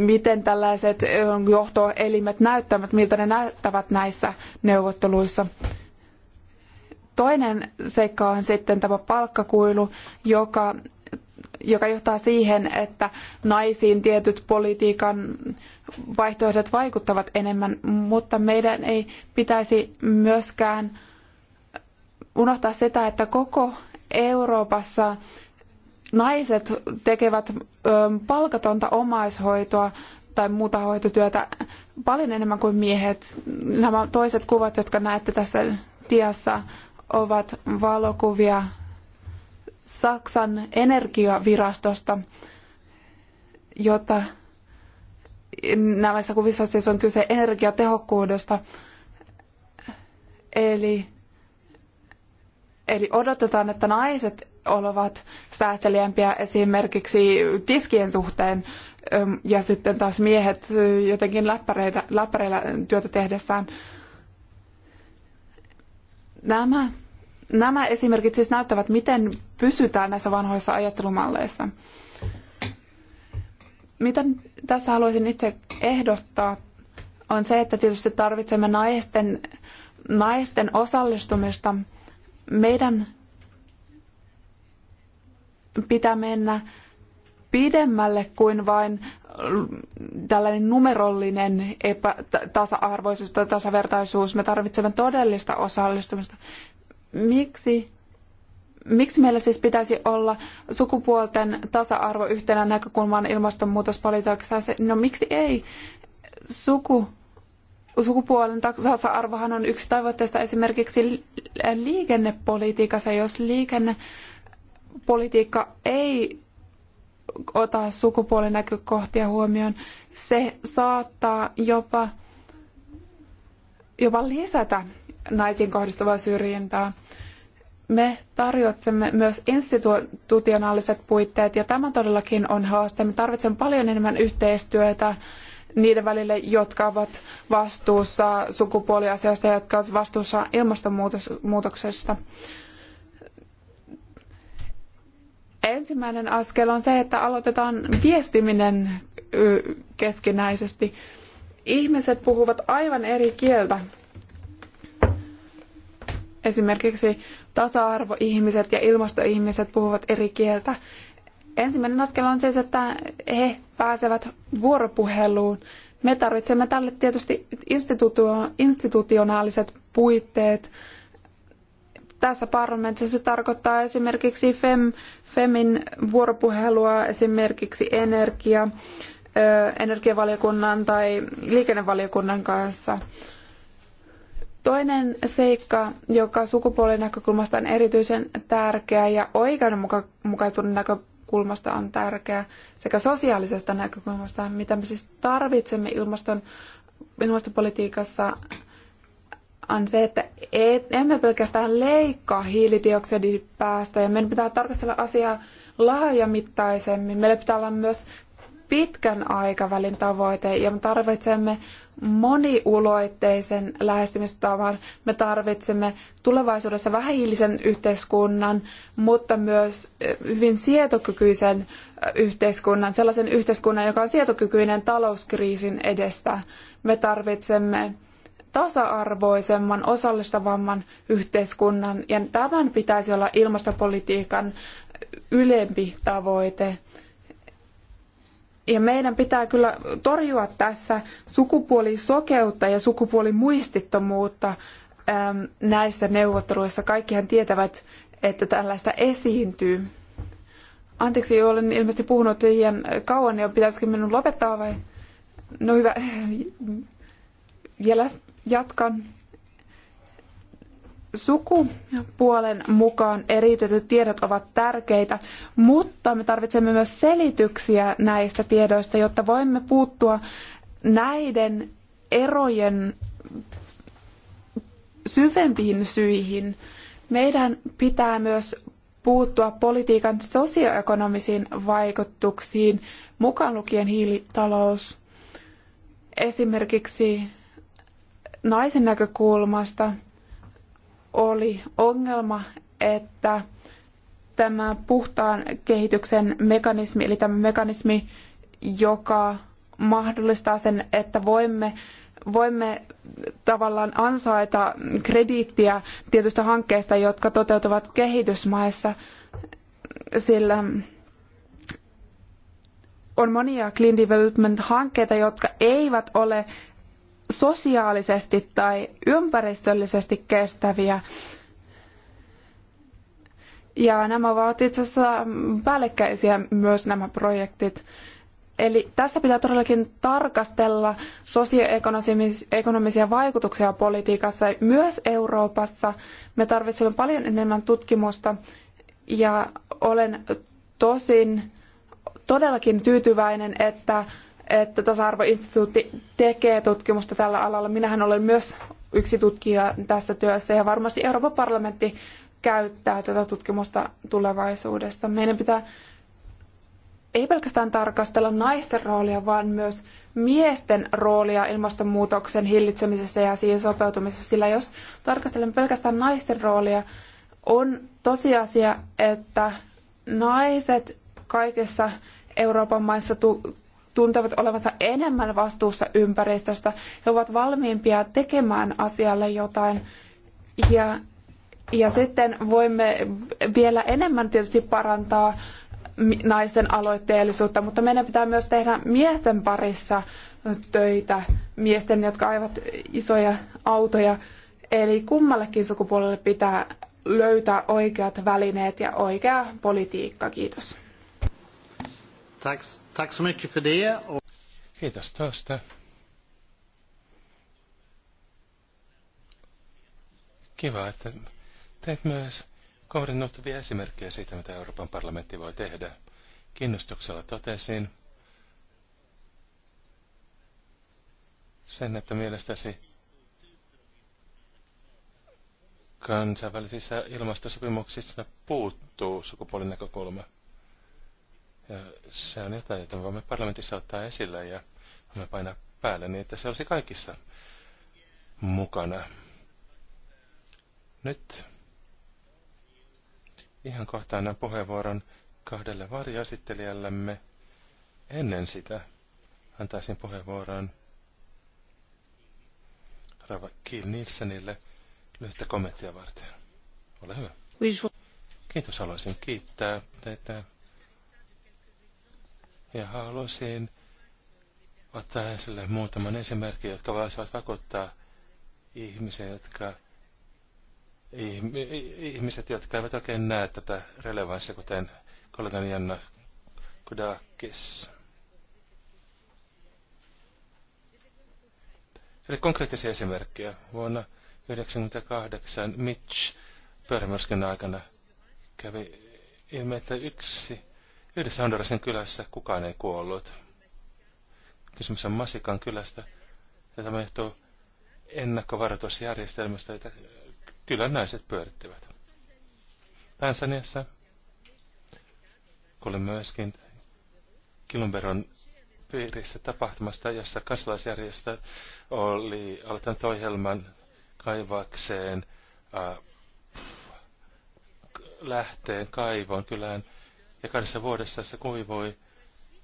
miten tällaiset eh, johtoelimet näyttävät, miltä ne näyttävät näissä neuvotteluissa. Toinen seikka on sitten tämä palkkakuilu, joka, joka johtaa siihen, että naisiin tietyt politiikan vaihtoehdot vaikuttavat enemmän, mutta meidän ei pitäisi myöskään unohtaa sitä, että koko Euroopassa naiset tekevät palkatonta omaishoitoa tai muuta hoitotyötä paljon enemmän kuin miehet. Nämä toiset kuvat, jotka näette tässä diassa, ovat valokuvia Saksan energiavirastosta, jota näissä kuvissa siis on kyse energiatehokkuudesta. Eli, eli odotetaan, että naiset olevat säästeliämpiä esimerkiksi tiskien suhteen ja sitten taas miehet jotenkin läppäreillä, läppäreillä työtä tehdessään. Nämä, nämä esimerkit siis näyttävät, miten pysytään näissä vanhoissa ajattelumalleissa. Mitä tässä haluaisin itse ehdottaa, on se, että tietysti tarvitsemme naisten, naisten osallistumista. Meidän pitää mennä pidemmälle kuin vain tällainen numerollinen tasa arvoisuus tai tasavertaisuus. Me tarvitsemme todellista osallistumista. Miksi, miksi meillä siis pitäisi olla sukupuolten tasa-arvo yhtenä näkökulmana ilmastonmuutospolitiikassa? No miksi ei? Suku, sukupuolen tasa-arvohan on yksi tavoitteista esimerkiksi liikennepolitiikassa. Jos liikenne politiikka ei ota sukupuolinäkökohtia huomioon. Se saattaa jopa, jopa lisätä naisiin kohdistuvaa syrjintää. Me tarjotsemme myös institutionaaliset puitteet, ja tämä todellakin on haaste. Me tarvitsemme paljon enemmän yhteistyötä niiden välille, jotka ovat vastuussa sukupuoliasioista ja jotka ovat vastuussa ilmastonmuutoksesta. Ensimmäinen askel on se, että aloitetaan viestiminen keskinäisesti. Ihmiset puhuvat aivan eri kieltä. Esimerkiksi tasa-arvoihmiset ja ilmastoihmiset puhuvat eri kieltä. Ensimmäinen askel on siis, että he pääsevät vuoropuheluun. Me tarvitsemme tälle tietysti institutionaaliset puitteet, tässä parlamentissa se tarkoittaa esimerkiksi FEM, FEMin vuoropuhelua esimerkiksi energia, energiavaliokunnan tai liikennevaliokunnan kanssa. Toinen seikka, joka sukupuolen näkökulmasta on erityisen tärkeä ja oikeudenmukaisuuden näkökulmasta on tärkeä sekä sosiaalisesta näkökulmasta, mitä me siis tarvitsemme ilmaston, ilmastopolitiikassa, on se, että emme pelkästään leikkaa hiilidioksidipäästöjä. Meidän pitää tarkastella asiaa laajamittaisemmin. Meillä pitää olla myös pitkän aikavälin tavoite ja me tarvitsemme moniuloitteisen lähestymistavan. Me tarvitsemme tulevaisuudessa vähähiilisen yhteiskunnan, mutta myös hyvin sietokykyisen yhteiskunnan, sellaisen yhteiskunnan, joka on sietokykyinen talouskriisin edestä. Me tarvitsemme tasa-arvoisemman, osallistavamman yhteiskunnan, ja tämän pitäisi olla ilmastopolitiikan ylempi tavoite. Ja meidän pitää kyllä torjua tässä sukupuolisokeutta ja sukupuolimuistittomuutta ähm, näissä neuvotteluissa. Kaikkihan tietävät, että tällaista esiintyy. Anteeksi, olen ilmeisesti puhunut liian kauan, ja niin pitäisikö minun lopettaa vai? No hyvä, <laughs> vielä Jatkan. Sukupuolen mukaan eritetyt tiedot ovat tärkeitä, mutta me tarvitsemme myös selityksiä näistä tiedoista, jotta voimme puuttua näiden erojen syvempiin syihin. Meidän pitää myös puuttua politiikan sosioekonomisiin vaikutuksiin, mukaan lukien hiilitalous. Esimerkiksi naisen näkökulmasta oli ongelma, että tämä puhtaan kehityksen mekanismi, eli tämä mekanismi, joka mahdollistaa sen, että voimme, voimme tavallaan ansaita krediittiä tietystä hankkeista, jotka toteutuvat kehitysmaissa, sillä on monia clean development-hankkeita, jotka eivät ole sosiaalisesti tai ympäristöllisesti kestäviä. Ja nämä ovat itse asiassa päällekkäisiä myös nämä projektit. Eli tässä pitää todellakin tarkastella sosioekonomisia vaikutuksia politiikassa myös Euroopassa. Me tarvitsemme paljon enemmän tutkimusta ja olen tosin todellakin tyytyväinen, että että tasa-arvoinstituutti tekee tutkimusta tällä alalla. Minähän olen myös yksi tutkija tässä työssä ja varmasti Euroopan parlamentti käyttää tätä tutkimusta tulevaisuudessa Meidän pitää ei pelkästään tarkastella naisten roolia, vaan myös miesten roolia ilmastonmuutoksen hillitsemisessä ja siihen sopeutumisessa, sillä jos tarkastelemme pelkästään naisten roolia, on tosiasia, että naiset kaikissa Euroopan maissa tuntevat olevansa enemmän vastuussa ympäristöstä. He ovat valmiimpia tekemään asialle jotain. Ja, ja sitten voimme vielä enemmän tietysti parantaa naisten aloitteellisuutta, mutta meidän pitää myös tehdä miesten parissa töitä, miesten, jotka ajavat isoja autoja. Eli kummallekin sukupuolelle pitää löytää oikeat välineet ja oikea politiikka. Kiitos. Tack, tack så mycket för det. Kiitos tästä. Kiva, että teet myös kohdennuttavia esimerkkejä siitä, mitä Euroopan parlamentti voi tehdä. Kiinnostuksella totesin sen, että mielestäsi kansainvälisissä ilmastosopimuksissa puuttuu sukupuolinäkökulma. näkökulma. Se on jotain, jota voimme parlamentissa ottaa esille ja voimme painaa päälle niin, että se olisi kaikissa mukana. Nyt ihan kohta annan puheenvuoron kahdelle varjoesittelijällemme. Ennen sitä antaisin puheenvuoron Rava Kiil Nielsenille lyhyttä kommenttia varten. Ole hyvä. Kiitos, haluaisin kiittää teitä ja haluaisin ottaa esille muutaman esimerkin, jotka voisivat vakuuttaa ihmisiä, jotka, ihmiset, jotka eivät oikein näe tätä relevanssia, kuten kollegani Janna Kudakis. Eli konkreettisia esimerkkejä. Vuonna 1998 Mitch pyörämyrskyn aikana kävi ilmi, että yksi Yhdessä Hondurasin kylässä kukaan ei kuollut. Kysymys on Masikan kylästä, ja tämä johtuu ennakkovaroitusjärjestelmästä, jota kylän naiset pyörittivät. Tansaniassa kuulin myöskin Kilumberon piirissä tapahtumasta, jossa kansalaisjärjestö oli aloittanut ohjelman kaivakseen äh, lähteen kaivoon kylään ja kahdessa vuodessa se kuivui.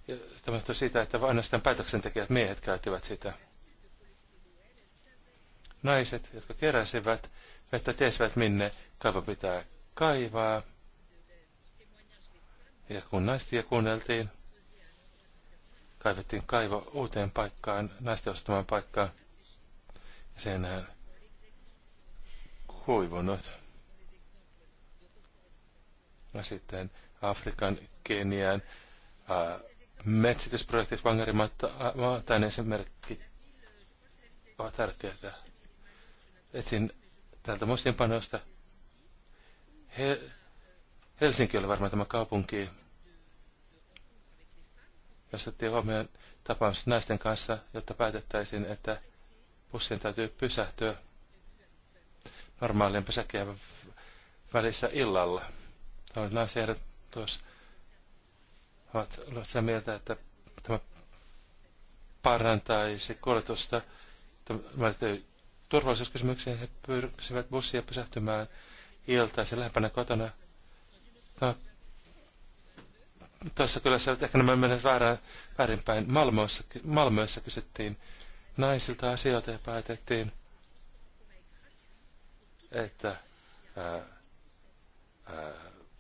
Ja tämä johtui siitä, että ainoastaan päätöksentekijät miehet käyttivät sitä. Naiset, jotka keräsivät vettä, tiesivät minne kaivo pitää kaivaa. Ja kun naistia kuunneltiin, kaivettiin kaivo uuteen paikkaan, naisten ostamaan paikkaan. Ja se enää kuivunut. Ja sitten Afrikan, Kenian äh, metsitysprojektit Vangarimaattain äh, esimerkki ovat tärkeitä. Etsin täältä muistinpanoista. He, Helsinki oli varmaan tämä kaupunki, jossa otettiin huomioon tapaus naisten kanssa, jotta päätettäisiin, että bussin täytyy pysähtyä normaalien pysäkkien välissä illalla. Tämä oli naisjärjestelmä tuossa ovat olleet sitä mieltä, että tämä parantaisi kuoletusta. Tämä turvallisuuskysymykseen he pyrkisivät bussia pysähtymään iltaisin lähempänä kotona. Tämä Tuossa kyllä se, ehkä nämä menevät väärään, väärinpäin. Malmössä, Malmössä kysyttiin naisilta asioita ja päätettiin, että ää,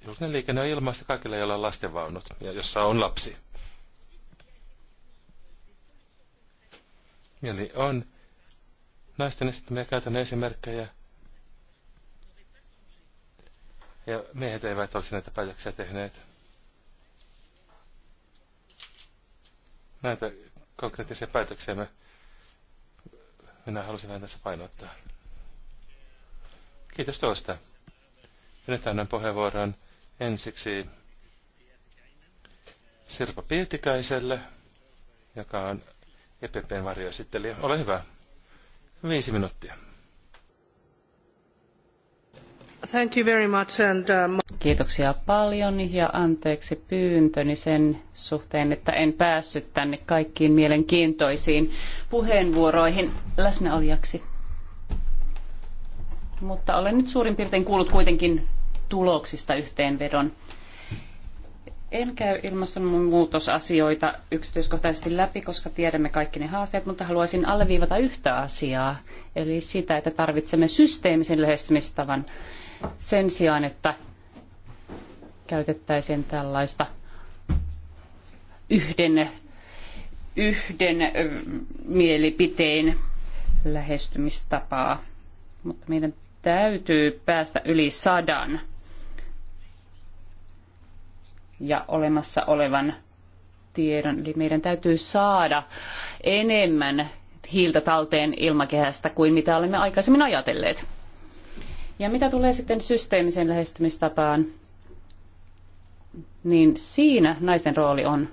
Julkinen liikenne on ilmaista kaikille, joilla on lastenvaunut ja jossa on lapsi. Eli on naisten esittämiä käytännön esimerkkejä. Ja miehet eivät olisi näitä päätöksiä tehneet. Näitä konkreettisia päätöksiä me, minä halusin vähän tässä painottaa. Kiitos tuosta. Pidetään näin puheenvuoron Ensiksi Sirpa Pietikäiselle, joka on EPPn varjoesittelijä. Ole hyvä. Viisi minuuttia. Thank you very much and, um... Kiitoksia paljon ja anteeksi pyyntöni sen suhteen, että en päässyt tänne kaikkiin mielenkiintoisiin puheenvuoroihin läsnäolijaksi. Mutta olen nyt suurin piirtein kuullut kuitenkin tuloksista yhteenvedon. En käy ilmastonmuutosasioita yksityiskohtaisesti läpi, koska tiedämme kaikki ne haasteet, mutta haluaisin alleviivata yhtä asiaa, eli sitä, että tarvitsemme systeemisen lähestymistavan sen sijaan, että käytettäisiin tällaista yhden, yhden mielipiteen lähestymistapaa. Mutta meidän täytyy päästä yli sadan ja olemassa olevan tiedon. Eli meidän täytyy saada enemmän hiiltä talteen ilmakehästä kuin mitä olemme aikaisemmin ajatelleet. Ja mitä tulee sitten systeemiseen lähestymistapaan, niin siinä naisten rooli on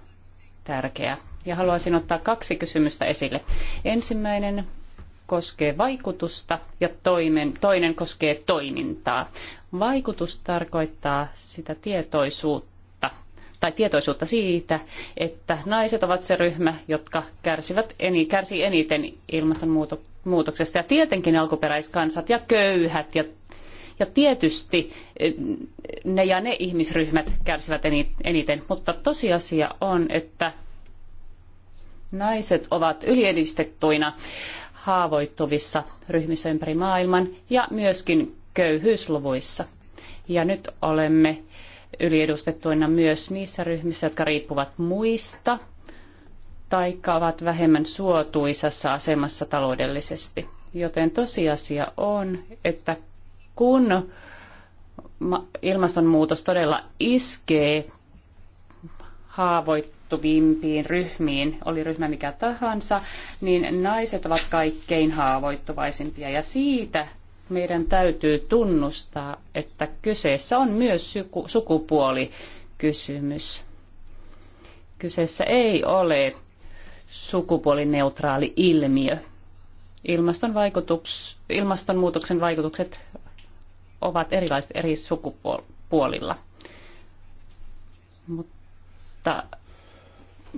tärkeä. Ja haluaisin ottaa kaksi kysymystä esille. Ensimmäinen koskee vaikutusta ja toimen toinen koskee toimintaa. Vaikutus tarkoittaa sitä tietoisuutta tai tietoisuutta siitä, että naiset ovat se ryhmä, jotka kärsivät eni, kärsii eniten ilmastonmuutoksesta. Ja tietenkin alkuperäiskansat ja köyhät ja, ja tietysti eh, ne ja ne ihmisryhmät kärsivät eniten. Mutta tosiasia on, että naiset ovat yliedistettuina haavoittuvissa ryhmissä ympäri maailman ja myöskin köyhyysluvuissa. Ja nyt olemme yliedustettuina myös niissä ryhmissä, jotka riippuvat muista tai ovat vähemmän suotuisassa asemassa taloudellisesti. Joten tosiasia on, että kun ilmastonmuutos todella iskee haavoittuvimpiin ryhmiin, oli ryhmä mikä tahansa, niin naiset ovat kaikkein haavoittuvaisimpia ja siitä meidän täytyy tunnustaa, että kyseessä on myös sukupuolikysymys. Kyseessä ei ole sukupuolineutraali ilmiö. Ilmaston vaikutuks, ilmastonmuutoksen vaikutukset ovat erilaiset eri sukupuolilla. Mutta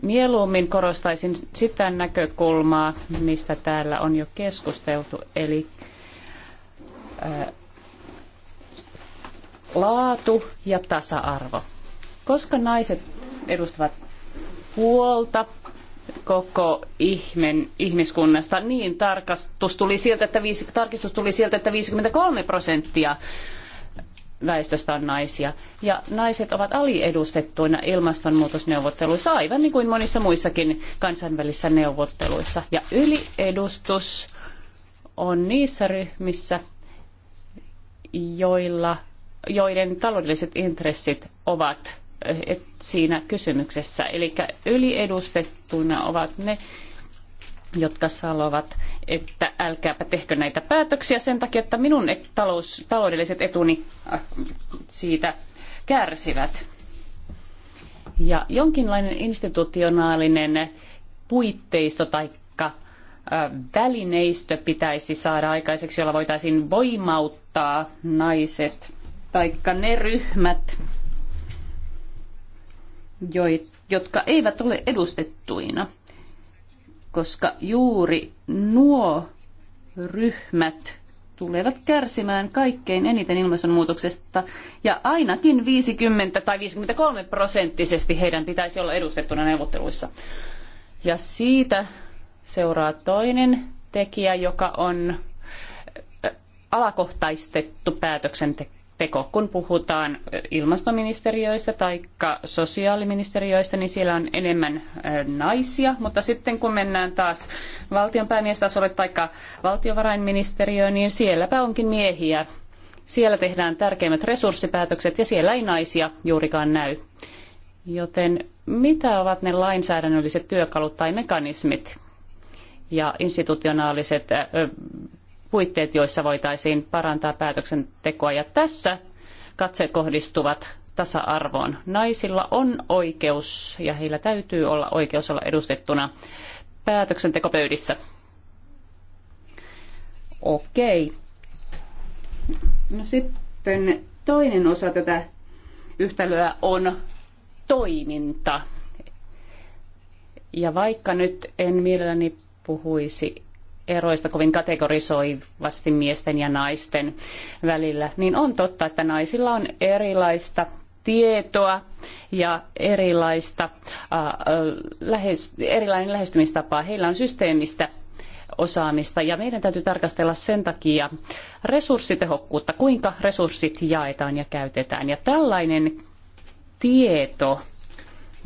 mieluummin korostaisin sitä näkökulmaa, mistä täällä on jo keskusteltu, eli laatu ja tasa-arvo. Koska naiset edustavat huolta koko ihmen, ihmiskunnasta, niin tarkastus tuli sieltä, että viisi, tarkistus tuli sieltä, että 53 prosenttia väestöstä on naisia. Ja naiset ovat aliedustettuina ilmastonmuutosneuvotteluissa, aivan niin kuin monissa muissakin kansainvälisissä neuvotteluissa. Ja yliedustus on niissä ryhmissä, joilla, joiden taloudelliset intressit ovat eh, siinä kysymyksessä. Eli yliedustettuina ovat ne, jotka sanovat, että älkääpä tehkö näitä päätöksiä sen takia, että minun talous, taloudelliset etuni äh, siitä kärsivät. Ja jonkinlainen institutionaalinen puitteisto tai äh, välineistö pitäisi saada aikaiseksi, jolla voitaisiin voimauttaa erottaa naiset, taikka ne ryhmät, jotka eivät ole edustettuina, koska juuri nuo ryhmät tulevat kärsimään kaikkein eniten ilmastonmuutoksesta ja ainakin 50 tai 53 prosenttisesti heidän pitäisi olla edustettuna neuvotteluissa. Ja siitä seuraa toinen tekijä, joka on alakohtaistettu päätöksenteko. Kun puhutaan ilmastoministeriöistä tai sosiaaliministeriöistä, niin siellä on enemmän naisia, mutta sitten kun mennään taas valtionpäämiestasolle tai valtiovarainministeriöön, niin sielläpä onkin miehiä. Siellä tehdään tärkeimmät resurssipäätökset ja siellä ei naisia juurikaan näy. Joten mitä ovat ne lainsäädännölliset työkalut tai mekanismit ja institutionaaliset puitteet, joissa voitaisiin parantaa päätöksentekoa. Ja tässä katseet kohdistuvat tasa-arvoon. Naisilla on oikeus ja heillä täytyy olla oikeus olla edustettuna päätöksentekopöydissä. Okei. No sitten toinen osa tätä yhtälöä on toiminta. Ja vaikka nyt en mielelläni puhuisi eroista kovin kategorisoivasti miesten ja naisten välillä, niin on totta, että naisilla on erilaista tietoa ja erilaista, lähes, erilainen lähestymistapa. Heillä on systeemistä osaamista ja meidän täytyy tarkastella sen takia resurssitehokkuutta, kuinka resurssit jaetaan ja käytetään. Ja tällainen tieto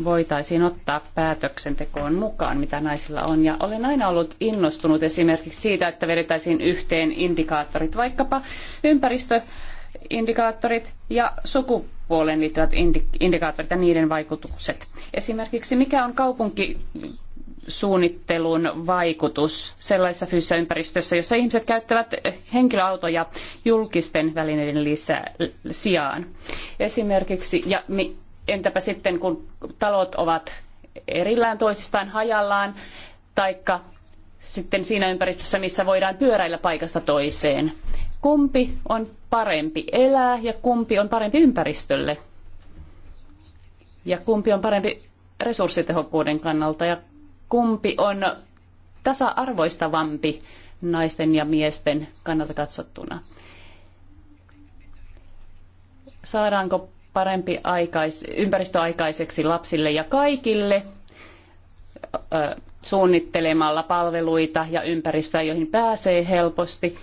voitaisiin ottaa päätöksentekoon mukaan, mitä naisilla on. Ja olen aina ollut innostunut esimerkiksi siitä, että vedettäisiin yhteen indikaattorit, vaikkapa ympäristöindikaattorit ja sukupuoleen liittyvät indikaattorit ja niiden vaikutukset. Esimerkiksi mikä on kaupunki suunnittelun vaikutus sellaisessa fyysisessä ympäristössä, jossa ihmiset käyttävät henkilöautoja julkisten välineiden lisää, sijaan. Esimerkiksi, ja mi, entäpä sitten kun talot ovat erillään toisistaan hajallaan, taikka sitten siinä ympäristössä, missä voidaan pyöräillä paikasta toiseen. Kumpi on parempi elää ja kumpi on parempi ympäristölle? Ja kumpi on parempi resurssitehokkuuden kannalta ja kumpi on tasa-arvoistavampi naisten ja miesten kannalta katsottuna? Saadaanko parempi aikais, ympäristö aikaiseksi lapsille ja kaikille suunnittelemalla palveluita ja ympäristöä, joihin pääsee helposti.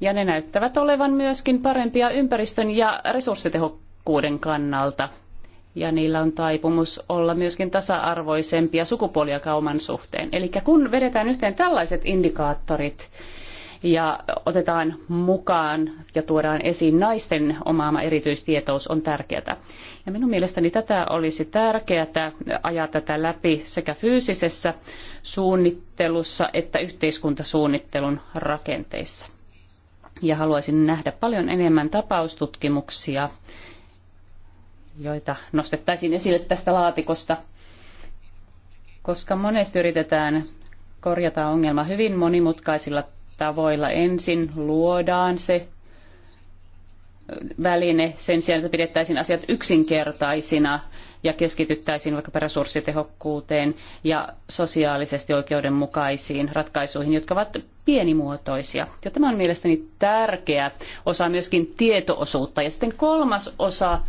Ja ne näyttävät olevan myöskin parempia ympäristön ja resurssitehokkuuden kannalta. Ja niillä on taipumus olla myöskin tasa-arvoisempia sukupuolia kauman suhteen. Eli kun vedetään yhteen tällaiset indikaattorit, ja otetaan mukaan ja tuodaan esiin naisten omaama erityistietous on tärkeää. Ja minun mielestäni tätä olisi tärkeää ajaa tätä läpi sekä fyysisessä suunnittelussa että yhteiskuntasuunnittelun rakenteissa. Ja haluaisin nähdä paljon enemmän tapaustutkimuksia, joita nostettaisiin esille tästä laatikosta, koska monesti yritetään korjata ongelma hyvin monimutkaisilla tavoilla. Ensin luodaan se väline sen sijaan, että pidettäisiin asiat yksinkertaisina ja keskityttäisiin vaikkapa resurssitehokkuuteen ja sosiaalisesti oikeudenmukaisiin ratkaisuihin, jotka ovat pienimuotoisia. Ja tämä on mielestäni tärkeä osa myöskin tietoosuutta. Ja sitten kolmas osa äh,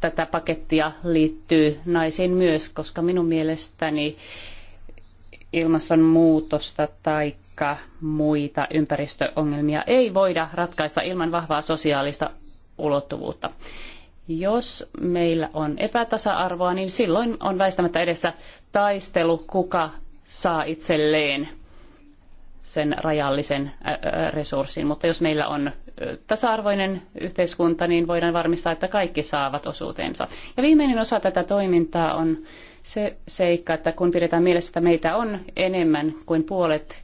tätä pakettia liittyy naisiin myös, koska minun mielestäni ilmastonmuutosta tai muita ympäristöongelmia ei voida ratkaista ilman vahvaa sosiaalista ulottuvuutta. Jos meillä on epätasa-arvoa, niin silloin on väistämättä edessä taistelu, kuka saa itselleen sen rajallisen resurssin. Mutta jos meillä on tasa-arvoinen yhteiskunta, niin voidaan varmistaa, että kaikki saavat osuutensa. Ja viimeinen osa tätä toimintaa on se seikka, että kun pidetään mielessä, että meitä on enemmän kuin puolet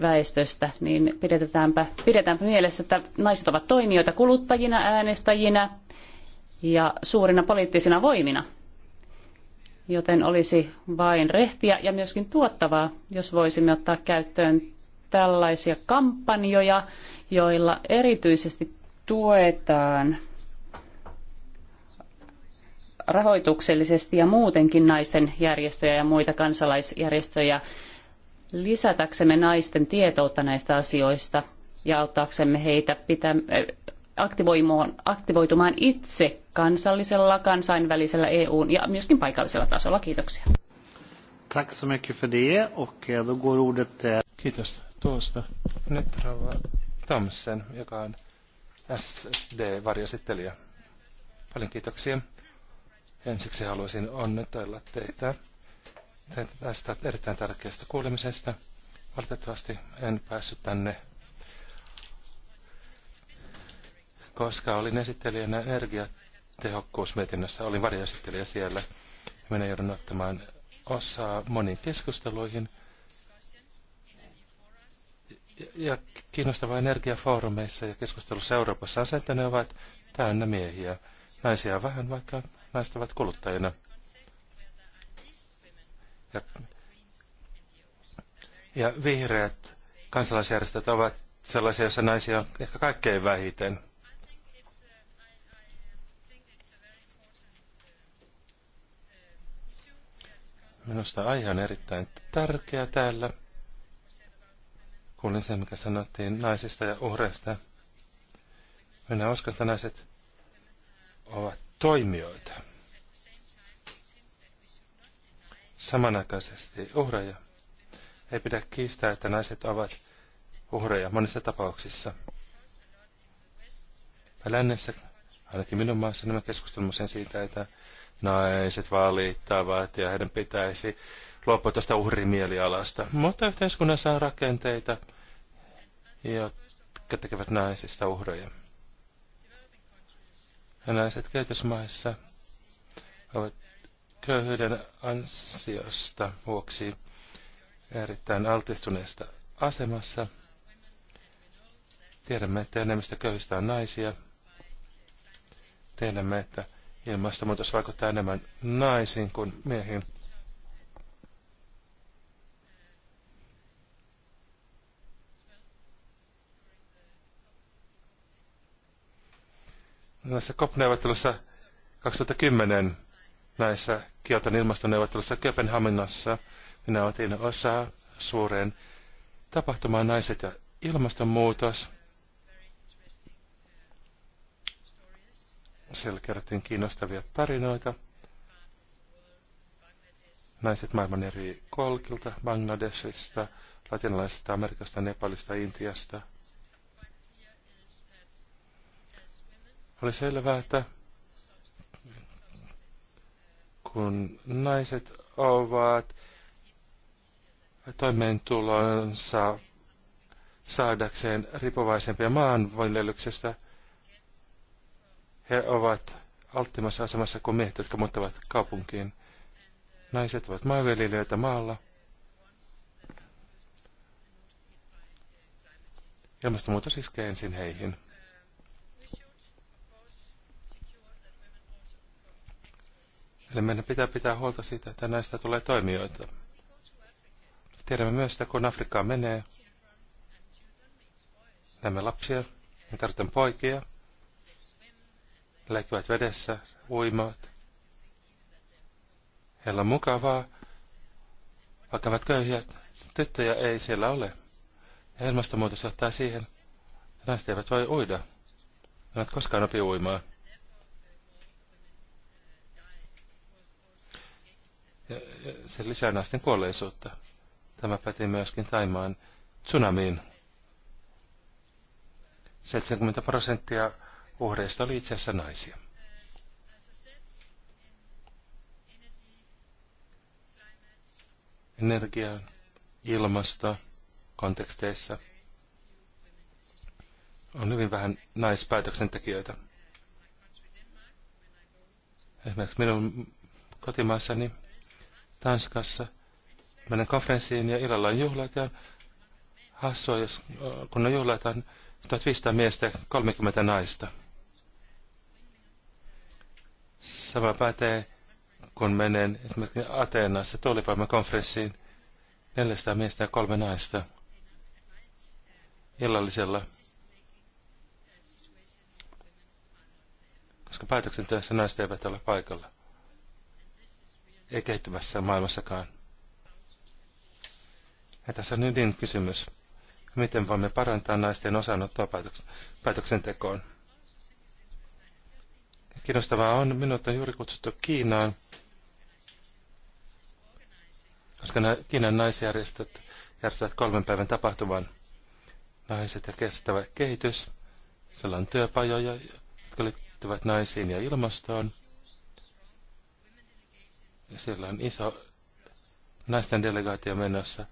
väestöstä, niin pidetäänpä, pidetäänpä mielessä, että naiset ovat toimijoita kuluttajina, äänestäjinä ja suurina poliittisina voimina. Joten olisi vain rehtiä ja myöskin tuottavaa, jos voisimme ottaa käyttöön tällaisia kampanjoja, joilla erityisesti tuetaan rahoituksellisesti ja muutenkin naisten järjestöjä ja muita kansalaisjärjestöjä lisätäksemme naisten tietoutta näistä asioista ja auttaaksemme heitä pitää, äh, aktivoitumaan itse kansallisella, kansainvälisellä EUn ja myöskin paikallisella tasolla. Kiitoksia. Tack så mycket för det och eh, då går ordet till... Kiitos tuosta. Nyt Rauha Tamsen, joka on SD-varjasittelijä. Paljon kiitoksia. Ensiksi haluaisin onnitella teitä tästä erittäin tärkeästä kuulemisesta. Valitettavasti en päässyt tänne, koska olin esittelijänä energiatehokkuusmietinnössä, olin varjoesittelijä siellä. Minä joudun ottamaan osaa moniin keskusteluihin ja kiinnostavaa energiafoorumeissa ja keskustelussa Euroopassa on se, että ne ovat täynnä miehiä. Naisia vähän, vaikka naiset ovat kuluttajina. Ja, ja vihreät kansalaisjärjestöt ovat sellaisia, joissa naisia on ehkä kaikkein vähiten. Minusta aihe on erittäin tärkeä täällä. Kuulin sen, mikä sanottiin naisista ja uhreista. Minä uskon, että naiset ovat toimijoita. samanaikaisesti uhreja. Ei pidä kiistää, että naiset ovat uhreja monissa tapauksissa. Lännessä, ainakin minun maassa, nämä keskustelemme sen siitä, että naiset valittavat ja heidän pitäisi luopua tästä uhrimielialasta. Mutta yhteiskunnassa on rakenteita, jotka tekevät naisista uhreja. Ja naiset kehitysmaissa ovat köyhyyden ansiosta vuoksi erittäin altistuneesta asemassa. Tiedämme, että enemmistö köyhistä on naisia. Tiedämme, että ilmastonmuutos vaikuttaa enemmän naisiin kuin miehiin. Näissä COP-neuvottelussa 2010 näissä Kioton ilmastoneuvottelussa Kööpenhaminassa. Minä otin osaa suureen tapahtumaan naiset ja ilmastonmuutos. Siellä kerrottiin kiinnostavia tarinoita. Naiset maailman eri kolkilta, Bangladesista, latinalaisesta Amerikasta, Nepalista, Intiasta. Oli selvää, että kun naiset ovat toimeentulonsa saadakseen riippuvaisempia maanviljelyksestä, he ovat alttimassa asemassa kuin miehet, jotka muuttavat kaupunkiin. Naiset ovat maanviljelijöitä maalla. Ilmastonmuutos iskee ensin heihin. Eli meidän pitää pitää huolta siitä, että näistä tulee toimijoita. Tiedämme myös, että kun Afrikkaan menee, näemme lapsia, me tarvitaan poikia, leikkivät vedessä, uimaat. Heillä on mukavaa, vaikka ovat köyhiä, tyttöjä ei siellä ole. Ja ilmastonmuutos johtaa siihen, että naiset eivät voi uida. Ne eivät koskaan opi uimaan. ja se lisää naisten kuolleisuutta. Tämä päti myöskin Taimaan tsunamiin. 70 prosenttia uhreista oli itse asiassa naisia. Energia, ilmasta, konteksteissa on hyvin vähän naispäätöksentekijöitä. Esimerkiksi minun kotimaassani Tanskassa. Menen konferenssiin ja illalla on juhlat ja hassua, jos, kun on juhlat, on niin 1500 miestä ja 30 naista. Sama pätee, kun menen esimerkiksi Ateenassa tuulivoimakonferenssiin 400 miestä ja kolme naista illallisella. Koska päätöksenteossa naiset eivät ole paikalla ei kehittyvässä maailmassakaan. Ja tässä on ydin niin kysymys. Miten voimme parantaa naisten osanottoa päätöksentekoon? Kiinnostavaa on, minut on juuri kutsuttu Kiinaan, koska Kiinan naisjärjestöt järjestävät kolmen päivän tapahtuman Naiset ja kestävä kehitys. Siellä on työpajoja, jotka liittyvät naisiin ja ilmastoon. Ja siellä on iso naisten delegaatio menossa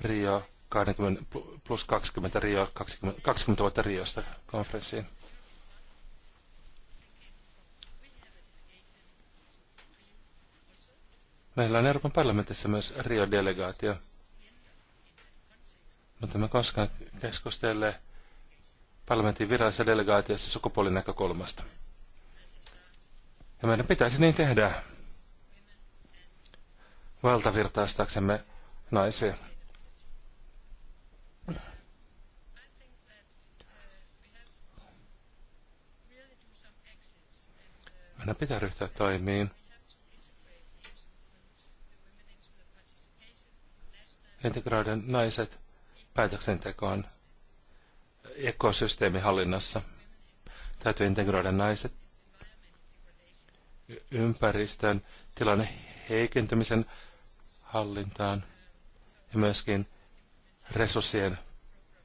Rio 20, plus 20, Rio 20, 20 vuotta Riosta konferenssiin. Meillä on Euroopan parlamentissa myös Rio-delegaatio. Mutta me koskaan keskustele parlamentin virallisessa delegaatiossa sukupuolinäkökulmasta. Ja meidän pitäisi niin tehdä valtavirtaistaksemme naisia. Meidän pitää ryhtyä toimiin. Integroiden naiset päätöksentekoon ekosysteemihallinnassa. Täytyy integroida naiset ympäristön tilanne heikentymisen hallintaan ja myöskin resurssien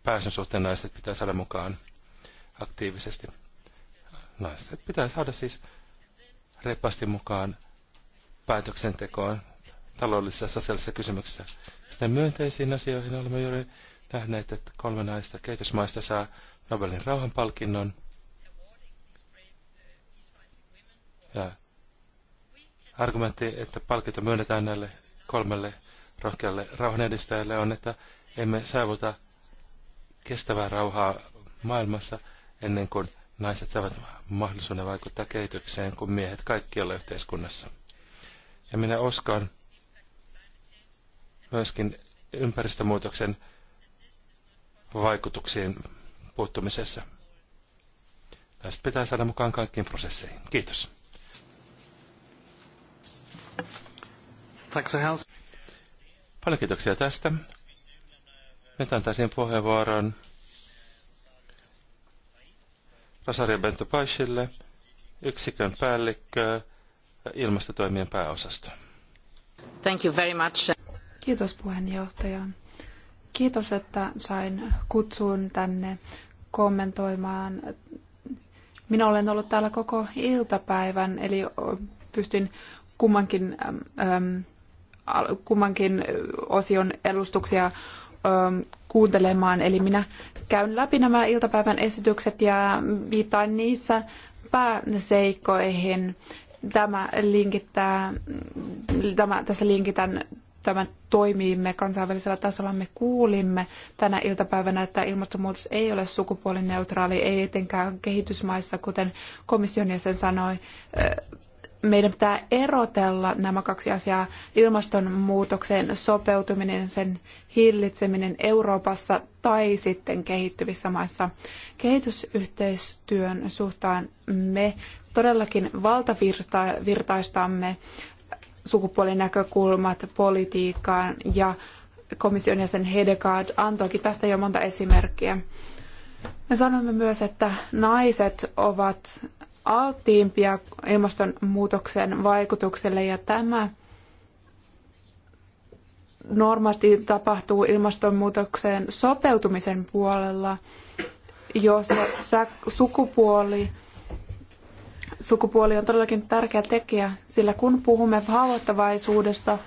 pääsyn suhteen naiset pitää saada mukaan aktiivisesti. Naiset pitää saada siis reippaasti mukaan päätöksentekoon taloudellisissa ja sosiaalisissa kysymyksissä. Sitten myönteisiin asioihin olemme juuri nähneet, että kolme naista kehitysmaista saa Nobelin rauhanpalkinnon. Ja argumentti, että palkinto myönnetään näille kolmelle rohkealle rauhan edistäjälle on, että emme saavuta kestävää rauhaa maailmassa ennen kuin naiset saavat mahdollisuuden vaikuttaa kehitykseen kuin miehet kaikkialla yhteiskunnassa. Ja minä uskon myöskin ympäristömuutoksen vaikutuksiin puuttumisessa. Tästä pitää saada mukaan kaikkiin prosesseihin. Kiitos. Tack så hemskt. Paljon kiitoksia tästä. Nyt antaisin puheenvuoron Rosario Bento Paisille, yksikön päällikkö ilmastotoimien pääosasto. Thank you very much. Kiitos puheenjohtaja. Kiitos, että sain kutsun tänne kommentoimaan. Minä olen ollut täällä koko iltapäivän, eli pystyn kummankin kummankin osion edustuksia kuuntelemaan. Eli minä käyn läpi nämä iltapäivän esitykset ja viittaan niissä pääseikkoihin. Tämä linkittää, tämä, tässä linkitän tämä toimiimme kansainvälisellä tasolla. Me kuulimme tänä iltapäivänä, että ilmastonmuutos ei ole sukupuolineutraali, ei etenkään kehitysmaissa, kuten komission jäsen sanoi meidän pitää erotella nämä kaksi asiaa, ilmastonmuutokseen sopeutuminen, sen hillitseminen Euroopassa tai sitten kehittyvissä maissa. Kehitysyhteistyön suhtaan me todellakin valtavirtaistamme sukupuolinäkökulmat politiikkaan ja komission jäsen Hedegaard antoikin tästä jo monta esimerkkiä. Me sanomme myös, että naiset ovat alttiimpia ilmastonmuutoksen vaikutukselle ja tämä normaalisti tapahtuu ilmastonmuutokseen sopeutumisen puolella, jos sukupuoli, sukupuoli on todellakin tärkeä tekijä, sillä kun puhumme haavoittavaisuudesta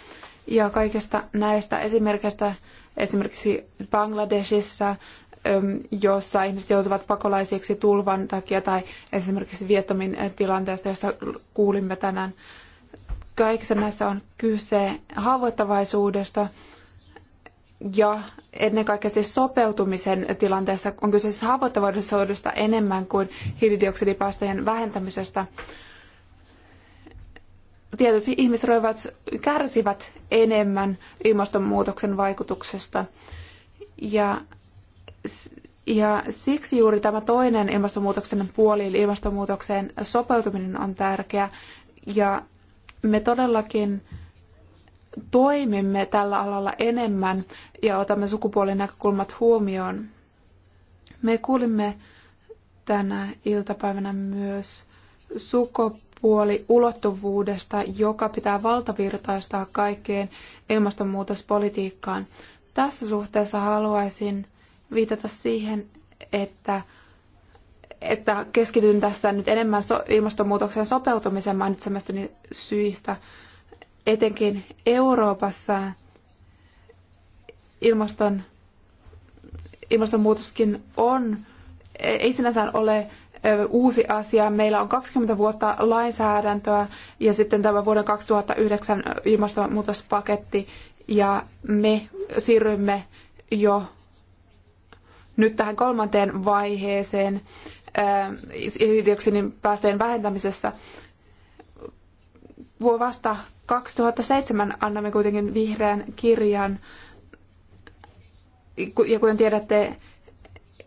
ja kaikista näistä esimerkistä, esimerkiksi Bangladesissa Ähm, jossa ihmiset joutuvat pakolaisiksi tulvan takia tai esimerkiksi Vietnamin äh, tilanteesta, josta kuulimme tänään. Kaikissa näissä on kyse haavoittavaisuudesta ja ennen kaikkea siis sopeutumisen tilanteessa on kyse siis haavoittavaisuudesta enemmän kuin hiilidioksidipäästöjen vähentämisestä. Tietyt ihmisryhmät kärsivät enemmän ilmastonmuutoksen vaikutuksesta. Ja ja siksi juuri tämä toinen ilmastonmuutoksen puoli, eli ilmastonmuutokseen sopeutuminen on tärkeä. Ja me todellakin toimimme tällä alalla enemmän ja otamme sukupuolinäkökulmat näkökulmat huomioon. Me kuulimme tänä iltapäivänä myös sukupuoliulottuvuudesta, joka pitää valtavirtaistaa kaikkeen ilmastonmuutospolitiikkaan. Tässä suhteessa haluaisin viitata siihen, että, että keskityn tässä nyt enemmän so- ilmastonmuutoksen sopeutumisen mainitsemastani syistä. Etenkin Euroopassa ilmaston, ilmastonmuutoskin on, ei sinänsä ole uusi asia. Meillä on 20 vuotta lainsäädäntöä ja sitten tämä vuoden 2009 ilmastonmuutospaketti ja me siirrymme jo nyt tähän kolmanteen vaiheeseen hiilidioksidin päästöjen vähentämisessä. Vasta 2007 annamme kuitenkin vihreän kirjan. Ja kuten tiedätte,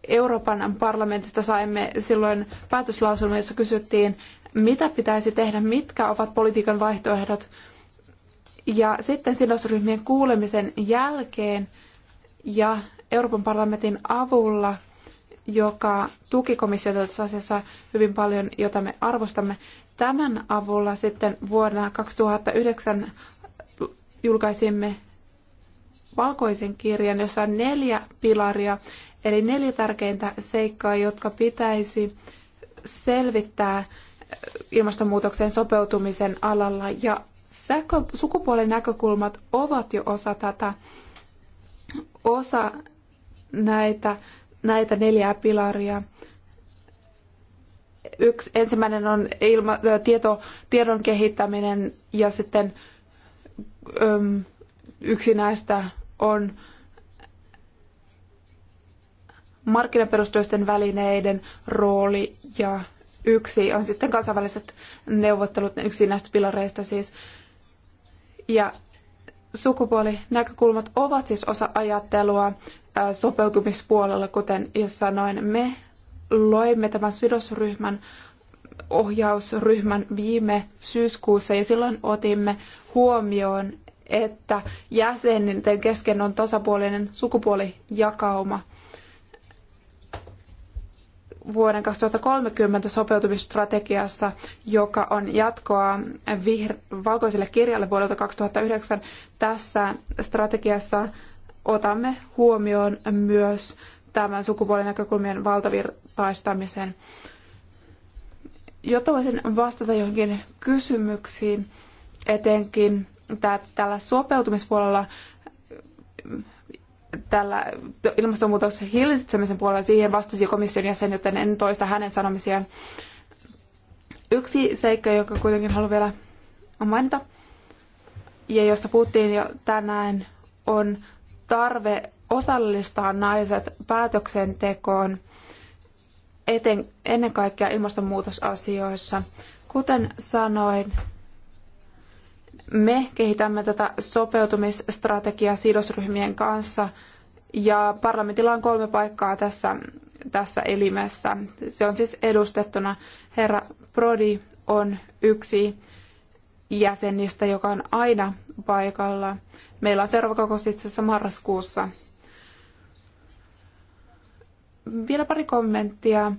Euroopan parlamentista saimme silloin päätöslauselman, jossa kysyttiin, mitä pitäisi tehdä, mitkä ovat politiikan vaihtoehdot. Ja sitten sidosryhmien kuulemisen jälkeen ja Euroopan parlamentin avulla, joka tuki komissiota tässä asiassa hyvin paljon, jota me arvostamme. Tämän avulla sitten vuonna 2009 julkaisimme valkoisen kirjan, jossa on neljä pilaria, eli neljä tärkeintä seikkaa, jotka pitäisi selvittää ilmastonmuutokseen sopeutumisen alalla. Ja sukupuolen näkökulmat ovat jo osa tätä, osa näitä, näitä neljää pilaria. Yksi, ensimmäinen on ilma, tieto, tiedon kehittäminen ja sitten öm, yksi näistä on markkinaperusteisten välineiden rooli ja yksi on sitten kansainväliset neuvottelut, yksi näistä pilareista siis. Ja sukupuolinäkökulmat ovat siis osa ajattelua sopeutumispuolella, kuten jo sanoin. Me loimme tämän sidosryhmän ohjausryhmän viime syyskuussa ja silloin otimme huomioon, että jäsenten kesken on tasapuolinen sukupuolijakauma vuoden 2030 sopeutumisstrategiassa, joka on jatkoa vihr- valkoiselle kirjalle vuodelta 2009. Tässä strategiassa otamme huomioon myös tämän sukupuolinäkökulmien valtavirtaistamisen. Jotta voisin vastata johonkin kysymyksiin, etenkin tällä sopeutumispuolella tällä ilmastonmuutoksen hillitsemisen puolella siihen vastasi komission jäsen, joten en toista hänen sanomisiaan. Yksi seikka, jonka kuitenkin haluan vielä mainita, ja josta puhuttiin jo tänään, on tarve osallistaa naiset päätöksentekoon eten, ennen kaikkea ilmastonmuutosasioissa. Kuten sanoin, me kehitämme tätä sopeutumisstrategiaa sidosryhmien kanssa ja parlamentilla on kolme paikkaa tässä, tässä elimessä. Se on siis edustettuna. Herra Prodi on yksi jäsenistä, joka on aina paikalla. Meillä on seuraava kokous itse asiassa marraskuussa. Vielä pari kommenttia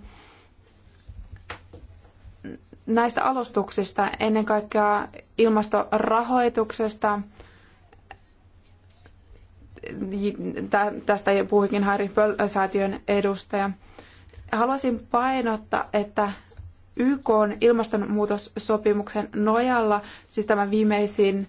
näistä alustuksista, ennen kaikkea ilmastorahoituksesta. Tästä puhuikin Harry Pöll-säätiön edustaja. Haluaisin painottaa, että YK on ilmastonmuutossopimuksen nojalla, siis tämä viimeisin,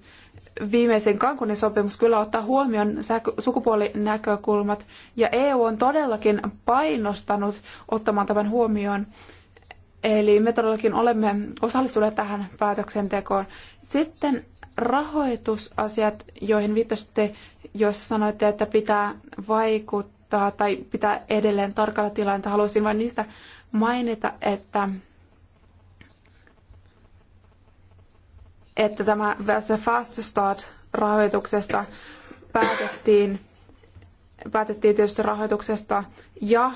viimeisin Cancunin sopimus kyllä ottaa huomioon sukupuolinäkökulmat, ja EU on todellakin painostanut ottamaan tämän huomioon. Eli me todellakin olemme osallistuneet tähän päätöksentekoon. Sitten rahoitusasiat, joihin viittasitte, jos sanoitte, että pitää vaikuttaa tai pitää edelleen tarkalla tilannetta. Niin haluaisin vain niistä mainita, että, että tämä The Fast Start-rahoituksesta päätettiin, päätettiin tietysti rahoituksesta ja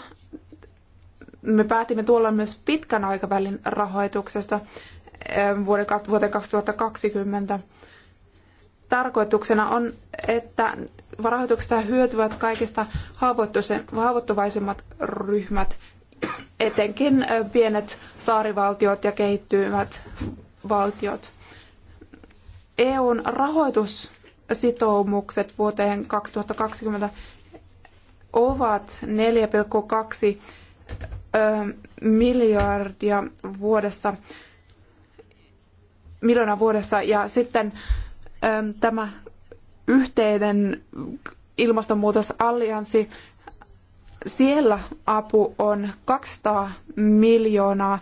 me päätimme tuolla myös pitkän aikavälin rahoituksesta eh, vuoteen 2020. Tarkoituksena on, että rahoituksesta hyötyvät kaikista haavoittuvaisimmat ryhmät, etenkin eh, pienet saarivaltiot ja kehittyvät valtiot. EUn rahoitussitoumukset vuoteen 2020 ovat 4,2 miljardia vuodessa, miljoonaa vuodessa ja sitten tämä yhteinen ilmastonmuutosallianssi, siellä apu on 200 miljoonaa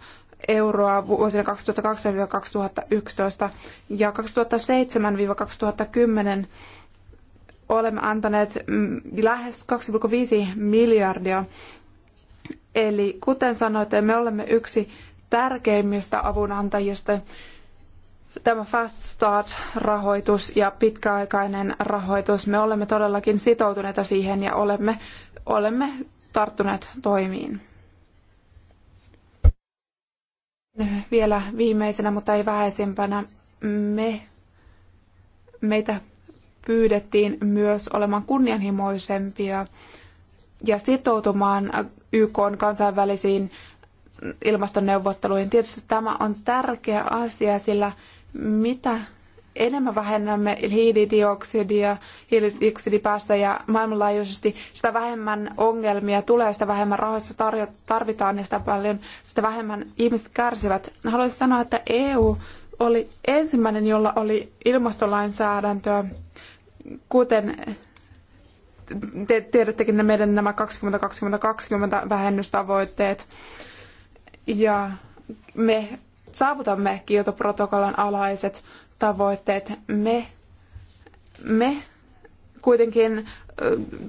euroa vuosina 2002-2011 ja 2007-2010 olemme antaneet mm, lähes 2,5 miljardia Eli kuten sanoitte, me olemme yksi tärkeimmistä avunantajista. Tämä Fast Start-rahoitus ja pitkäaikainen rahoitus, me olemme todellakin sitoutuneita siihen ja olemme, olemme tarttuneet toimiin. Vielä viimeisenä, mutta ei vähäisimpänä, me, meitä pyydettiin myös olemaan kunnianhimoisempia ja sitoutumaan YK kansainvälisiin ilmastoneuvotteluihin. Tietysti tämä on tärkeä asia, sillä mitä enemmän vähennämme hiilidioksidia, hiilidioksidipäästöjä maailmanlaajuisesti, sitä vähemmän ongelmia tulee, sitä vähemmän rahoissa tarvitaan ja sitä, paljon, sitä vähemmän ihmiset kärsivät. Haluaisin sanoa, että EU oli ensimmäinen, jolla oli ilmastolainsäädäntöä, kuten te tiedättekin ne meidän nämä 20-20-20 vähennystavoitteet. Ja me saavutamme Kiotoprotokollan alaiset tavoitteet. Me, me kuitenkin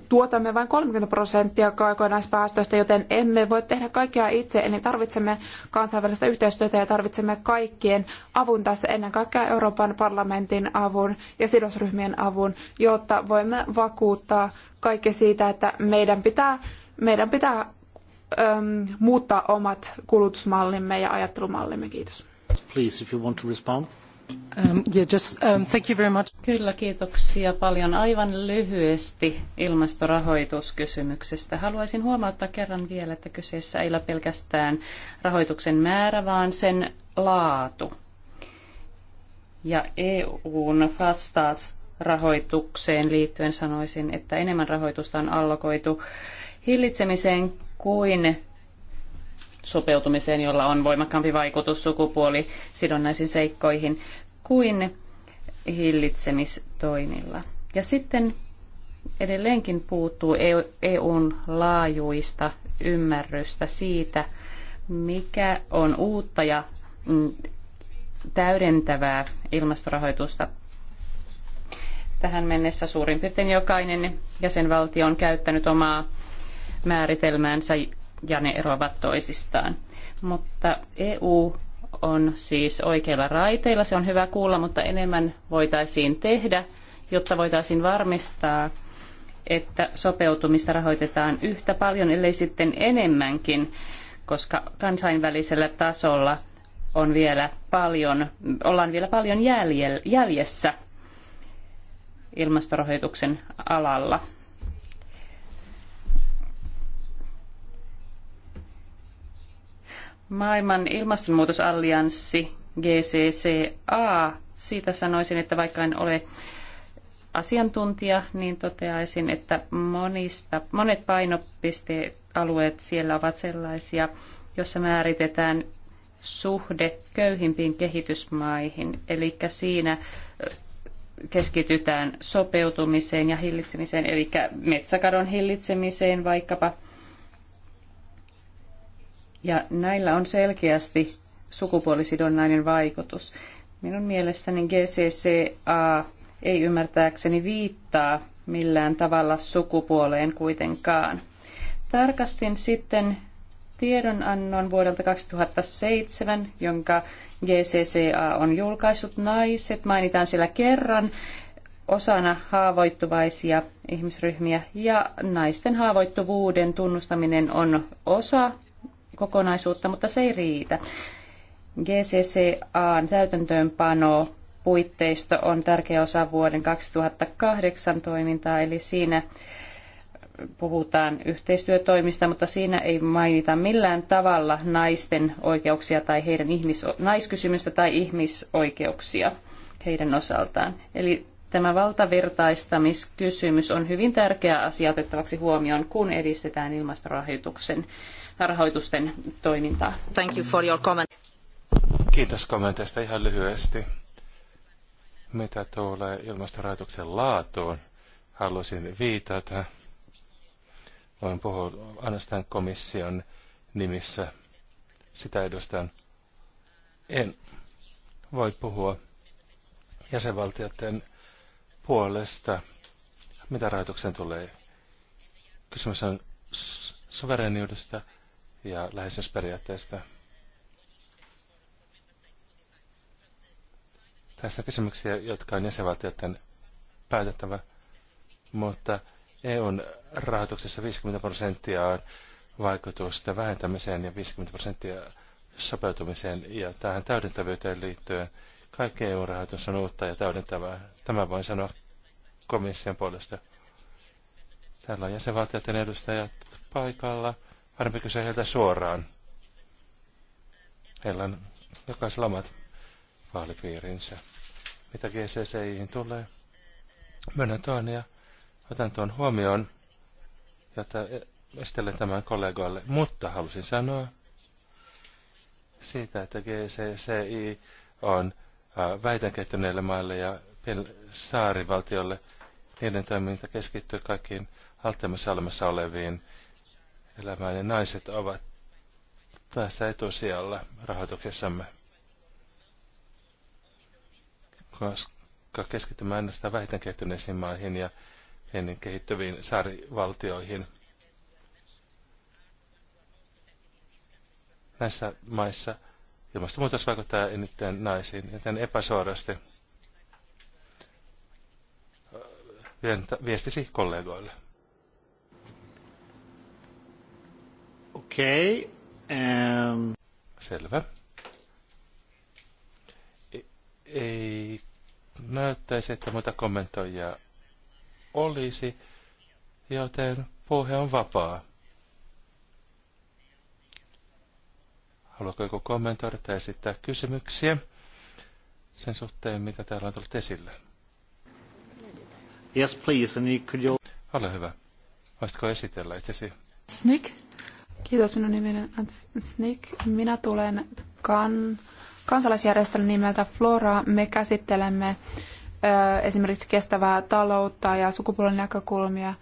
tuotamme vain 30 prosenttia kokonaispäästöistä, joten emme voi tehdä kaikkea itse, eli tarvitsemme kansainvälistä yhteistyötä ja tarvitsemme kaikkien avun tässä, ennen kaikkea Euroopan parlamentin avun ja sidosryhmien avun, jotta voimme vakuuttaa kaikki siitä, että meidän pitää, meidän pitää äm, muuttaa omat kulutusmallimme ja ajattelumallimme. Kiitos. Please, if you want to respond. Um, um, Kyllä, kiitoksia paljon. Aivan lyhyesti ilmastorahoituskysymyksestä. Haluaisin huomauttaa kerran vielä, että kyseessä ei ole pelkästään rahoituksen määrä, vaan sen laatu. Ja EUn Fast Starts rahoitukseen liittyen sanoisin, että enemmän rahoitusta on allokoitu hillitsemiseen kuin sopeutumiseen, jolla on voimakkaampi vaikutus sukupuolisidonnaisiin seikkoihin kuin hillitsemistoimilla. Ja sitten edelleenkin puuttuu EUn e laajuista ymmärrystä siitä, mikä on uutta ja mm, täydentävää ilmastorahoitusta. Tähän mennessä suurin piirtein jokainen jäsenvaltio on käyttänyt omaa määritelmäänsä ja ne eroavat toisistaan. Mutta EU on siis oikeilla raiteilla. Se on hyvä kuulla, mutta enemmän voitaisiin tehdä, jotta voitaisiin varmistaa, että sopeutumista rahoitetaan yhtä paljon, ellei sitten enemmänkin, koska kansainvälisellä tasolla on vielä paljon, ollaan vielä paljon jäljessä ilmastorahoituksen alalla. Maailman ilmastonmuutosallianssi GCCA, siitä sanoisin, että vaikka en ole asiantuntija, niin toteaisin, että monista, monet painopistealueet siellä ovat sellaisia, jossa määritetään suhde köyhimpiin kehitysmaihin. Eli siinä keskitytään sopeutumiseen ja hillitsemiseen, eli metsäkadon hillitsemiseen vaikkapa – ja näillä on selkeästi sukupuolisidonnainen vaikutus. Minun mielestäni GCCA ei ymmärtääkseni viittaa millään tavalla sukupuoleen kuitenkaan. Tarkastin sitten tiedonannon vuodelta 2007, jonka GCCA on julkaissut. Naiset mainitaan siellä kerran osana haavoittuvaisia ihmisryhmiä ja naisten haavoittuvuuden tunnustaminen on osa kokonaisuutta, mutta se ei riitä. GCCAn täytäntöönpano puitteisto on tärkeä osa vuoden 2008 toimintaa, eli siinä puhutaan yhteistyötoimista, mutta siinä ei mainita millään tavalla naisten oikeuksia tai heidän ihmis- naiskysymystä tai ihmisoikeuksia heidän osaltaan. Eli tämä valtavirtaistamiskysymys on hyvin tärkeä asia otettavaksi huomioon, kun edistetään ilmastorahoituksen rahoitusten toimintaa. Thank you for your comment. Kiitos kommenteista ihan lyhyesti. Mitä tulee ilmastorahoituksen laatuun, haluaisin viitata. Voin puhua ainoastaan komission nimissä. Sitä edustan. En voi puhua jäsenvaltioiden puolesta, mitä rahoitukseen tulee. Kysymys on suvereniudesta ja periaatteesta. Tässä kysymyksiä, jotka on jäsenvaltioiden päätettävä, mutta EUn rahoituksessa 50 prosenttia on vaikutusta vähentämiseen ja 50 prosenttia sopeutumiseen ja tähän täydentävyyteen liittyen kaikki EU-rahoitus on uutta ja täydentävää. Tämä voin sanoa komission puolesta. Täällä on jäsenvaltioiden edustajat paikalla. Parempi kysyä heiltä suoraan. Heillä on jokaisella omat vaalipiirinsä. Mitä GCCI tulee? Myönnän tuon ja otan tuon huomioon, jotta estelen tämän kollegoille. Mutta halusin sanoa siitä, että GCCI on väitänkehittyneille maille ja saarivaltiolle niiden toiminta keskittyy kaikkiin altemmassa olemassa oleviin elämään ja naiset ovat tässä etusijalla rahoituksessamme. Koska keskitymme näistä vähiten kehittyneisiin maihin ja ennen kehittyviin saarivaltioihin. Näissä maissa ilmastonmuutos vaikuttaa eniten naisiin, joten epäsuorasti viestisi kollegoille. Okei. Okay. Um. Selvä. E- ei näyttäisi, että muita kommentoijia olisi, joten puhe on vapaa. Haluatko joku kommentoida tai esittää kysymyksiä sen suhteen, mitä täällä on tullut esille? Yes, please. And you could you... Ole hyvä. Voisitko esitellä itsesi? Snick. Kiitos, minun nimeni on Snick. Minä tulen kan, kansalaisjärjestön nimeltä Flora. Me käsittelemme ö, esimerkiksi kestävää taloutta ja sukupuolen näkökulmia.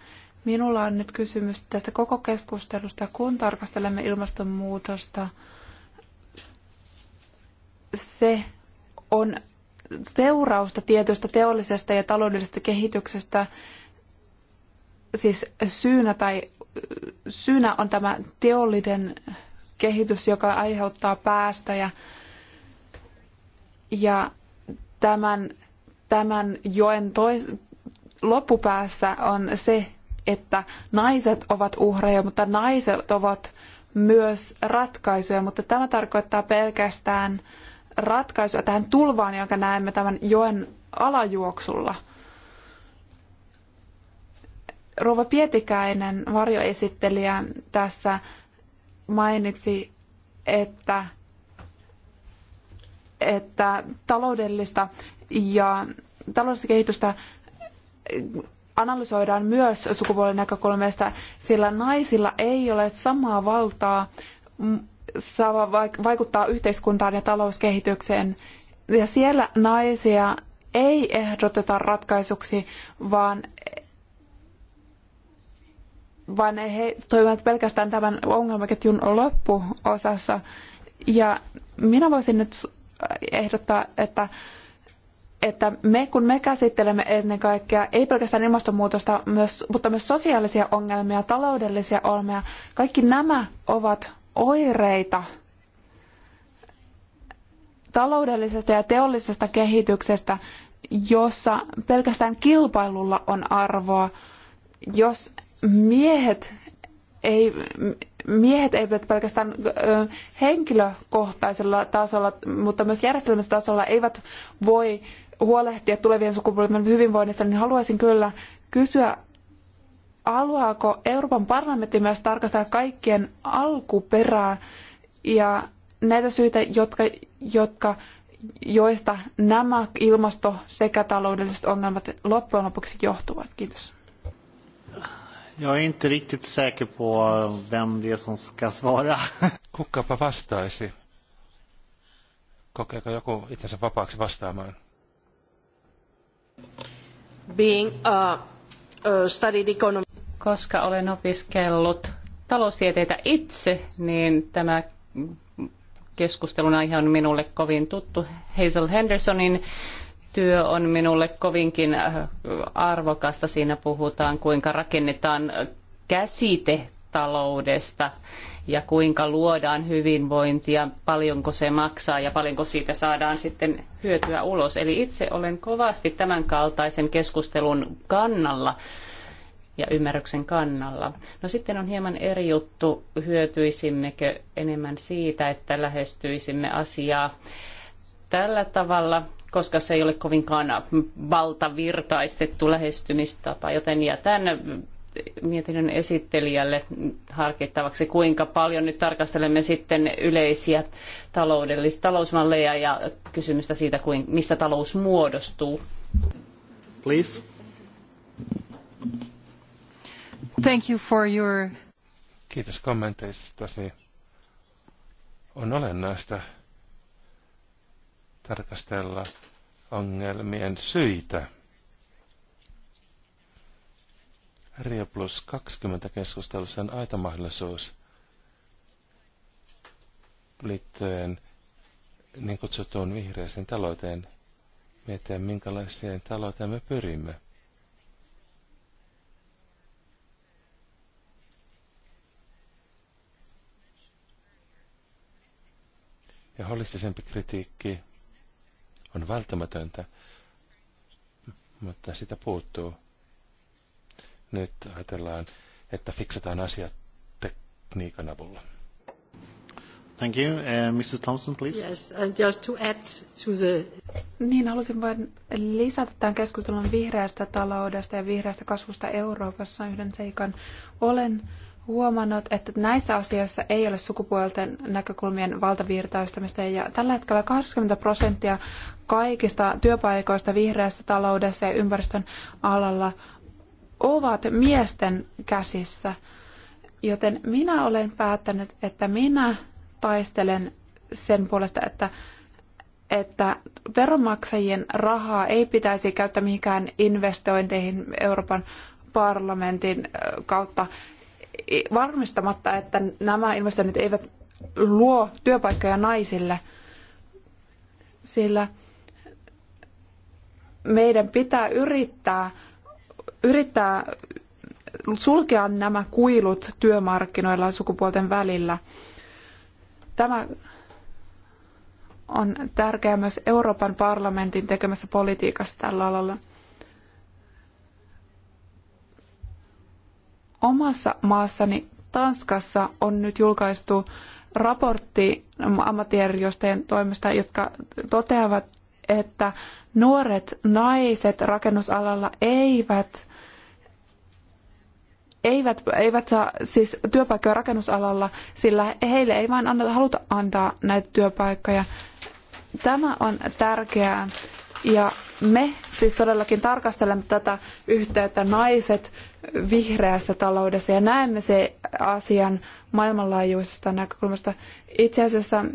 Minulla on nyt kysymys tästä koko keskustelusta, kun tarkastelemme ilmastonmuutosta. Se on seurausta tietystä teollisesta ja taloudellisesta kehityksestä, siis syynä tai syynä on tämä teollinen kehitys, joka aiheuttaa päästöjä. Ja tämän, tämän joen tois, loppupäässä on se, että naiset ovat uhreja, mutta naiset ovat myös ratkaisuja, mutta tämä tarkoittaa pelkästään ratkaisua tähän tulvaan, jonka näemme tämän joen alajuoksulla. Rouva Pietikäinen, varjoesittelijä, tässä mainitsi, että, että taloudellista ja taloudellista kehitystä analysoidaan myös sukupuolen näkökulmasta, sillä naisilla ei ole samaa valtaa saa vaikuttaa yhteiskuntaan ja talouskehitykseen. Ja siellä naisia ei ehdoteta ratkaisuksi, vaan vaan he toimivat pelkästään tämän ongelmaketjun loppuosassa. Ja minä voisin nyt ehdottaa, että, että me kun me käsittelemme ennen kaikkea ei pelkästään ilmastonmuutosta, myös, mutta myös sosiaalisia ongelmia, taloudellisia ongelmia, kaikki nämä ovat oireita taloudellisesta ja teollisesta kehityksestä, jossa pelkästään kilpailulla on arvoa. Jos miehet ei, miehet eivät pelkästään henkilökohtaisella tasolla, mutta myös järjestelmässä tasolla eivät voi huolehtia tulevien sukupolvien hyvinvoinnista, niin haluaisin kyllä kysyä, haluaako Euroopan parlamentti myös tarkastella kaikkien alkuperää ja näitä syitä, jotka, jotka joista nämä ilmasto- sekä taloudelliset ongelmat loppujen lopuksi johtuvat. Kiitos. Jag är inte riktigt säker på vem det är som ska svara. <laughs> Kukapa vastaisi. Kokeeko joku itsensä vapaaksi vastaamaan? Being a, a studied economy. Koska olen opiskellut taloustieteitä itse, niin tämä keskustelun aihe on minulle kovin tuttu. Hazel Hendersonin työ on minulle kovinkin äh, arvokasta. Siinä puhutaan, kuinka rakennetaan taloudesta ja kuinka luodaan hyvinvointia, paljonko se maksaa ja paljonko siitä saadaan sitten hyötyä ulos. Eli itse olen kovasti tämän kaltaisen keskustelun kannalla ja ymmärryksen kannalla. No sitten on hieman eri juttu, hyötyisimmekö enemmän siitä, että lähestyisimme asiaa tällä tavalla koska se ei ole kovinkaan valtavirtaistettu lähestymistapa, joten jätän mietinnön esittelijälle harkittavaksi, kuinka paljon nyt tarkastelemme sitten yleisiä taloudellisia talousmalleja ja kysymystä siitä, kuin, mistä talous muodostuu. Please. Thank you for your... Kiitos kommenteistasi. On olennaista, tarkastella ongelmien syitä. Rio plus 20 keskustelussa on aito mahdollisuus liittyen niin kutsuttuun vihreäseen talouteen miettiä, minkälaiseen talouteen me pyrimme. Ja holistisempi kritiikki on välttämätöntä, mutta sitä puuttuu. Nyt ajatellaan, että fiksataan asiat tekniikan avulla. Thank you. Uh, Mrs. Thompson, please. Yes, and just to add to the... Niin, halusin vain lisätä tämän keskustelun vihreästä taloudesta ja vihreästä kasvusta Euroopassa yhden seikan. Olen huomannut, että näissä asioissa ei ole sukupuolten näkökulmien valtavirtaistamista ja tällä hetkellä 80 prosenttia kaikista työpaikoista vihreässä taloudessa ja ympäristön alalla ovat miesten käsissä. Joten minä olen päättänyt, että minä taistelen sen puolesta, että, että veronmaksajien rahaa ei pitäisi käyttää mihinkään investointeihin Euroopan parlamentin kautta varmistamatta, että nämä investoinnit eivät luo työpaikkoja naisille, sillä meidän pitää yrittää, yrittää sulkea nämä kuilut työmarkkinoilla sukupuolten välillä. Tämä on tärkeää myös Euroopan parlamentin tekemässä politiikassa tällä alalla. Omassa maassani Tanskassa on nyt julkaistu raportti ammattijärjestöjen toimesta, jotka toteavat, että nuoret naiset rakennusalalla eivät eivät, eivät saa siis työpaikkoja rakennusalalla, sillä heille ei vain anneta, haluta antaa näitä työpaikkoja. Tämä on tärkeää. Ja me siis todellakin tarkastelemme tätä yhteyttä naiset, vihreässä taloudessa ja näemme se asian maailmanlaajuisesta näkökulmasta. Itse asiassa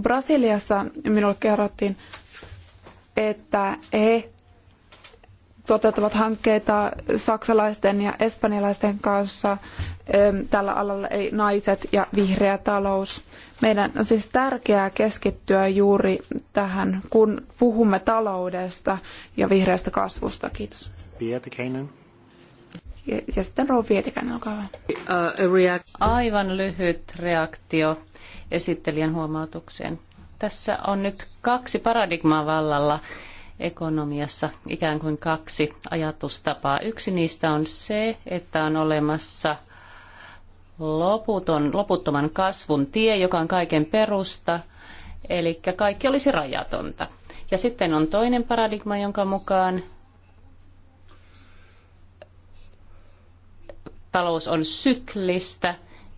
Brasiliassa minulle kerrottiin, että he toteuttavat hankkeita saksalaisten ja espanjalaisten kanssa tällä alalla, eli naiset ja vihreä talous. Meidän on siis tärkeää keskittyä juuri tähän, kun puhumme taloudesta ja vihreästä kasvusta. Kiitos. Pietikäinen. Ja, ja sitten Rouva olkaa hyvä. Uh, Aivan lyhyt reaktio esittelijän huomautukseen. Tässä on nyt kaksi paradigmaa vallalla ekonomiassa, ikään kuin kaksi ajatustapaa. Yksi niistä on se, että on olemassa loputon, loputtoman kasvun tie, joka on kaiken perusta, eli kaikki olisi rajatonta. Ja sitten on toinen paradigma, jonka mukaan talous on syklistä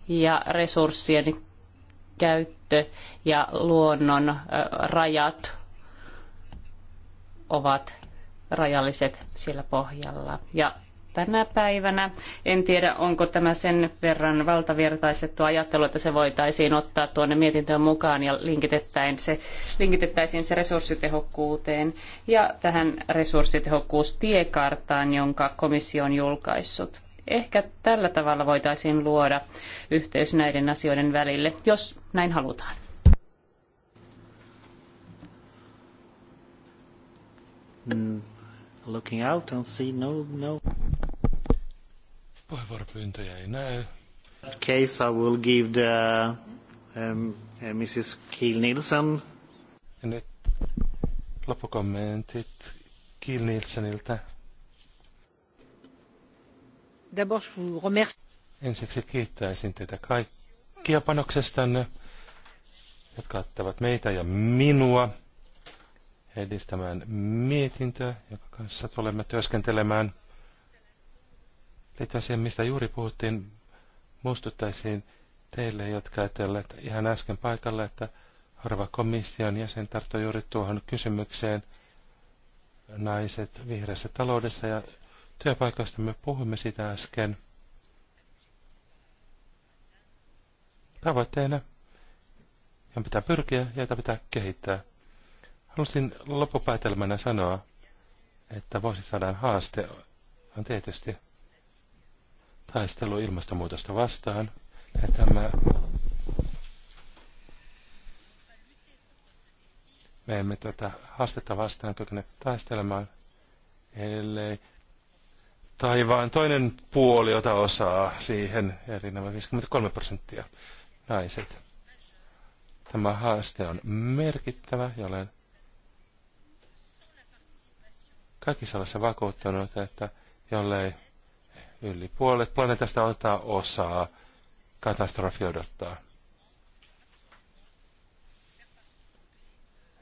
ja resurssien käyttö ja luonnon rajat ovat rajalliset siellä pohjalla. Ja tänä päivänä. En tiedä, onko tämä sen verran valtavirtaistettu ajattelu, että se voitaisiin ottaa tuonne mietintöön mukaan ja linkitettäisiin se, linkitettäisiin se resurssitehokkuuteen ja tähän resurssitehokkuustiekarttaan, jonka komissio on julkaissut. Ehkä tällä tavalla voitaisiin luoda yhteys näiden asioiden välille, jos näin halutaan. Mm, looking out and see no, no. Puheenvuoropyyntöjä ei näy. That case I will give the um, uh, Mrs. Kiel Nielsen. Ja nyt loppukommentit Kiel Nielseniltä. Ensiksi kiittäisin teitä kaikkia panoksestanne, jotka ottavat meitä ja minua edistämään mietintöä, jonka kanssa tulemme työskentelemään. Liittyen siihen, mistä juuri puhuttiin, muistuttaisin teille, jotka ajatelleet ihan äsken paikalla, että harva komission jäsen tarttui juuri tuohon kysymykseen naiset vihreässä taloudessa ja työpaikasta Me puhumme sitä äsken. Tavoitteena, johon pitää pyrkiä ja jota pitää kehittää. Halusin loppupäätelmänä sanoa, että vuosisadan haaste on tietysti taistelu ilmastonmuutosta vastaan. Ja tämä me emme tätä haastetta vastaan kykene taistelemaan, ellei taivaan toinen puoli, jota osaa siihen, eli nämä 53 prosenttia naiset. Tämä haaste on merkittävä, ja olen kaikissa olessa vakuuttunut, että jollei yli puolet planeetasta ottaa osaa, katastrofi odottaa.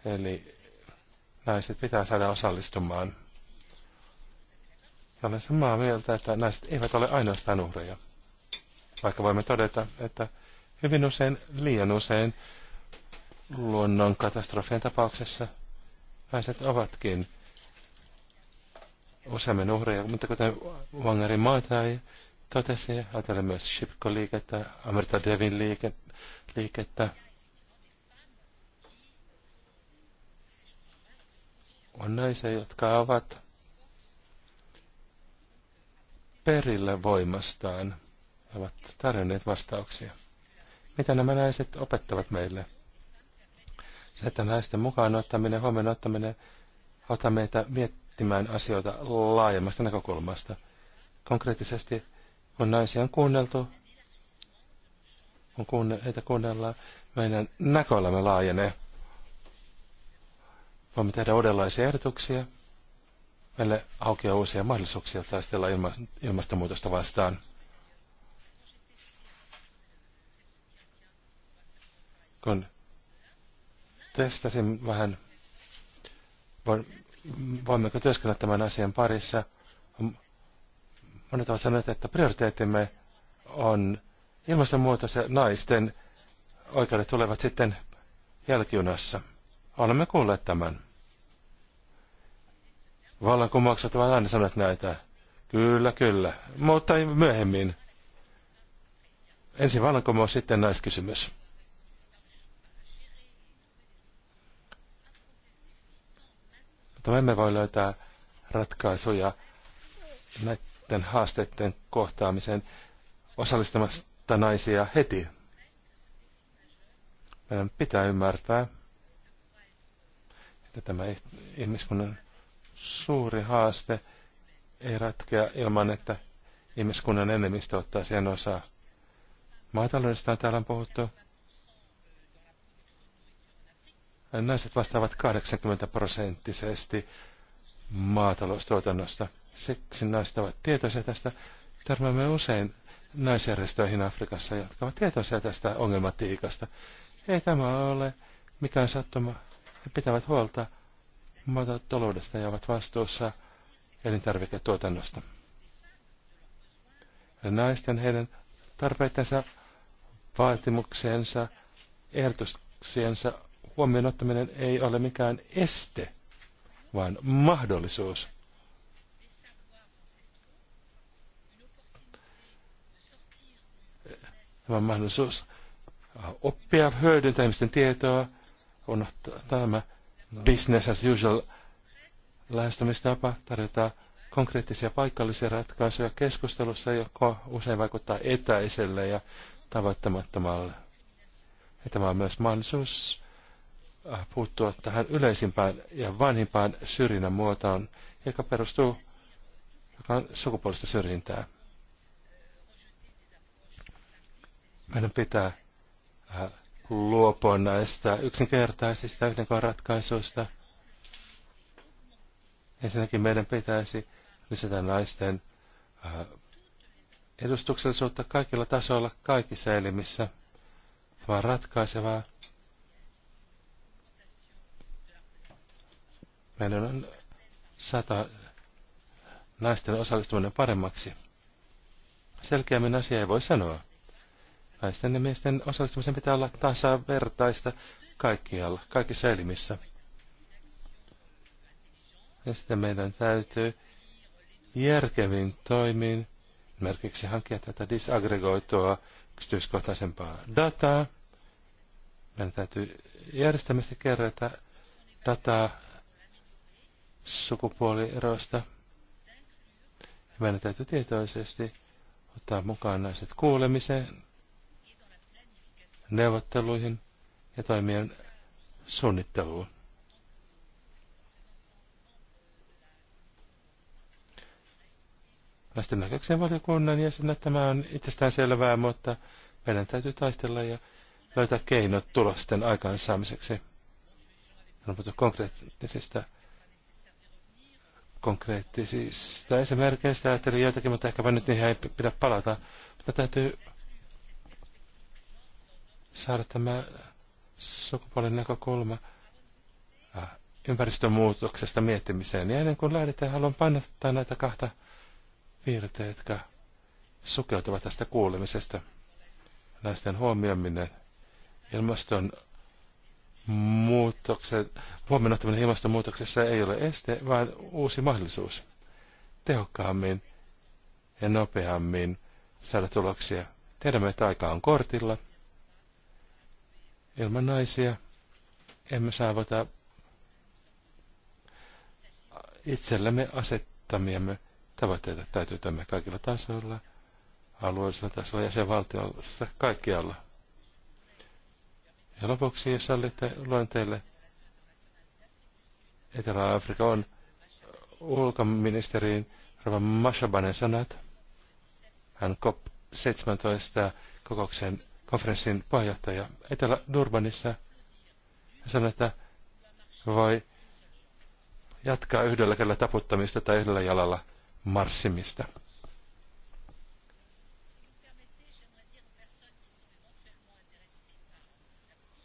Eli naiset pitää saada osallistumaan ja olen samaa mieltä, että naiset eivät ole ainoastaan uhreja. Vaikka voimme todeta, että hyvin usein, liian usein, luonnon katastrofien tapauksessa naiset ovatkin useammin uhreja, mutta kuten Wangari Maatai totesi, ajatellen myös Shipko-liikettä, Amerta Devin liike, liikettä, on naisia, jotka ovat perillä voimastaan. He ovat tarjonneet vastauksia. Mitä nämä naiset opettavat meille? Se, että naisten mukaan ottaminen, huomioon ottaminen, ottaa meitä miettimään asioita laajemmasta näkökulmasta. Konkreettisesti, kun naisia on kuunneltu, kun kuunne, heitä kuunnellaan, meidän näköelämä laajenee. Voimme tehdä uudenlaisia ehdotuksia, Meille aukeaa uusia mahdollisuuksia taistella ilma, ilmastonmuutosta vastaan. Kun testasin vähän, voimmeko työskennellä tämän asian parissa, monet ovat sanoneet, että prioriteettimme on ilmastonmuutos ja naisten oikeudet tulevat sitten jälkijunassa. Olemme kuulleet tämän vallankumoukset ovat aina sanoneet näitä. Kyllä, kyllä. Mutta myöhemmin. Ensin vallankumous, sitten naiskysymys. Mutta me emme voi löytää ratkaisuja näiden haasteiden kohtaamiseen osallistamasta naisia heti. Meidän pitää ymmärtää, että tämä ihmiskunnan suuri haaste ei ratkea ilman, että ihmiskunnan enemmistö ottaa sen osaa. Maataloudesta on täällä puhuttu. Naiset vastaavat 80 prosenttisesti maataloustuotannosta. Siksi naiset ovat tietoisia tästä. Törmäämme usein naisjärjestöihin Afrikassa, jotka ovat tietoisia tästä ongelmatiikasta. Ei tämä ole mikään sattuma. He pitävät huolta taloudesta ja ovat vastuussa elintarviketuotannosta. Ja naisten heidän tarpeitensa, vaatimuksensa, ehdotuksiensa huomioon ottaminen ei ole mikään este, vaan mahdollisuus. Tämä mahdollisuus oppia hyödyntämisten tietoa, on tämä business as usual lähestymistapa, tarjota konkreettisia paikallisia ratkaisuja keskustelussa, joka usein vaikuttaa etäiselle ja tavoittamattomalle. Ja tämä on myös mahdollisuus äh, puuttua tähän yleisimpään ja vanhimpaan syrjinnän muotoon, joka perustuu joka on sukupuolista syrjintää. Meidän pitää äh, luopua näistä yksinkertaisista yhden ratkaisuista. Ensinnäkin meidän pitäisi lisätä naisten äh, edustuksellisuutta kaikilla tasoilla, kaikissa elimissä. Tämä on ratkaisevaa. Meidän on sata naisten osallistuminen paremmaksi. Selkeämmin asia ei voi sanoa. Naisten ja miesten osallistumisen pitää olla tasavertaista kaikkialla, kaikissa elimissä. Ja sitten meidän täytyy järkevin toimin esimerkiksi hankkia tätä disaggregoitua yksityiskohtaisempaa dataa. Meidän täytyy järjestelmästi kerätä dataa sukupuolierosta. Meidän täytyy tietoisesti ottaa mukaan naiset kuulemiseen, neuvotteluihin ja toimien suunnitteluun. Vasten näkökseen valiokunnan jäsenet tämä on itsestään selvää, mutta meidän täytyy taistella ja löytää keinot tulosten aikaansaamiseksi. On puhuttu konkreettisista, konkreettisista esimerkkeistä, ajattelin joitakin, mutta ehkäpä nyt niihin ei pidä palata. Mutta täytyy saada tämä sukupuolen näkökulma äh, ympäristömuutoksesta miettimiseen. Ja ennen kuin lähdetään, haluan painottaa näitä kahta piirteitä, jotka sukeutuvat tästä kuulemisesta. Naisten huomioiminen, ilmaston muutoksen, huomioon ilmastonmuutoksessa ei ole este, vaan uusi mahdollisuus tehokkaammin ja nopeammin saada tuloksia. Tiedämme, että aika on kortilla – Ilman naisia emme saavuta itsellemme asettamiamme tavoitteita. Täytyy toimia kaikilla tasoilla, alueellisella tasolla, jäsenvaltiossa, kaikkialla. Ja lopuksi, jos sallitte, luen teille. Etelä-Afrika on ulkoministeriin Rava Mashabanen sanat. Hän COP17 kokouksen konferenssin puheenjohtaja Etelä-Durbanissa ja sanoi, että voi jatkaa yhdellä kädellä taputtamista tai yhdellä jalalla marssimista.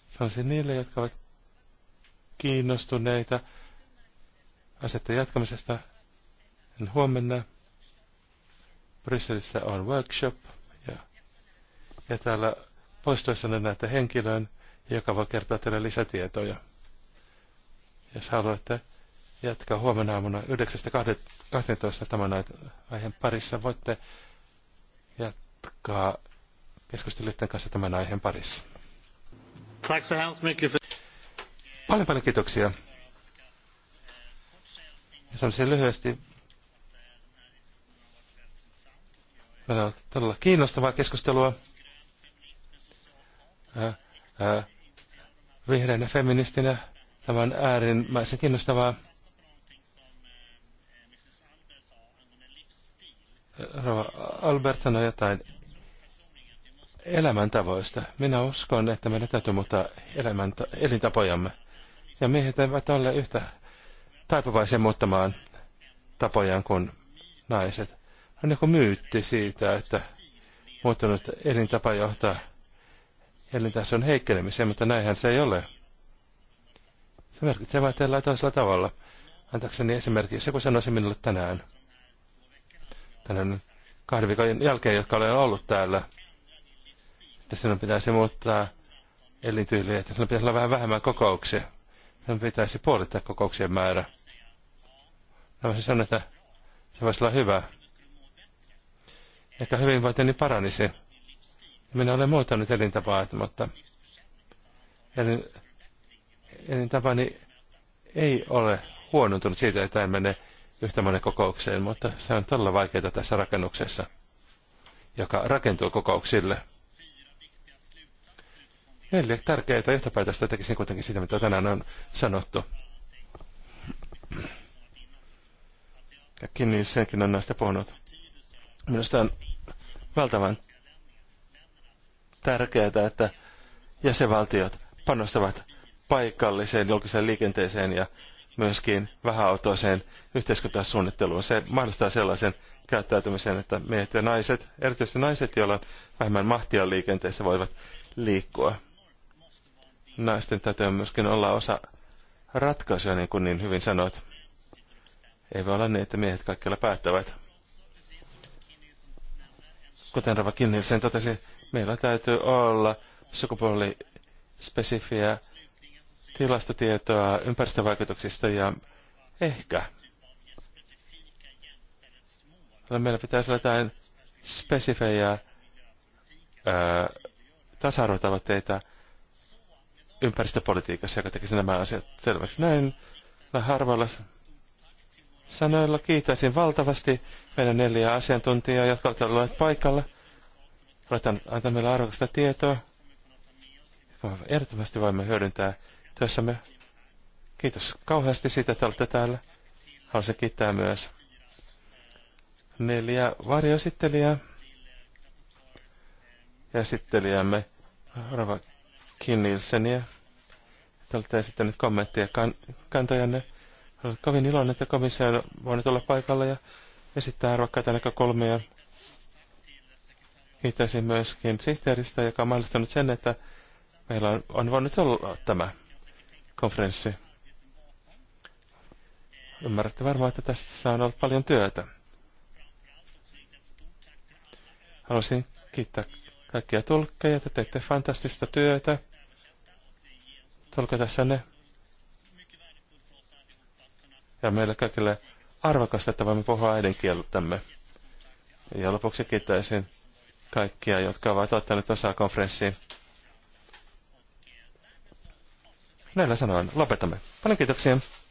Sanoisin niille, jotka ovat kiinnostuneita asetta jatkamisesta, en huomenna Brysselissä on workshop ja, ja täällä poistuessanne näette henkilön, joka voi kertoa teille lisätietoja. Jos haluatte jatkaa huomenna aamuna 9.12 tämän aiheen parissa, voitte jatkaa keskustelijoiden kanssa tämän aiheen parissa. Paljon paljon kiitoksia. Ja sanoisin lyhyesti, meillä on todella kiinnostavaa keskustelua. Äh, äh, vihreänä feministinä. Tämä on äärimmäisen kiinnostavaa. Rova Albert sanoi jotain elämäntavoista. Minä uskon, että meidän täytyy muuttaa elämänta- elintapojamme. Ja miehet eivät ole yhtä taipuvaisia muuttamaan tapojaan kuin naiset. On joku myytti siitä, että muuttunut elintapa johtaa Eli tässä on heikkenemiseen, mutta näinhän se ei ole. Se merkitsee vain tällä toisella tavalla. Antaakseni esimerkki, jos joku sanoisi minulle tänään, tänään kahden viikon jälkeen, jotka olen ollut täällä, että sinun pitäisi muuttaa elintyyliä, että sinun pitäisi olla vähän vähemmän kokouksia. Sinun pitäisi puolittaa kokouksien määrä. Mä voisin sanoa, että se voisi olla hyvä. Ehkä niin paranisi. Minä olen muuttanut elintapaa, mutta elintapani ei ole huonontunut siitä, että en mene yhtä monen kokoukseen, mutta se on todella vaikeaa tässä rakennuksessa, joka rakentuu kokouksille. Eli tärkeää johtopäätöstä tekisin kuitenkin sitä, mitä tänään on sanottu. Ja Kinni senkin on näistä puhunut. Minusta on valtavan tärkeää, että jäsenvaltiot panostavat paikalliseen julkiseen liikenteeseen ja myöskin vähäautoiseen yhteiskuntasuunnitteluun. Se mahdollistaa sellaisen käyttäytymisen, että miehet ja naiset, erityisesti naiset, joilla on vähemmän mahtia liikenteessä, voivat liikkua. Naisten täytyy myöskin olla osa ratkaisuja, niin kuin niin hyvin sanoit. Ei voi olla niin, että miehet kaikkialla päättävät. Kuten Rava Kinnilsen totesi, Meillä täytyy olla sukupuolispesifiä tilastotietoa ympäristövaikutuksista ja ehkä meillä pitäisi olla jotain spesifejä tasa-arvotavoitteita ympäristöpolitiikassa, joka tekisi nämä asiat selväksi. Näin harvoilla sanoilla kiitäisin valtavasti meidän neljä asiantuntijaa, jotka ovat olleet paikalla. Laitan, antaa meille arvokasta tietoa. Ehdottomasti voimme hyödyntää työssämme. Kiitos kauheasti siitä, että olette täällä. Haluaisin kiittää myös neljä varjoesittelijää ja esittelijämme Rava Kinnilseniä. Te olette esittäneet kommentteja kan- kantojanne. Olen kovin iloinen, että komissio on voinut olla paikalla ja esittää arvokkaita näkökulmia. Kiittäisin myöskin sihteeristä, joka on mahdollistanut sen, että meillä on, on voinut olla tämä konferenssi. Ymmärrätte varmaan, että tässä on ollut paljon työtä. Haluaisin kiittää kaikkia tulkkeja, että teette fantastista työtä. Tulko tässä ne. Ja meille kaikille arvokasta, että voimme puhua äidinkieltämme. Ja lopuksi kiittäisin kaikkia, jotka ovat ottaneet osaa konferenssiin. Näillä sanoin lopetamme. Paljon kiitoksia.